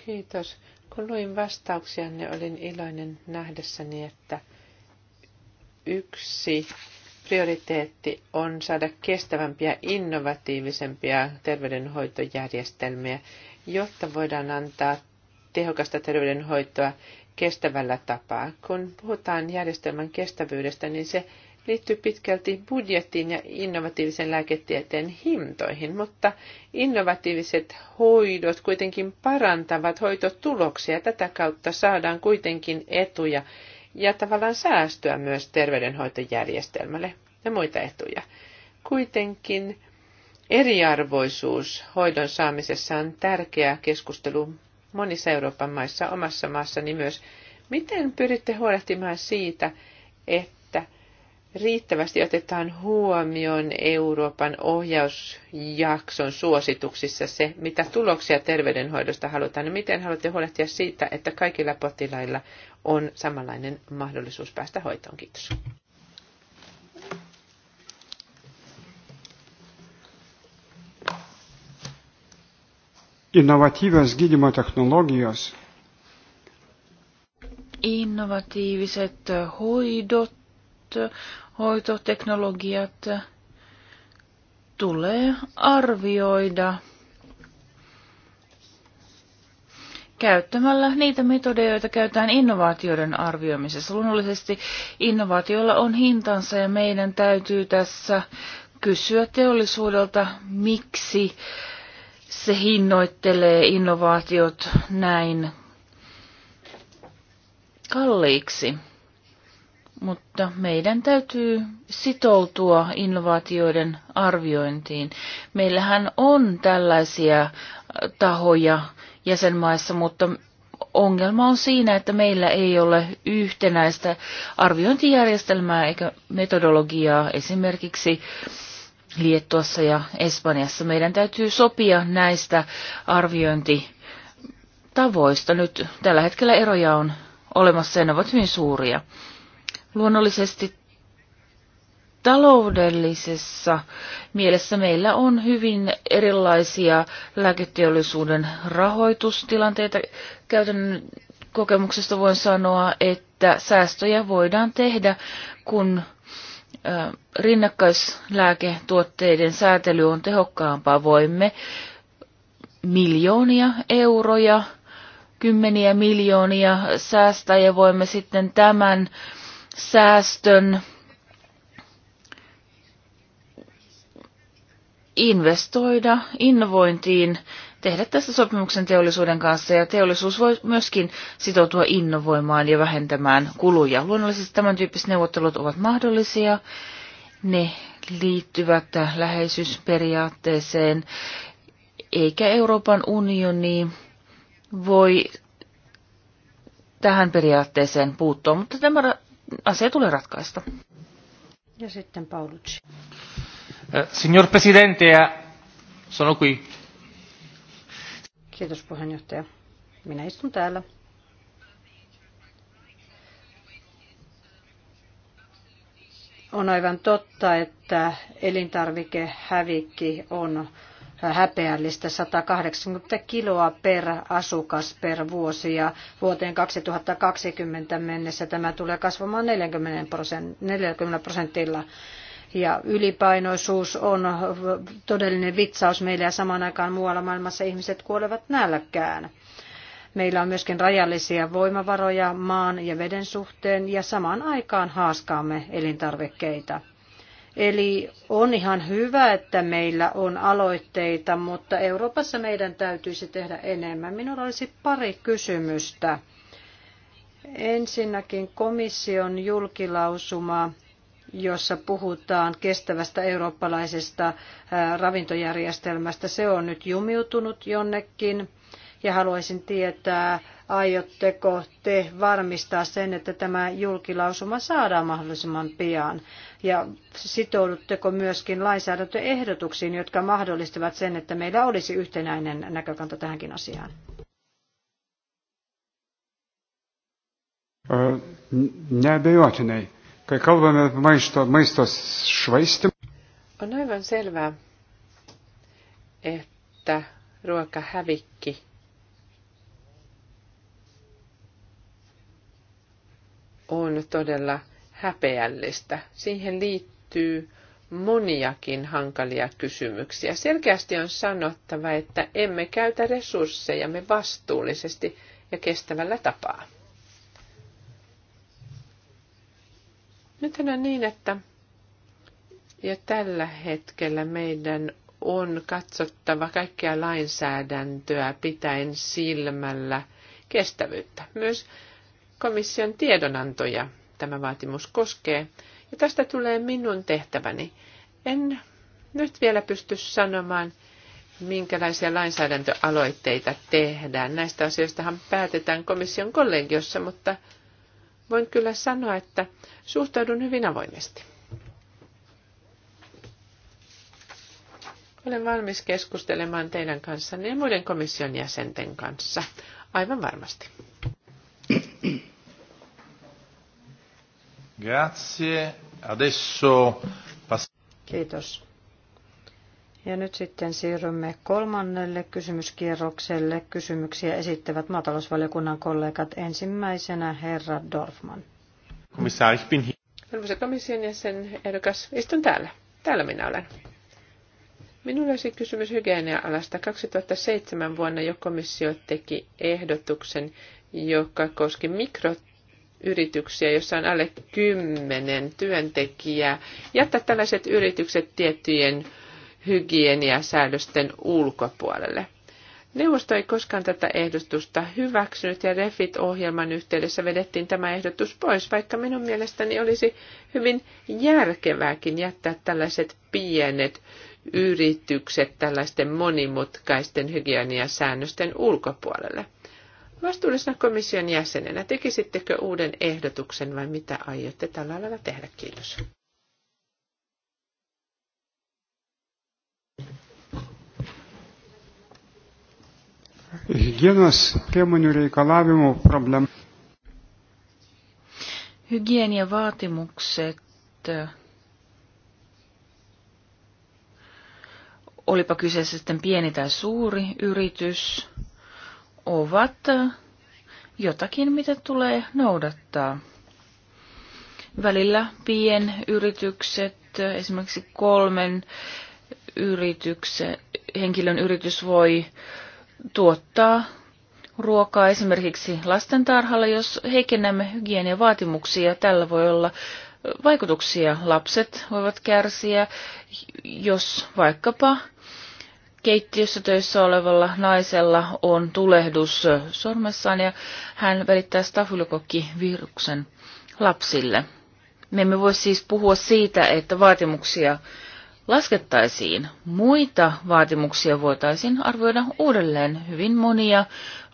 Kiitos. Kun luin vastauksianne, niin olin iloinen nähdessäni, että yksi prioriteetti on saada kestävämpiä, innovatiivisempia terveydenhoitojärjestelmiä, jotta voidaan antaa tehokasta terveydenhoitoa kestävällä tapaa. Kun puhutaan järjestelmän kestävyydestä, niin se liittyy pitkälti budjettiin ja innovatiivisen lääketieteen hintoihin, mutta innovatiiviset hoidot kuitenkin parantavat hoitotuloksia. Tätä kautta saadaan kuitenkin etuja ja tavallaan säästöä myös terveydenhoitojärjestelmälle ja muita etuja. Kuitenkin eriarvoisuus hoidon saamisessa on tärkeä keskustelu monissa Euroopan maissa, omassa maassani myös. Miten pyritte huolehtimaan siitä, että riittävästi otetaan huomioon Euroopan ohjausjakson suosituksissa se, mitä tuloksia terveydenhoidosta halutaan, miten haluatte huolehtia siitä, että kaikilla potilailla on samanlainen mahdollisuus päästä hoitoon? Kiitos. Innovatiivios gydymo technologijos. Innovatiiviset eh, hoidot, eh, hoitoteknologiat eh, tulee arvioida käyttämällä niitä metodeja, joita käytetään innovaatioiden arvioimisessa. Luonnollisesti innovaatioilla on hintansa ja meidän täytyy tässä kysyä teollisuudelta, miksi se hinnoittelee innovaatiot näin kalliiksi. Mutta meidän täytyy sitoutua innovaatioiden arviointiin. Meillähän on tällaisia tahoja jäsenmaissa, mutta ongelma on siinä, että meillä ei ole yhtenäistä arviointijärjestelmää eikä metodologiaa esimerkiksi Liettuassa ja Espanjassa. Meidän täytyy sopia näistä arviointitavoista. Nyt tällä hetkellä eroja on olemassa ja ne ovat hyvin suuria. Luonnollisesti taloudellisessa mielessä meillä on hyvin erilaisia lääketeollisuuden rahoitustilanteita. Käytännön kokemuksesta voin sanoa, että säästöjä voidaan tehdä, kun rinnakkaislääketuotteiden säätely on tehokkaampaa. Voimme miljoonia euroja, kymmeniä miljoonia säästää ja voimme sitten tämän säästön investoida innovointiin tehdä tästä sopimuksen teollisuuden kanssa ja teollisuus voi myöskin sitoutua innovoimaan ja vähentämään kuluja. Luonnollisesti tämän tyyppiset neuvottelut ovat mahdollisia. Ne liittyvät läheisyysperiaatteeseen, eikä Euroopan unioni voi tähän periaatteeseen puuttua, mutta tämä asia tulee ratkaista. Ja sitten Paulucci. Eh, signor Presidente, eh, sono qui. Kiitos puheenjohtaja. Minä istun täällä. On aivan totta, että elintarvikehävikki on häpeällistä 180 kiloa per asukas per vuosi ja vuoteen 2020 mennessä tämä tulee kasvamaan 40 prosentilla ja ylipainoisuus on todellinen vitsaus meillä ja samaan aikaan muualla maailmassa ihmiset kuolevat nälkään. Meillä on myöskin rajallisia voimavaroja maan ja veden suhteen ja samaan aikaan haaskaamme elintarvikkeita. Eli on ihan hyvä, että meillä on aloitteita, mutta Euroopassa meidän täytyisi tehdä enemmän. Minulla olisi pari kysymystä. Ensinnäkin komission julkilausuma jossa puhutaan kestävästä eurooppalaisesta ravintojärjestelmästä. Se on nyt jumiutunut jonnekin ja haluaisin tietää, aiotteko te varmistaa sen, että tämä julkilausuma saadaan mahdollisimman pian? Ja sitoudutteko myöskin lainsäädäntöehdotuksiin, jotka mahdollistavat sen, että meillä olisi yhtenäinen näkökanta tähänkin asiaan? Neabejotinai. Kai kalbame maisto, maisto švaistimą. On aivan selvää, että ruokahävikki on todella häpeällistä. Siihen liittyy moniakin hankalia kysymyksiä. Selkeästi on sanottava, että emme käytä resursseja me vastuullisesti ja kestävällä tapaa. Nyt on niin, että ja tällä hetkellä meidän on katsottava kaikkia lainsäädäntöä pitäen silmällä kestävyyttä. Myös komission tiedonantoja tämä vaatimus koskee. Ja tästä tulee minun tehtäväni. En nyt vielä pysty sanomaan, minkälaisia lainsäädäntöaloitteita tehdään. Näistä asioistahan päätetään komission kollegiossa, mutta voin kyllä sanoa, että suhtaudun hyvin avoimesti. Olen valmis keskustelemaan teidän kanssanne ja muiden komission jäsenten kanssa. Aivan varmasti. Grazie. Adesso Kiitos. Ja nyt sitten siirrymme kolmannelle kysymyskierrokselle. Kysymyksiä esittävät maatalousvaliokunnan kollegat. Ensimmäisenä herra Dorfman. Komissaari Arvoisa komission jäsen ehdokas, istun täällä. Täällä minä olen. Minulla olisi kysymys hygienia-alasta. 2007 vuonna jo komissio teki ehdotuksen, joka koski mikroyrityksiä, jossa on alle kymmenen työntekijää. Jättää tällaiset yritykset tiettyjen hygieniasäädösten ulkopuolelle. Neuvosto ei koskaan tätä ehdotusta hyväksynyt ja REFIT-ohjelman yhteydessä vedettiin tämä ehdotus pois, vaikka minun mielestäni olisi hyvin järkevääkin jättää tällaiset pienet yritykset tällaisten monimutkaisten hygieniasäännösten ulkopuolelle. Vastuullisena komission jäsenenä tekisittekö uuden ehdotuksen vai mitä aiotte tällä lailla tehdä? Kiitos. Hygienos priemonių reikalavimų problema. vaatimukset olipa kyseessä sitten pieni tai suuri yritys, ovat jotakin, mitä tulee noudattaa. Välillä pienyritykset, esimerkiksi kolmen yrityksen, henkilön yritys voi tuottaa ruokaa esimerkiksi lastentarhalla, jos heikennämme hygieniavaatimuksia, tällä voi olla vaikutuksia. Lapset voivat kärsiä, jos vaikkapa keittiössä töissä olevalla naisella on tulehdus sormessaan ja hän välittää stafylokokkiviruksen lapsille. Me emme voi siis puhua siitä, että vaatimuksia laskettaisiin. Muita vaatimuksia voitaisiin arvioida uudelleen. Hyvin monia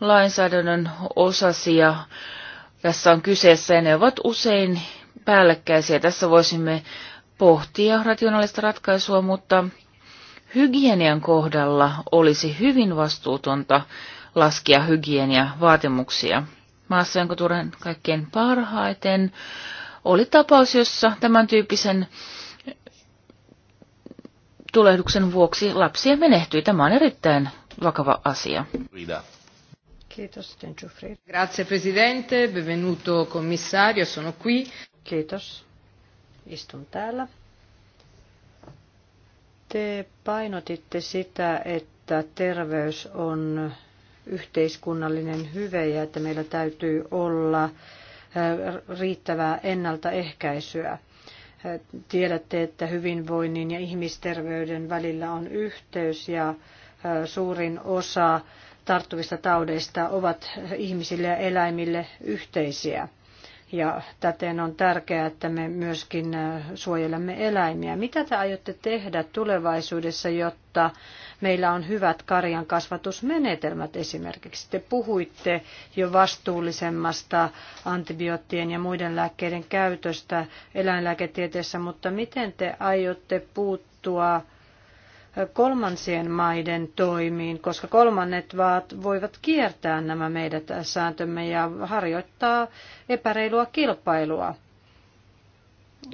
lainsäädännön osasia tässä on kyseessä ja ne ovat usein päällekkäisiä. Tässä voisimme pohtia rationaalista ratkaisua, mutta hygienian kohdalla olisi hyvin vastuutonta laskea vaatimuksia. Maassa, jonka turen kaikkein parhaiten, oli tapaus, jossa tämän tyyppisen tulehduksen vuoksi lapsia menehtyi. Tämä on erittäin vakava asia. Kiitos, Grazie presidente, benvenuto commissario, sono qui. Kiitos. Istun täällä. Te painotitte sitä, että terveys on yhteiskunnallinen hyve ja että meillä täytyy olla äh, riittävää ennaltaehkäisyä. Tiedätte, että hyvinvoinnin ja ihmisterveyden välillä on yhteys ja suurin osa tarttuvista taudeista ovat ihmisille ja eläimille yhteisiä. Ja täten on tärkeää, että me myöskin suojelemme eläimiä. Mitä te aiotte tehdä tulevaisuudessa, jotta Meillä on hyvät karjan kasvatusmenetelmät esimerkiksi. Te puhuitte jo vastuullisemmasta antibioottien ja muiden lääkkeiden käytöstä eläinlääketieteessä, mutta miten te aiotte puuttua kolmansien maiden toimiin, koska kolmannet vaat voivat kiertää nämä meidät sääntömme ja harjoittaa epäreilua kilpailua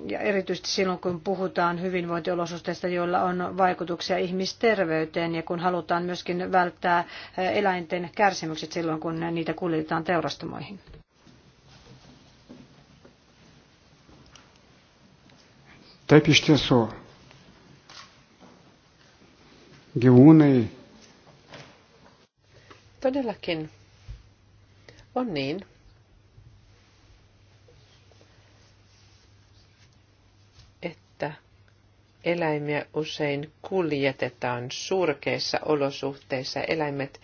ja erityisesti silloin, kun puhutaan hyvinvointiolosuhteista, joilla on vaikutuksia ihmisterveyteen ja kun halutaan myöskin välttää eh, eläinten kärsimykset silloin, kun niitä kuljetetaan teurastamoihin. Taip iš tiesų. Gyvūnai. Todellakin on niin, eläimiä usein kuljetetaan surkeissa olosuhteissa. Eläimet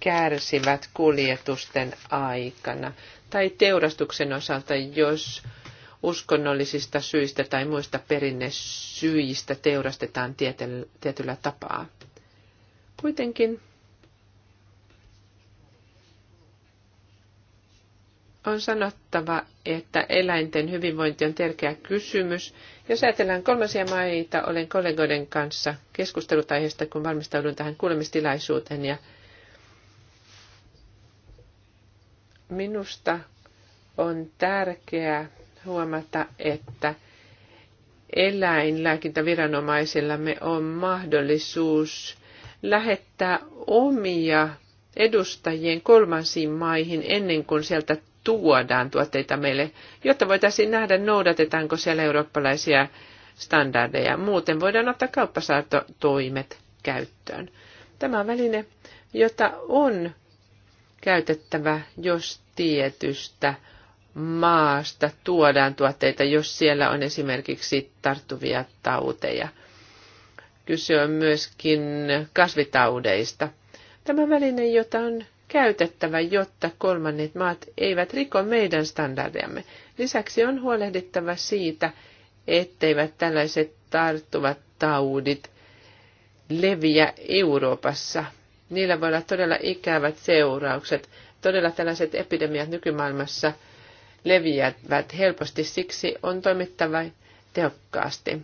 kärsivät kuljetusten aikana. Tai teurastuksen osalta, jos uskonnollisista syistä tai muista perinnesyistä teurastetaan tietyllä tapaa. Kuitenkin on sanottava, että eläinten hyvinvointi on tärkeä kysymys. Jos ajatellaan kolmasia maita, olen kollegoiden kanssa keskustellut aiheesta, kun valmistaudun tähän kuulemistilaisuuteen. Ja minusta on tärkeää huomata, että eläinlääkintäviranomaisillamme on mahdollisuus lähettää omia edustajien kolmansiin maihin ennen kuin sieltä tuodaan tuotteita meille, jotta voitaisiin nähdä, noudatetaanko siellä eurooppalaisia standardeja. Muuten voidaan ottaa kauppasaattotoimet käyttöön. Tämä on väline, jota on käytettävä, jos tietystä maasta tuodaan tuotteita, jos siellä on esimerkiksi tarttuvia tauteja. Kyse on myöskin kasvitaudeista. Tämä väline, jota on käytettävä, jotta kolmannet maat eivät riko meidän standardeamme. Lisäksi on huolehdittava siitä, etteivät tällaiset tarttuvat taudit leviä Euroopassa. Niillä voi olla todella ikävät seuraukset. Todella tällaiset epidemiat nykymaailmassa leviävät helposti, siksi on toimittava tehokkaasti.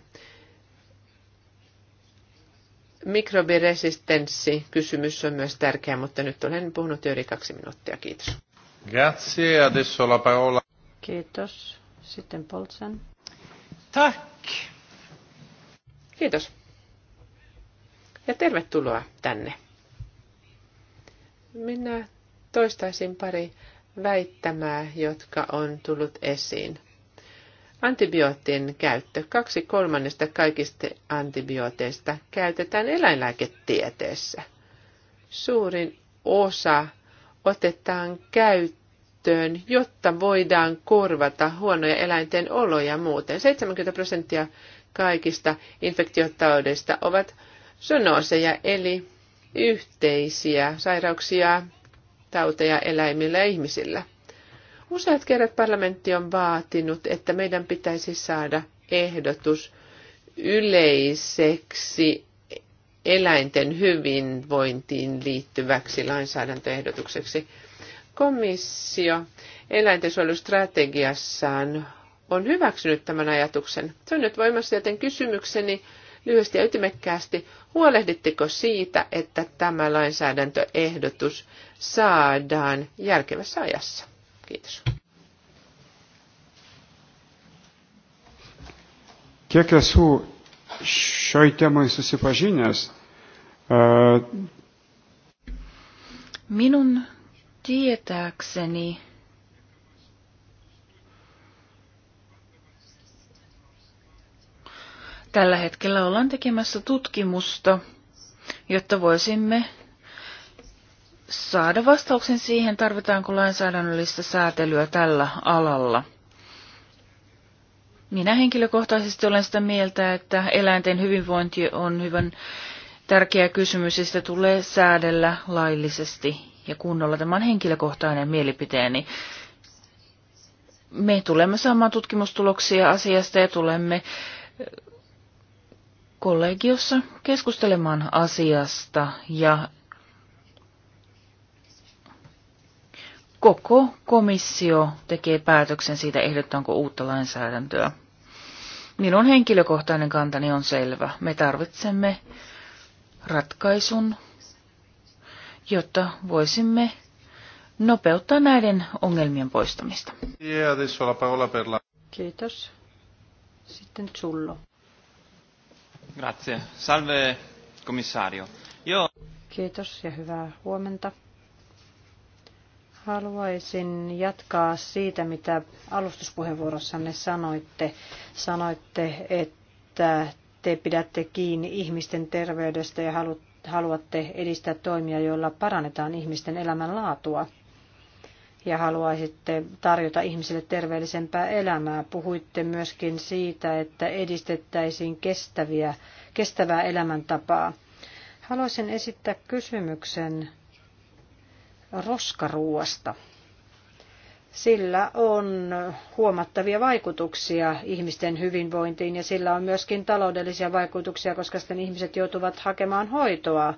Mikrobiresistenssi kysymys on myös tärkeä, mutta nyt olen puhunut yli kaksi minuuttia. Kiitos. Grazie, adesso la parola. Kiitos. Sitten Poltsen. Tack. Kiitos. Ja tervetuloa tänne. Minä toistaisin pari väittämää, jotka on tullut esiin. Antibioottien käyttö. Kaksi kolmannesta kaikista antibiooteista käytetään eläinlääketieteessä. Suurin osa otetaan käyttöön, jotta voidaan korvata huonoja eläinten oloja muuten. 70 prosenttia kaikista infektiotaudeista ovat sonoseja, eli yhteisiä sairauksia, tauteja eläimillä ja ihmisillä. Useat kerrat parlamentti on vaatinut, että meidän pitäisi saada ehdotus yleiseksi eläinten hyvinvointiin liittyväksi lainsäädäntöehdotukseksi. Komissio eläintensuojelustrategiassaan on hyväksynyt tämän ajatuksen. Se on nyt voimassa, joten kysymykseni lyhyesti ja ytimekkäästi, huolehditteko siitä, että tämä lainsäädäntöehdotus saadaan järkevässä ajassa? Kiitos. Kiek esu šioj temai susipažinęs? E, Minun tietääkseni tällä hetkellä ollaan tekemässä tutkimusta, jotta voisimme saada vastauksen siihen, tarvitaanko lainsäädännöllistä säätelyä tällä alalla. Minä henkilökohtaisesti olen sitä mieltä, että eläinten hyvinvointi on hyvän tärkeä kysymys ja sitä tulee säädellä laillisesti ja kunnolla. Tämä on henkilökohtainen mielipiteeni. Me tulemme saamaan tutkimustuloksia asiasta ja tulemme eh, kollegiossa keskustelemaan asiasta ja koko komissio tekee päätöksen siitä, ehdottaanko uutta lainsäädäntöä. Minun henkilökohtainen kantani on selvä. Me tarvitsemme ratkaisun, jotta voisimme nopeuttaa näiden ongelmien poistamista. Kiitos. Sitten Zullo. Grazie. Salve, Kiitos ja hyvää huomenta. Haluaisin jatkaa siitä, mitä alustuspuheenvuorossanne sanoitte. Sanoitte, että te pidätte kiinni ihmisten terveydestä ja haluatte edistää toimia, joilla parannetaan ihmisten elämänlaatua ja haluaisitte tarjota ihmisille terveellisempää elämää. Puhuitte myöskin siitä, että edistettäisiin kestäviä, kestävää elämäntapaa. Haluaisin esittää kysymyksen roskaruuasta. Sillä on huomattavia vaikutuksia ihmisten hyvinvointiin ja sillä on myöskin taloudellisia vaikutuksia, koska sitten ihmiset joutuvat hakemaan hoitoa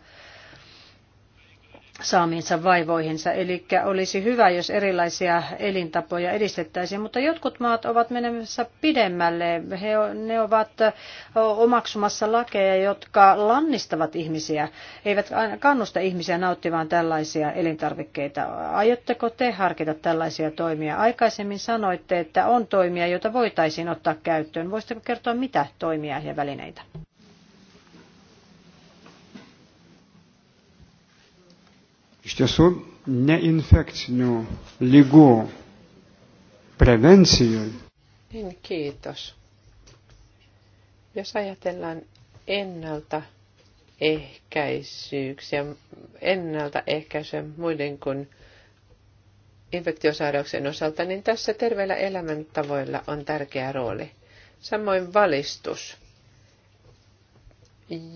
saamiinsa vaivoihinsa. Eli olisi hyvä, jos erilaisia elintapoja edistettäisiin, mutta jotkut maat ovat menemässä pidemmälle. He, ne ovat omaksumassa lakeja, jotka lannistavat ihmisiä, eivät kannusta ihmisiä nauttimaan tällaisia elintarvikkeita. Aiotteko te harkita tällaisia toimia? Aikaisemmin sanoitte, että on toimia, joita voitaisiin ottaa käyttöön. Voisitteko kertoa, mitä toimia ja välineitä? Iš tiesų, neinfekcinių lygų prevencijai. Niin, kiitos. Jos ajatellaan ennalta ehkäisyyksiä, ehkäisyä muiden kuin infektiosairauksien osalta, niin tässä terveillä elämäntavoilla on tärkeä rooli. Samoin valistus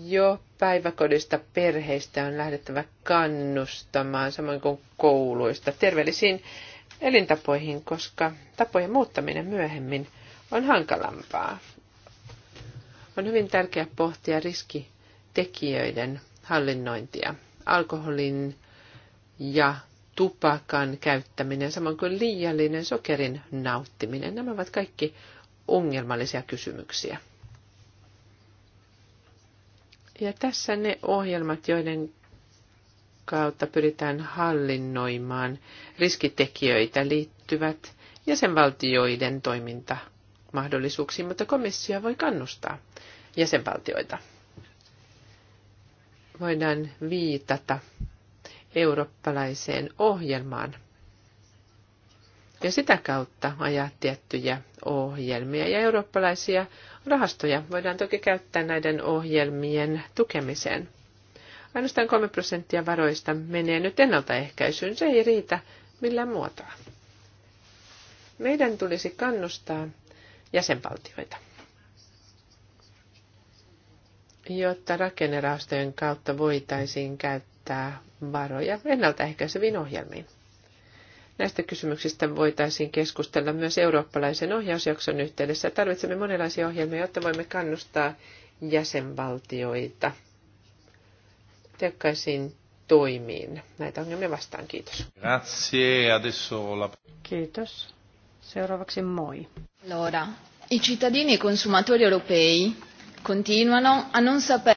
jo päiväkodista perheistä on lähdettävä kannustamaan, samoin kuin kouluista, terveellisiin elintapoihin, koska tapojen muuttaminen myöhemmin on hankalampaa. On hyvin tärkeää pohtia riskitekijöiden hallinnointia. Alkoholin ja tupakan käyttäminen, samoin kuin liiallinen sokerin nauttiminen, nämä ovat kaikki ongelmallisia kysymyksiä. Ja tässä ne ohjelmat, joiden kautta pyritään hallinnoimaan riskitekijöitä liittyvät jäsenvaltioiden toimintamahdollisuuksiin, mutta komissio voi kannustaa jäsenvaltioita. Voidaan viitata eurooppalaiseen ohjelmaan – ja sitä kautta ajaa tiettyjä ohjelmia. Ja eurooppalaisia rahastoja voidaan toki käyttää näiden ohjelmien tukemiseen. Ainoastaan 3 prosenttia varoista menee nyt ennaltaehkäisyyn. Se ei riitä millään muotoa. Meidän tulisi kannustaa jäsenvaltioita, jotta rakennerahastojen kautta voitaisiin käyttää varoja ennaltaehkäiseviin ohjelmiin. Näistä kysymyksistä voitaisiin keskustella myös eurooppalaisen ohjausjakson yhteydessä. Tarvitsemme monenlaisia ohjelmia, jotta voimme kannustaa jäsenvaltioita tehokkaisiin toimiin näitä ongelmia vastaan. Kiitos. Grazie, adesso la... Kiitos. Seuraavaksi moi. Allora, i cittadini e consumatori europei continuano a non sapere...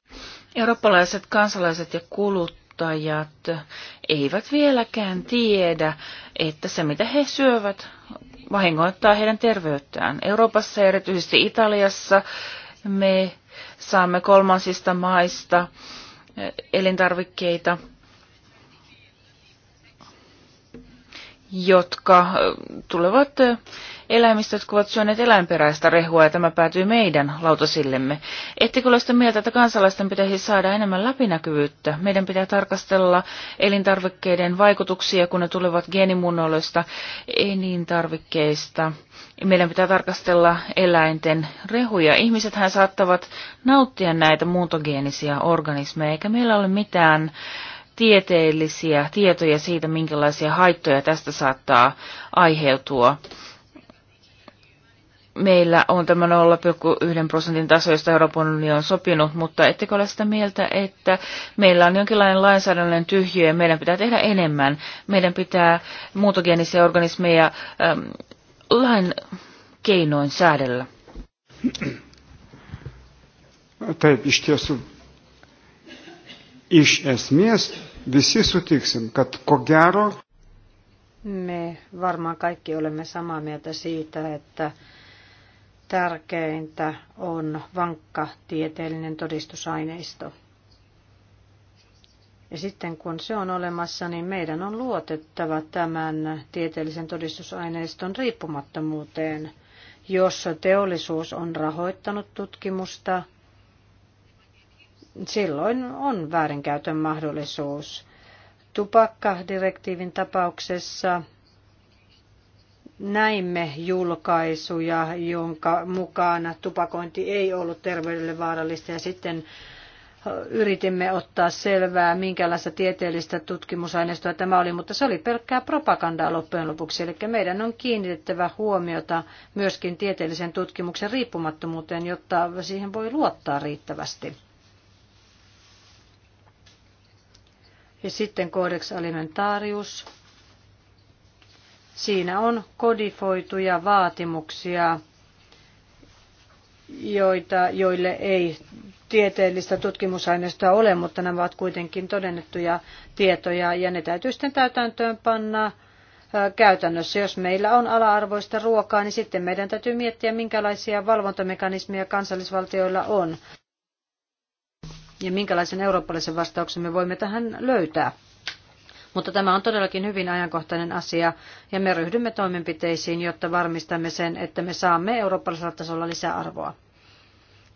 Eurooppalaiset kansalaiset ja kulut kuluttajat eivät vieläkään tiedä, että se mitä he syövät vahingoittaa heidän terveyttään. Euroopassa ja erityisesti Italiassa me saamme kolmansista maista elintarvikkeita – jotka tulevat eläimistä, jotka ovat syöneet eläinperäistä rehua, ja tämä päätyy meidän lautasillemme. Ettekö ole sitä mieltä, että kansalaisten pitäisi saada enemmän läpinäkyvyyttä? Meidän pitää tarkastella elintarvikkeiden vaikutuksia, kun ne tulevat geenimuunnoista elintarvikkeista. Meidän pitää tarkastella eläinten rehuja. Ihmisethän saattavat nauttia näitä muuntogeenisiä organismeja, eikä meillä ole mitään äh, tieteellisiä tietoja siitä, minkälaisia haittoja tästä saattaa aiheutua. Meillä on tämä 0,1 prosentin taso, josta Euroopan unioni on sopinut, mutta ettekö ole sitä mieltä, että meillä on jonkinlainen lainsäädännöllinen tyhjiö ja meidän pitää tehdä enemmän. Meidän pitää muutogeenisiä organismeja ähm, lain keinoin säädellä. Taip, iš esmės visi sutiksim, kad ko gero. Me varmaan kaikki olemme samaa mieltä siitä, että tärkeintä on vankka tieteellinen todistusaineisto. Ja sitten kun se on olemassa, niin meidän on luotettava tämän tieteellisen todistusaineiston riippumattomuuteen. Jos teollisuus on rahoittanut tutkimusta, silloin on väärinkäytön mahdollisuus. Tupakkadirektiivin tapauksessa näimme julkaisuja, jonka mukaan tupakointi ei ollut terveydelle vaarallista ja sitten yritimme ottaa selvää, minkälaista tieteellistä tutkimusaineistoa tämä oli, mutta se oli pelkkää propagandaa loppujen lopuksi. Eli meidän on kiinnitettävä huomiota myöskin tieteellisen tutkimuksen riippumattomuuteen, jotta siihen voi luottaa riittävästi. Ja sitten Codex Alimentarius. Siinä on kodifoituja vaatimuksia, joita, joille ei tieteellistä tutkimusaineistoa ole, mutta nämä ovat kuitenkin todennettuja tietoja ja ne täytyy sitten täytäntöön panna käytännössä. Jos meillä on ala-arvoista ruokaa, niin sitten meidän täytyy miettiä, minkälaisia valvontamekanismeja kansallisvaltioilla on ja minkälaisen eurooppalaisen vastauksen me voimme tähän löytää. Mutta tämä on todellakin hyvin ajankohtainen asia ja me ryhdymme toimenpiteisiin, jotta varmistamme sen, että me saamme eurooppalaisella tasolla lisäarvoa.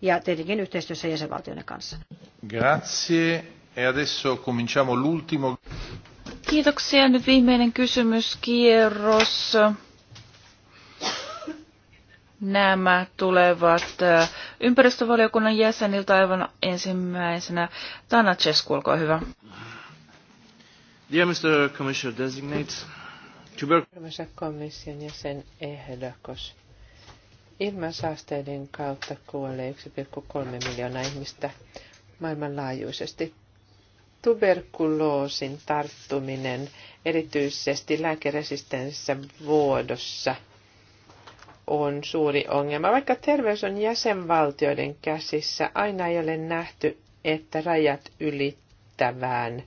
Ja tietenkin yhteistyössä jäsenvaltioiden kanssa. Grazie. E adesso cominciamo l'ultimo. Kiitoksia. Nyt viimeinen kysymyskierros. Nämä tulevat ympäristövaliokunnan jäseniltä aivan ensimmäisenä. Tana Chesku, olkaa hyvä. Dear Mr. Commissioner Designate, Arvoisa komission jäsen ehdokas. Ilmansaasteiden kautta kuolee 1,3 miljoonaa ihmistä maailmanlaajuisesti. Tuberkuloosin tarttuminen erityisesti lääkeresistenssissä vuodossa – on suuri ongelma. Vaikka terveys on jäsenvaltioiden käsissä, aina ei ole nähty, että rajat ylittävään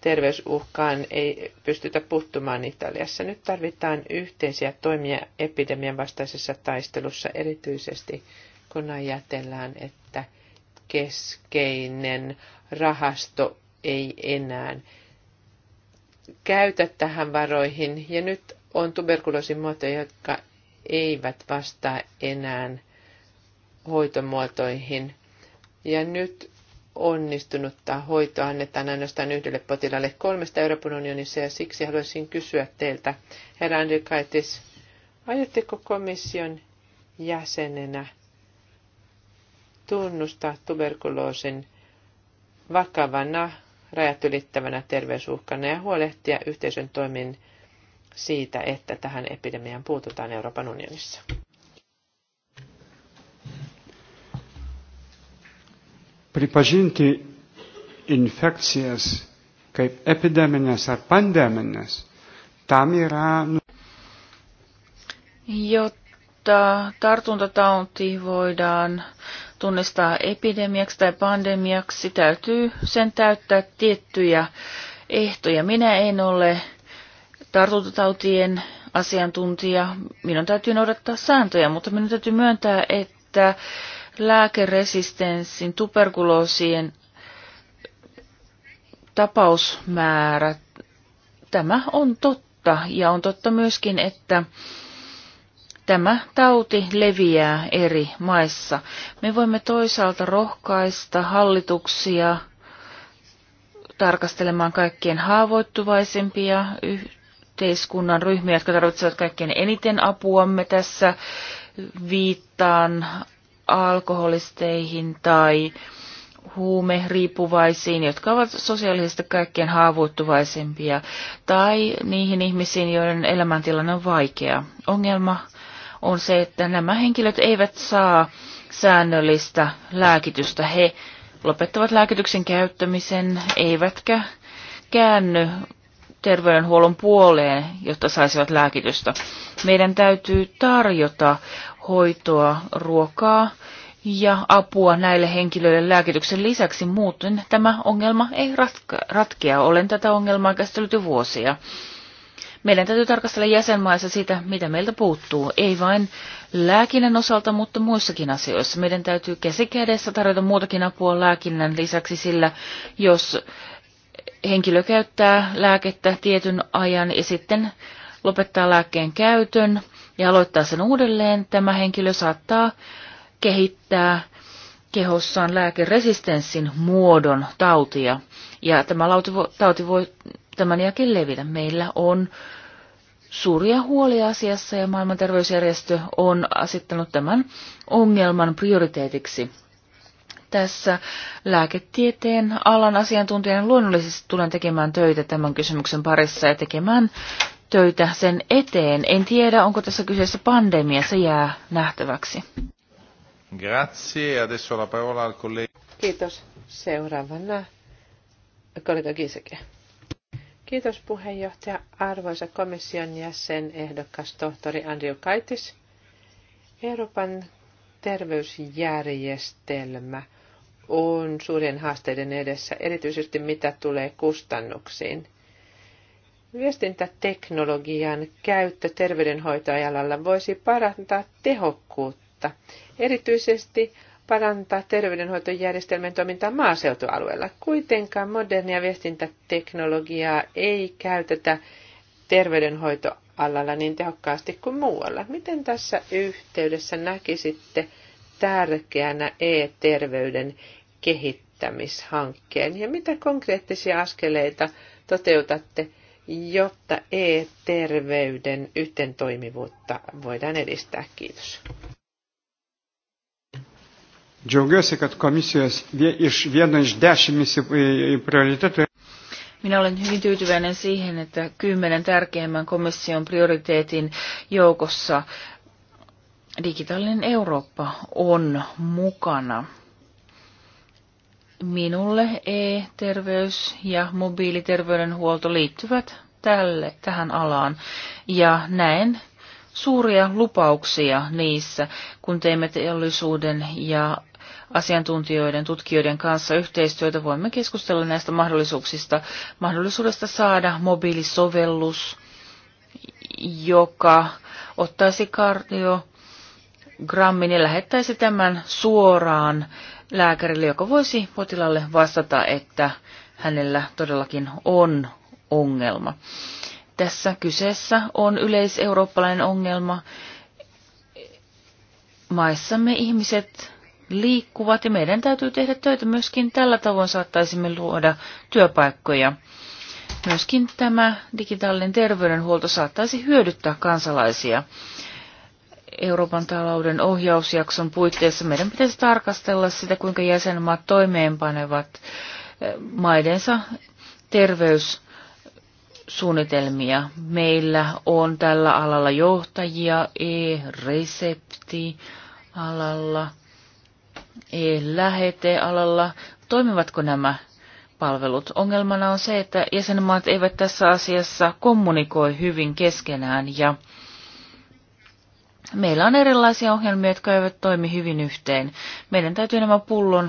terveysuhkaan ei pystytä puuttumaan Italiassa. Nyt tarvitaan yhteisiä toimia epidemian vastaisessa taistelussa, erityisesti kun ajatellaan, että keskeinen rahasto ei enää käytä tähän varoihin. Ja nyt on tuberkuloosin muotoja, jotka eivät vastaa enää hoitomuotoihin. Ja nyt onnistunutta hoitoa annetaan ainoastaan yhdelle potilaalle kolmesta Euroopan unionissa, ja siksi haluaisin kysyä teiltä, herra Andrikaitis, aiotteko komission jäsenenä tunnustaa tuberkuloosin vakavana, rajat ylittävänä terveysuhkana ja huolehtia yhteisön toimin siitä, että tähän epidemiaan puututaan Euroopan unionissa. Pripažinti infekcijas kaip epideminės ar pandeminės, tam yra... Jotta tartuntatauti voidaan tunnistaa epidemiaksi tai pandemiaksi, täytyy sen täyttää tiettyjä ehtoja. Minä en ole tartuntatautien asiantuntija. Minun täytyy noudattaa sääntöjä, mutta minun täytyy myöntää, että lääkeresistenssin, tuberkuloosien tapausmäärä tämä on totta. Ja on totta myöskin, että tämä tauti leviää eri maissa. Me voimme toisaalta rohkaista hallituksia tarkastelemaan kaikkien haavoittuvaisempia yhteyksiä yhteiskunnan ryhmiä, jotka tarvitsevat kaikkein eniten apuamme tässä. Viittaan alkoholisteihin tai huumeriippuvaisiin, jotka ovat sosiaalisesti kaikkein haavoittuvaisempia, tai niihin ihmisiin, joiden elämäntilanne on vaikea. Ongelma on se, että nämä henkilöt eivät saa säännöllistä lääkitystä. He lopettavat lääkityksen käyttämisen, eivätkä käänny terveydenhuollon puoleen, jotta saisivat lääkitystä. Meidän täytyy tarjota hoitoa, ruokaa ja apua näille henkilöille lääkityksen lisäksi. Muuten tämä ongelma ei ratka- ratkea. Olen tätä ongelmaa käsitellyt jo vuosia. Meidän täytyy tarkastella jäsenmaissa sitä, mitä meiltä puuttuu. Ei vain lääkinnän osalta, mutta muissakin asioissa. Meidän täytyy käsi kädessä tarjota muutakin apua lääkinnän lisäksi, sillä jos henkilö käyttää lääkettä tietyn ajan ja sitten lopettaa lääkkeen käytön ja aloittaa sen uudelleen, tämä henkilö saattaa kehittää kehossaan lääkeresistenssin muodon tautia. Ja tämä tauti voi tämän jälkeen levitä. Meillä on suuria huolia asiassa ja maailman terveysjärjestö on asettanut tämän ongelman prioriteetiksi tässä lääketieteen alan asiantuntijana luonnollisesti tulen tekemään töitä tämän kysymyksen parissa ja tekemään töitä sen eteen. En tiedä, onko tässä kyseessä pandemia, se jää nähtäväksi. Grazie. Adesso la parola al collega. Kiitos. Seuraavana kollega Giseke. Kiitos puheenjohtaja, arvoisa komission jäsen, ehdokas tohtori Andrew Kaitis. Euroopan terveysjärjestelmä – on suurien haasteiden edessä, erityisesti mitä tulee kustannuksiin. Viestintäteknologian käyttö terveydenhoitoajalalla voisi parantaa tehokkuutta, erityisesti parantaa terveydenhoitojärjestelmän toimintaa maaseutualueella. Kuitenkaan modernia viestintäteknologiaa ei käytetä terveydenhoitoalalla niin tehokkaasti kuin muualla. Miten tässä yhteydessä näkisitte tärkeänä e-terveyden kehittämishankkeen? Ja mitä konkreettisia askeleita toteutatte, jotta e-terveyden yhteentoimivuutta voidaan edistää? Kiitos. Džiaugiuosi, kad komisijos iš vieno iš dešimt e, prioritetų. Minä olen hyvin tyytyväinen siihen, että kymmenen tärkeimmän komission prioriteetin joukossa digitaalinen Eurooppa on mukana. Minulle e-terveys ja mobiiliterveydenhuolto liittyvät tälle, tähän alaan ja näen suuria lupauksia niissä, kun teemme teollisuuden ja asiantuntijoiden, tutkijoiden kanssa yhteistyötä. Voimme keskustella näistä mahdollisuuksista, mahdollisuudesta saada mobiilisovellus, joka ottaisi kartio grammi, niin lähettäisi tämän suoraan lääkärille, joka voisi potilaalle vastata, että hänellä todellakin on ongelma. Tässä kyseessä on yleiseurooppalainen ongelma. Maissamme ihmiset liikkuvat ja meidän täytyy tehdä töitä myöskin tällä tavoin saattaisimme luoda työpaikkoja. Myöskin tämä digitaalinen terveydenhuolto saattaisi hyödyttää kansalaisia. Euroopan talouden ohjausjakson puitteissa meidän pitäisi tarkastella sitä, kuinka jäsenmaat toimeenpanevat eh, maidensa terveyssuunnitelmia. Meillä on tällä alalla johtajia e-resepti alalla, e alalla Toimivatko nämä palvelut. Ongelmana on se, että jäsenmaat eivät tässä asiassa kommunikoi hyvin keskenään ja meillä on erilaisia ohjelmia, jotka eivät toimi hyvin yhteen. Meidän täytyy nämä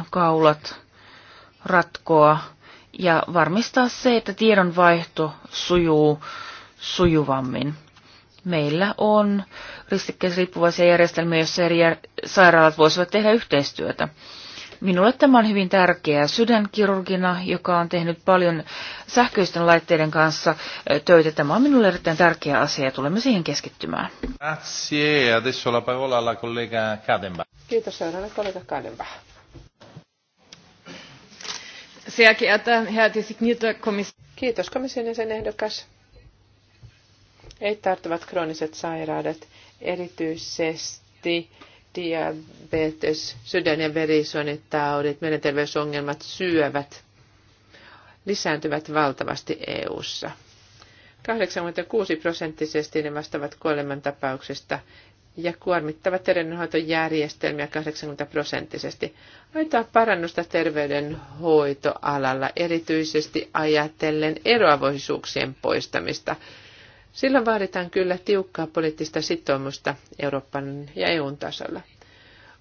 kaulat ratkoa ja varmistaa se, että tiedonvaihto sujuu sujuvammin. Meillä on ristikkeisriippuvaisia järjestelmiä, joissa eri sairaalat voisivat tehdä yhteistyötä. Minulle tämä on hyvin tärkeää sydänkirurgina, joka on tehnyt paljon sähköisten laitteiden kanssa töitä. Tämä on minulle erittäin tärkeä asia ja tulemme siihen keskittymään. Grazie. Adesso la parola alla collega Kadenbach. Kiitos seuraavana kollega Kadenbach. Sehr geehrter Herr designierter Kommissar. Kiitos komission ehdokas. Ei tarttuvat krooniset sairaudet, erityisesti diabetes, sydän- ja verisuonitaudit, mielenterveysongelmat, syövät lisääntyvät valtavasti EU:ssa. 86 prosenttisesti ne vastaavat kuolemantapauksista ja kuormittavat terveydenhoitojärjestelmiä 80 prosenttisesti. Aitoa parannusta terveydenhoitoalalla, erityisesti ajatellen eroavoisuuksien poistamista Silloin vaaditaan kyllä tiukkaa poliittista sitoumusta Euroopan ja EUn tasolla.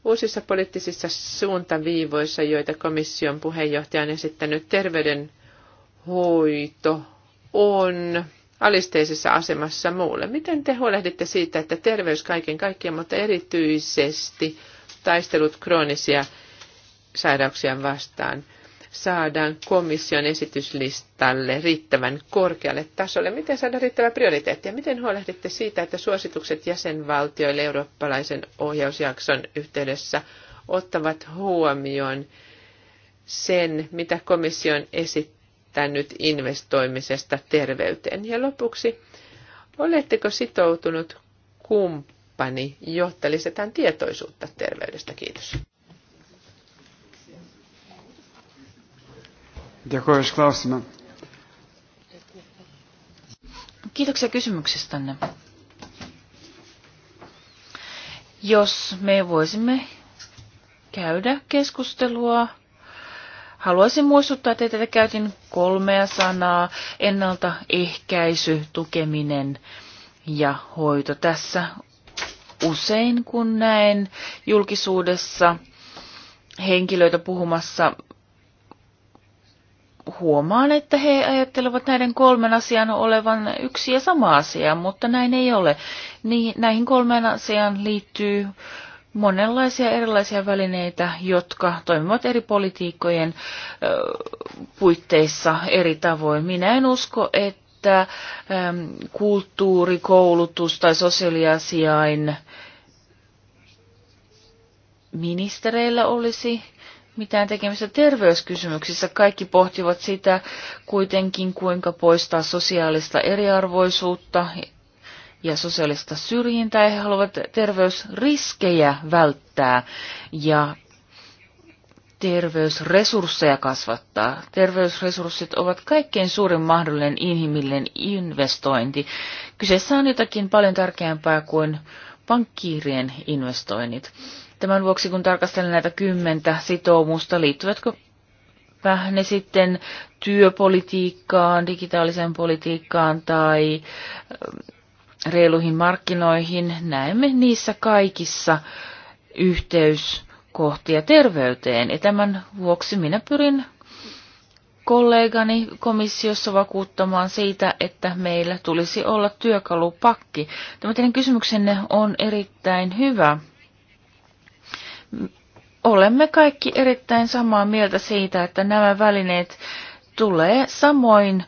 Uusissa poliittisissa suuntaviivoissa, joita komission puheenjohtaja on esittänyt, terveydenhoito on alisteisessa asemassa muulle. Miten te huolehditte siitä, että terveys kaiken kaikkiaan, mutta erityisesti taistelut kroonisia sairauksia vastaan saadaan komission esityslistalle riittävän korkealle tasolle? Miten saada riittävä prioriteetti? Ja miten huolehditte siitä, että suositukset jäsenvaltioille eurooppalaisen ohjausjakson yhteydessä ottavat huomioon sen, mitä komission esittää esittänyt investoimisesta terveyteen? Ja lopuksi, oletteko sitoutunut kumppani, jotta lisätään tietoisuutta terveydestä? Kiitos. Dėkuoju iš klausimą. Kiitoksia kysymyksestänne. Jos me voisimme käydä keskustelua, haluaisin muistuttaa teitä, että käytin kolmea sanaa, ennaltaehkäisy, tukeminen ja hoito. Tässä usein kun näen julkisuudessa henkilöitä puhumassa huomaan, että he ajattelevat näiden kolmen asian olevan yksi ja sama asia, mutta näin ei ole. Niin, näihin kolmeen asiaan liittyy monenlaisia erilaisia välineitä, jotka toimivat eri politiikkojen puitteissa eri tavoin. Minä en usko, että kulttuuri, koulutus tai sosiaaliasiain ministereillä olisi mitään tekemistä terveyskysymyksissä. Kaikki pohtivat sitä kuitenkin, kuinka poistaa sosiaalista eriarvoisuutta ja sosiaalista syrjintää. He haluavat terveysriskejä välttää ja terveysresursseja kasvattaa. Terveysresurssit ovat kaikkein suurin mahdollinen inhimillinen investointi. Kyseessä on jotakin paljon tärkeämpää kuin pankkiirien investoinnit. Tämän vuoksi, kun tarkastelen näitä kymmentä sitoumusta, liittyvätkö ne sitten työpolitiikkaan, digitaaliseen politiikkaan tai ähm, reiluihin markkinoihin, näemme niissä kaikissa yhteyskohtia terveyteen. Ja tämän vuoksi minä pyrin kollegani komissiossa vakuuttamaan siitä, että meillä tulisi olla työkalupakki. Tämä teidän kysymyksenne on erittäin hyvä olemme kaikki erittäin samaa mieltä siitä, että nämä välineet tulee samoin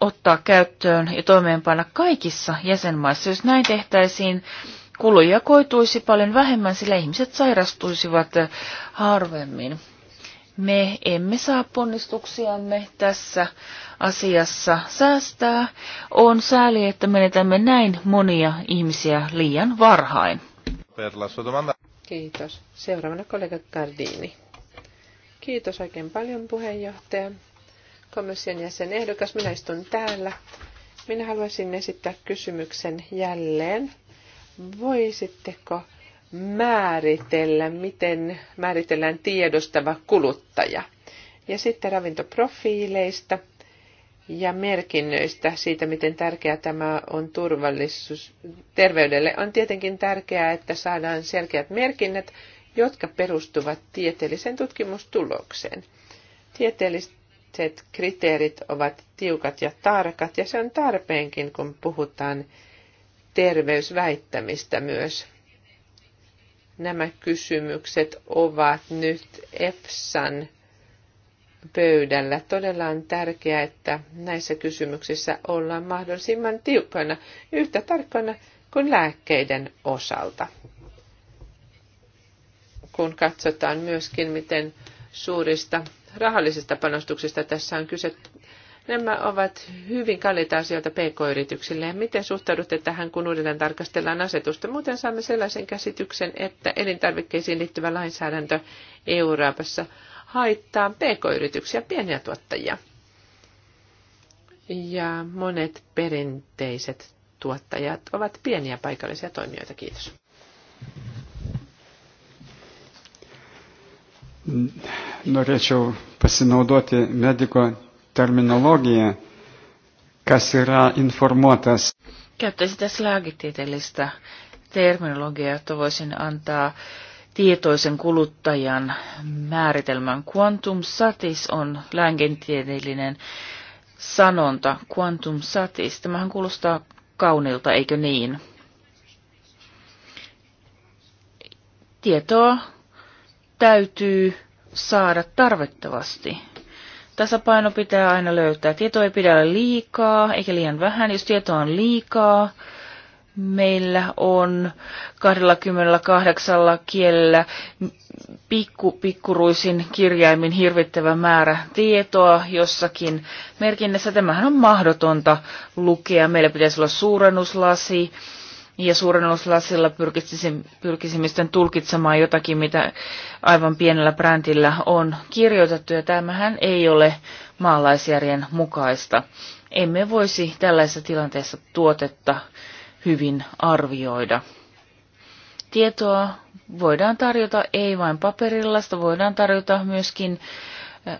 ottaa käyttöön ja toimeenpanna kaikissa jäsenmaissa. Jos näin tehtäisiin, kuluja koituisi paljon vähemmän, sillä ihmiset sairastuisivat harvemmin. Me emme saa ponnistuksiamme tässä asiassa säästää. On sääli, että menetämme näin monia ihmisiä liian varhain. Kiitos. Seuraavana kollega Gardini. Kiitos oikein paljon puheenjohtaja. Komission jäsen ehdokas, minä istun täällä. Minä haluaisin esittää kysymyksen jälleen. Voisitteko määritellä, miten määritellään tiedostava kuluttaja? Ja sitten ravintoprofiileista – ja merkinnöistä siitä, miten tärkeää tämä on turvallisuus terveydelle. On tietenkin tärkeää, että saadaan selkeät merkinnät, jotka perustuvat tieteelliseen tutkimustulokseen. Tieteelliset kriteerit ovat tiukat ja tarkat, ja se on tarpeenkin, kun puhutaan terveysväittämistä myös. Nämä kysymykset ovat nyt EFSAn pöydällä. Todella on tärkeää, että näissä kysymyksissä ollaan mahdollisimman tiukkoina, yhtä tarkkoina kuin lääkkeiden osalta. Kun katsotaan myöskin, miten suurista rahallisista panostuksista tässä on kyse, nämä ovat hyvin kalliita asioita pk-yrityksille. Ja miten suhtaudutte tähän, kun uudelleen tarkastellaan asetusta? Muuten saamme sellaisen käsityksen, että elintarvikkeisiin liittyvä lainsäädäntö Euroopassa – haittaa pk-yrityksiä, pieniä tuottajia. Ja monet perinteiset tuottajat ovat pieniä paikallisia toimijoita. Kiitos. Norėčiau pasinaudoti mediko terminologiją, kas yra informuotas. Käyttäisin tässä lääketieteellistä terminologiaa, jotta voisin antaa tietoisen kuluttajan määritelmän. Quantum satis on länkentieteellinen sanonta. Quantum satis. Tämähän kuulostaa kaunilta, eikö niin? Tietoa täytyy saada tarvittavasti. Tasapaino pitää aina löytää. Tieto ei pidä olla liikaa eikä liian vähän. Jos tietoa on liikaa, meillä on 28 kielellä pikku, pikkuruisin kirjaimin hirvittävä määrä tietoa jossakin merkinnässä. Tämähän on mahdotonta lukea. Meillä pitäisi olla suurennuslasi ja suurennuslasilla pyrkisimme sitten tulkitsemaan jotakin, mitä aivan pienellä brändillä on kirjoitettu. Ja tämähän ei ole maalaisjärjen mukaista. Emme voisi tällaisessa tilanteessa tuotetta hyvin arvioida. Tietoa voidaan tarjota ei vain paperilla, sitä voidaan tarjota myöskin eh,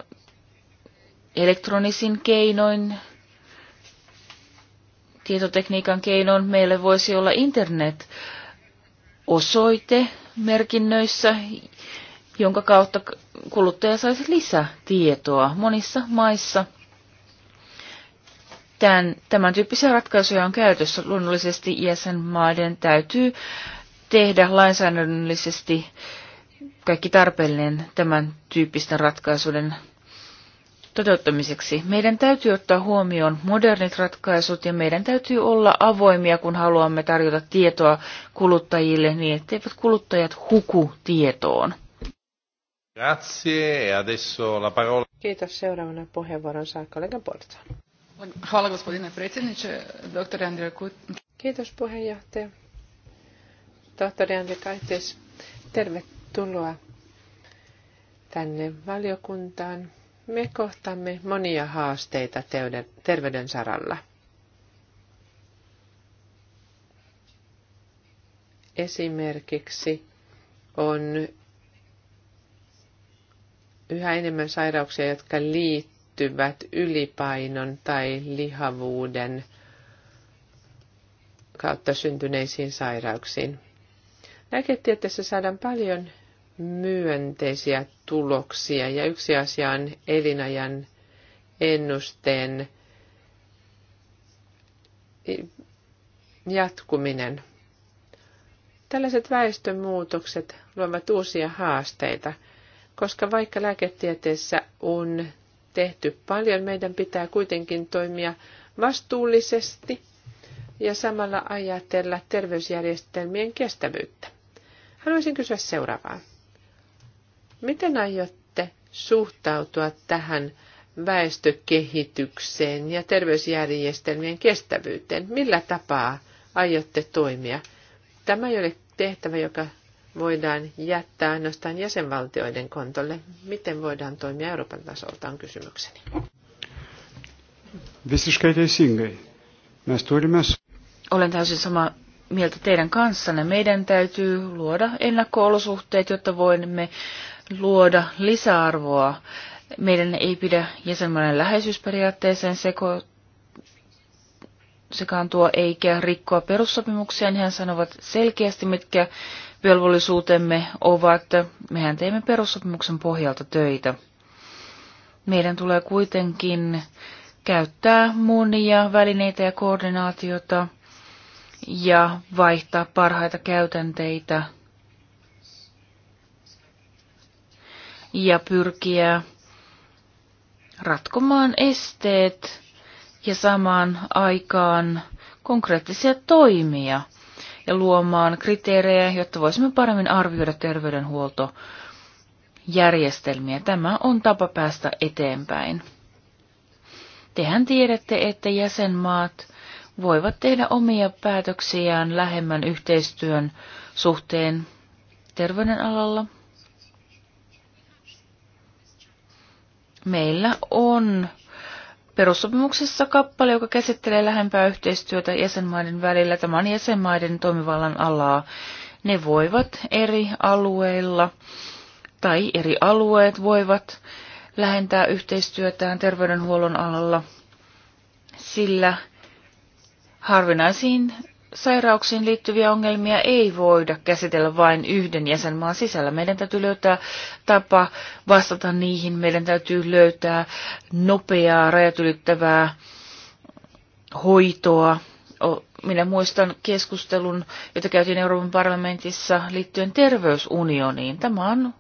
elektronisin keinoin, tietotekniikan keinoin. Meille voisi olla internet-osoite merkinnöissä, jonka kautta kuluttaja saisi lisätietoa monissa maissa – tämän, tämän tyyppisiä ratkaisuja on käytössä. Luonnollisesti jäsenmaiden täytyy tehdä lainsäädännöllisesti kaikki tarpeellinen tämän tyyppisten ratkaisuiden toteuttamiseksi. Meidän täytyy ottaa huomioon modernit ratkaisut ja meidän täytyy olla avoimia, kun haluamme tarjota tietoa kuluttajille niin, etteivät kuluttajat huku tietoon. Grazie, e adesso la parola. Kiitos. Seuraavana puheenvuoron saa kollegan Portaan. Hvala gospodine predsjedniče, doktori Andrija Kiitos puheenjohtaja. Tohtori Andri Kaitis, tervetuloa tänne valiokuntaan. Me kohtamme monia haasteita terveyden saralla. Esimerkiksi on yhä enemmän sairauksia, jotka liittyvät liittyvät ylipainon tai lihavuuden kautta syntyneisiin sairauksiin. Lääketieteessä saadaan paljon myönteisiä tuloksia ja yksi asia on elinajan ennusteen jatkuminen. Tällaiset väestönmuutokset luovat uusia haasteita, koska vaikka lääketieteessä on tehty paljon. Meidän pitää kuitenkin toimia vastuullisesti ja samalla ajatella terveysjärjestelmien kestävyyttä. Haluaisin kysyä seuraavaa. Miten aiotte suhtautua tähän väestökehitykseen ja terveysjärjestelmien kestävyyteen? Millä tapaa aiotte toimia? Tämä ei ole tehtävä, joka voidaan jättää ainoastaan jäsenvaltioiden kontolle. Miten voidaan toimia Euroopan tasolta on kysymykseni. Olen täysin sama mieltä teidän kanssanne. Meidän täytyy luoda ennakko-olosuhteet, jotta voimme luoda lisäarvoa. Meidän ei pidä jäsenmaiden läheisyysperiaatteeseen seko, sekaantua eikä rikkoa perussopimuksia, niin hän sanovat selkeästi, mitkä velvollisuutemme ovat, mehän teemme perussopimuksen pohjalta töitä. Meidän tulee kuitenkin käyttää monia välineitä ja koordinaatiota ja vaihtaa parhaita käytänteitä ja pyrkiä ratkomaan esteet ja samaan aikaan konkreettisia toimia – ja luomaan kriteerejä, jotta voisimme paremmin arvioida terveydenhuoltojärjestelmiä. Tämä on tapa päästä eteenpäin. Tehän tiedätte, että jäsenmaat voivat tehdä omia päätöksiään lähemmän yhteistyön suhteen terveydenalalla. Meillä on Perussopimuksessa kappale, joka käsittelee lähempää yhteistyötä jäsenmaiden välillä, tämä on jäsenmaiden toimivallan alaa. Ne voivat eri alueilla tai eri alueet voivat lähentää yhteistyötään terveydenhuollon alalla, sillä harvinaisiin sairauksiin liittyviä ongelmia ei voida käsitellä vain yhden jäsenmaan sisällä. Meidän täytyy löytää tapa vastata niihin. Meidän täytyy löytää nopeaa, rajat ylittävää hoitoa. Minä muistan keskustelun, jota käytiin Euroopan parlamentissa liittyen terveysunioniin. Tämä on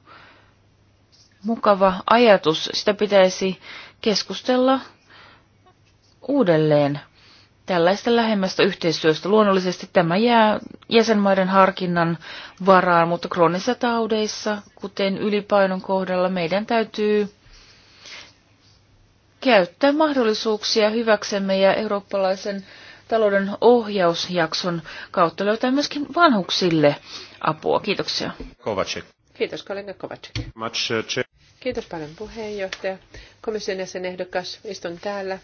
mukava ajatus. Sitä pitäisi keskustella uudelleen tällaista lähemmästä yhteistyöstä. Luonnollisesti tämä jää jäsenmaiden harkinnan varaan, mutta kroonissa taudeissa, kuten ylipainon kohdalla, meidän täytyy käyttää mahdollisuuksia hyväksemme ja eurooppalaisen talouden ohjausjakson kautta löytää myöskin vanhuksille apua. Kiitoksia. Kovacek. Kiitos, Kalina Kovacek. Much, uh, Kiitos paljon puheenjohtaja. Komission jäsenehdokas, istun täällä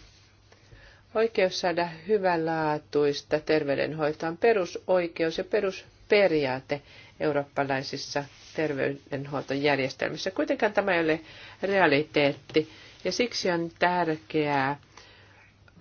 Oikeus saada hyvänlaatuista terveydenhoitoa on perusoikeus ja perusperiaate eurooppalaisissa terveydenhuoltojärjestelmissä. Kuitenkaan tämä ei ole realiteetti ja siksi on tärkeää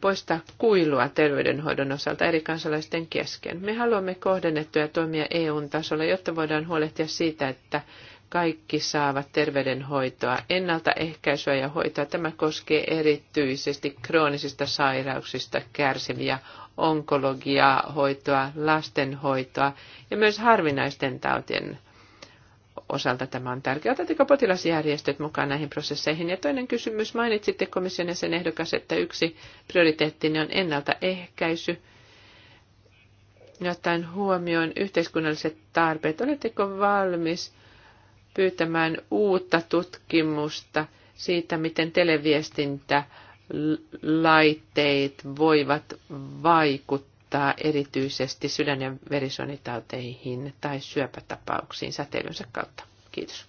poistaa kuilua terveydenhoidon osalta eri kansalaisten kesken. Me haluamme kohdennettuja toimia eu tasolla, jotta voidaan huolehtia siitä, että kaikki saavat terveydenhoitoa, ennaltaehkäisyä ja hoitoa. Tämä koskee erityisesti kroonisista sairauksista kärsiviä, onkologiaa, hoitoa, lastenhoitoa ja myös harvinaisten tautien osalta tämä on tärkeää. Otatteko potilasjärjestöt mukaan näihin prosesseihin? Ja toinen kysymys, mainitsitte komission sen ehdokas, että yksi prioriteetti on ennaltaehkäisy. Ja ottaen huomioon yhteiskunnalliset tarpeet, oletteko valmis pyytämään uutta tutkimusta siitä, miten televiestintälaitteet voivat vaikuttaa erityisesti sydän- ja verisuonitauteihin tai syöpätapauksiin säteilynsä kautta. Kiitos.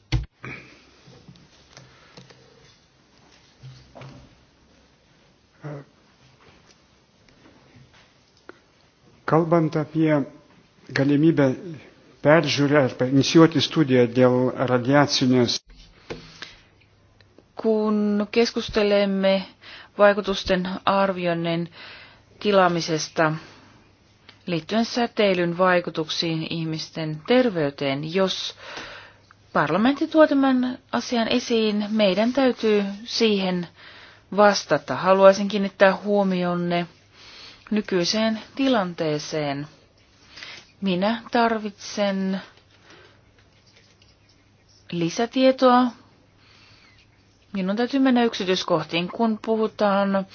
Kalbant apie galimybę peržiūrę ar inicijuoti studiją dėl radiacinės. Kun keskustelemme vaikutusten arvioinnin tilaamisesta liittyen säteilyn vaikutuksiin ihmisten terveyteen, jos parlamentti tuo tämän asian esiin, meidän täytyy siihen vastata. Haluaisin kiinnittää huomionne nykyiseen tilanteeseen. Minä tarvitsen lisätietoa. Minun täytyy mennä yksityiskohtiin, kun puhutaan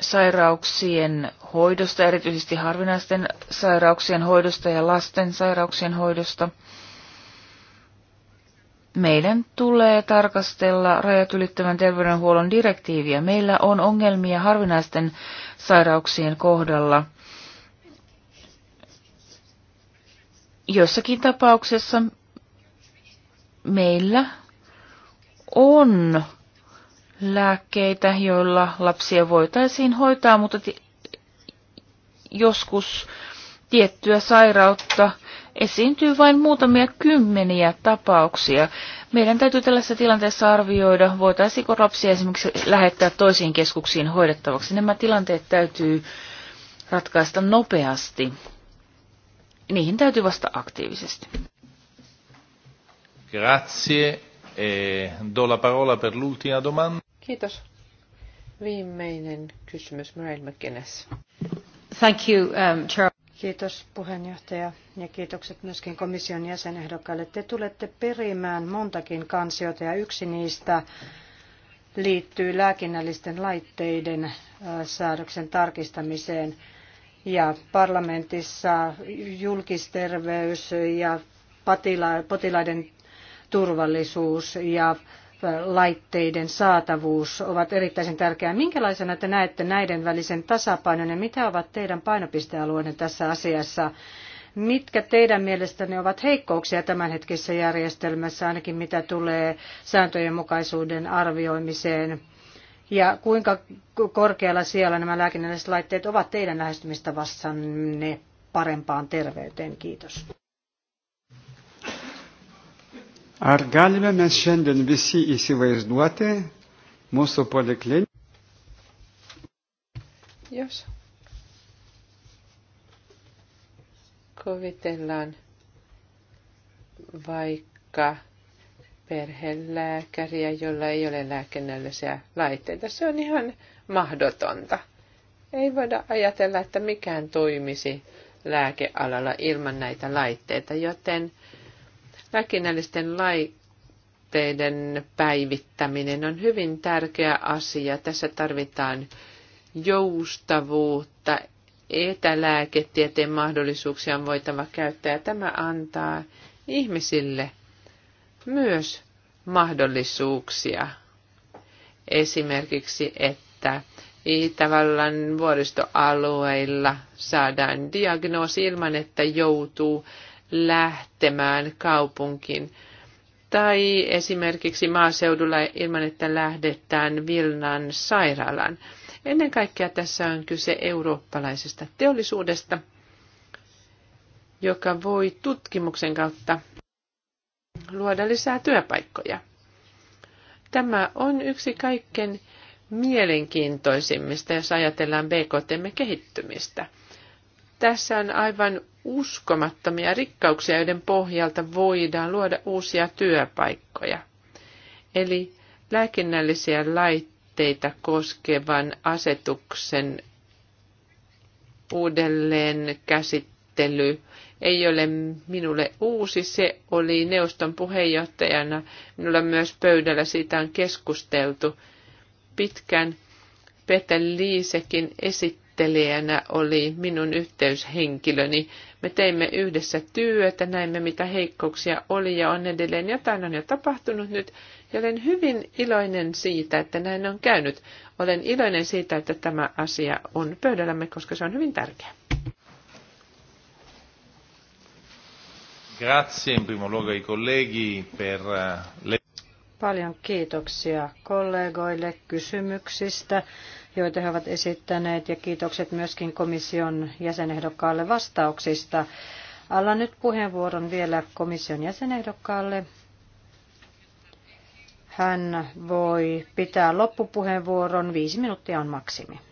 sairauksien hoidosta, erityisesti harvinaisten sairauksien hoidosta ja lasten sairauksien hoidosta. Meidän tulee tarkastella rajat ylittävän terveydenhuollon direktiiviä. Meillä on ongelmia harvinaisten sairauksien kohdalla – jossakin tapauksessa meillä on lääkkeitä, joilla lapsia voitaisiin hoitaa, mutta joskus tiettyä sairautta esiintyy vain muutamia kymmeniä tapauksia. Meidän täytyy tällaisessa tilanteessa arvioida, voitaisiinko lapsia esimerkiksi lähettää toisiin keskuksiin hoidettavaksi. Nämä tilanteet täytyy ratkaista nopeasti niihin täytyy vastata aktiivisesti. Grazie. E do la parola per l'ultima domanda. Kiitos. Viimeinen kysymys, Mary McGuinness. Thank you, um, Charles. Kiitos puheenjohtaja ja kiitokset myöskin komission jäsenehdokkaille. Te tulette perimään montakin kansiota ja yksi niistä liittyy lääkinnällisten laitteiden äh, säädöksen tarkistamiseen ja parlamentissa julkisterveys ja potilaiden turvallisuus ja äh, laitteiden saatavuus ovat erittäin tärkeää. Minkälaisena te näette näiden välisen tasapainon ja mitä ovat teidän painopistealueenne tässä asiassa? Mitkä teidän mielestänne ovat heikkouksia tämänhetkisessä järjestelmässä, ainakin mitä tulee sääntöjen mukaisuuden arvioimiseen? ja kuinka korkealla siellä nämä lääkinnälliset laitteet ovat teidän lähestymistavassanne parempaan terveyteen? Kiitos. Ar galime mes šiandien visi įsivaizduoti mūsų poliklinikų? Jos kuvitellaan vaikka perhelääkäriä, jolla ei ole lääkennällisiä laitteita. Se on ihan mahdotonta. Ei voida ajatella, että mikään toimisi lääkealalla ilman näitä laitteita, joten lääkinnällisten laitteiden päivittäminen on hyvin tärkeä asia. Tässä tarvitaan joustavuutta, etälääketieteen mahdollisuuksia on voitava käyttää ja tämä antaa ihmisille myös mahdollisuuksia. Esimerkiksi, että Itävallan vuoristoalueilla saadaan diagnoosi ilman, että joutuu lähtemään kaupunkiin. Tai esimerkiksi maaseudulla ilman, että lähdetään Vilnan sairaalaan. Ennen kaikkea tässä on kyse eurooppalaisesta teollisuudesta, joka voi tutkimuksen kautta luoda lisää työpaikkoja. Tämä on yksi kaikkein mielenkiintoisimmista, jos ajatellaan BKTmme kehittymistä. Tässä on aivan uskomattomia rikkauksia, joiden pohjalta voidaan luoda uusia työpaikkoja. Eli lääkinnällisiä laitteita koskevan asetuksen uudelleen käsittely ei ole minulle uusi. Se oli neuvoston puheenjohtajana. Minulla myös pöydällä siitä on keskusteltu pitkän. Peter Liisekin esittelijänä oli minun yhteyshenkilöni. Me teimme yhdessä työtä, näimme mitä heikkouksia oli ja on edelleen jotain on jo tapahtunut nyt. Ja olen hyvin iloinen siitä, että näin on käynyt. Olen iloinen siitä, että tämä asia on pöydällämme, koska se on hyvin tärkeä. Grazie in primo luogo ai colleghi per eh, le... Paljon kiitoksia kollegoille kysymyksistä, joita he ovat esittäneet, ja kiitokset myöskin komission jäsenehdokkaalle vastauksista. Alla nyt puheenvuoron vielä komission jäsenehdokkaalle. Hän voi pitää loppupuheenvuoron. Viisi minuuttia on maksimi.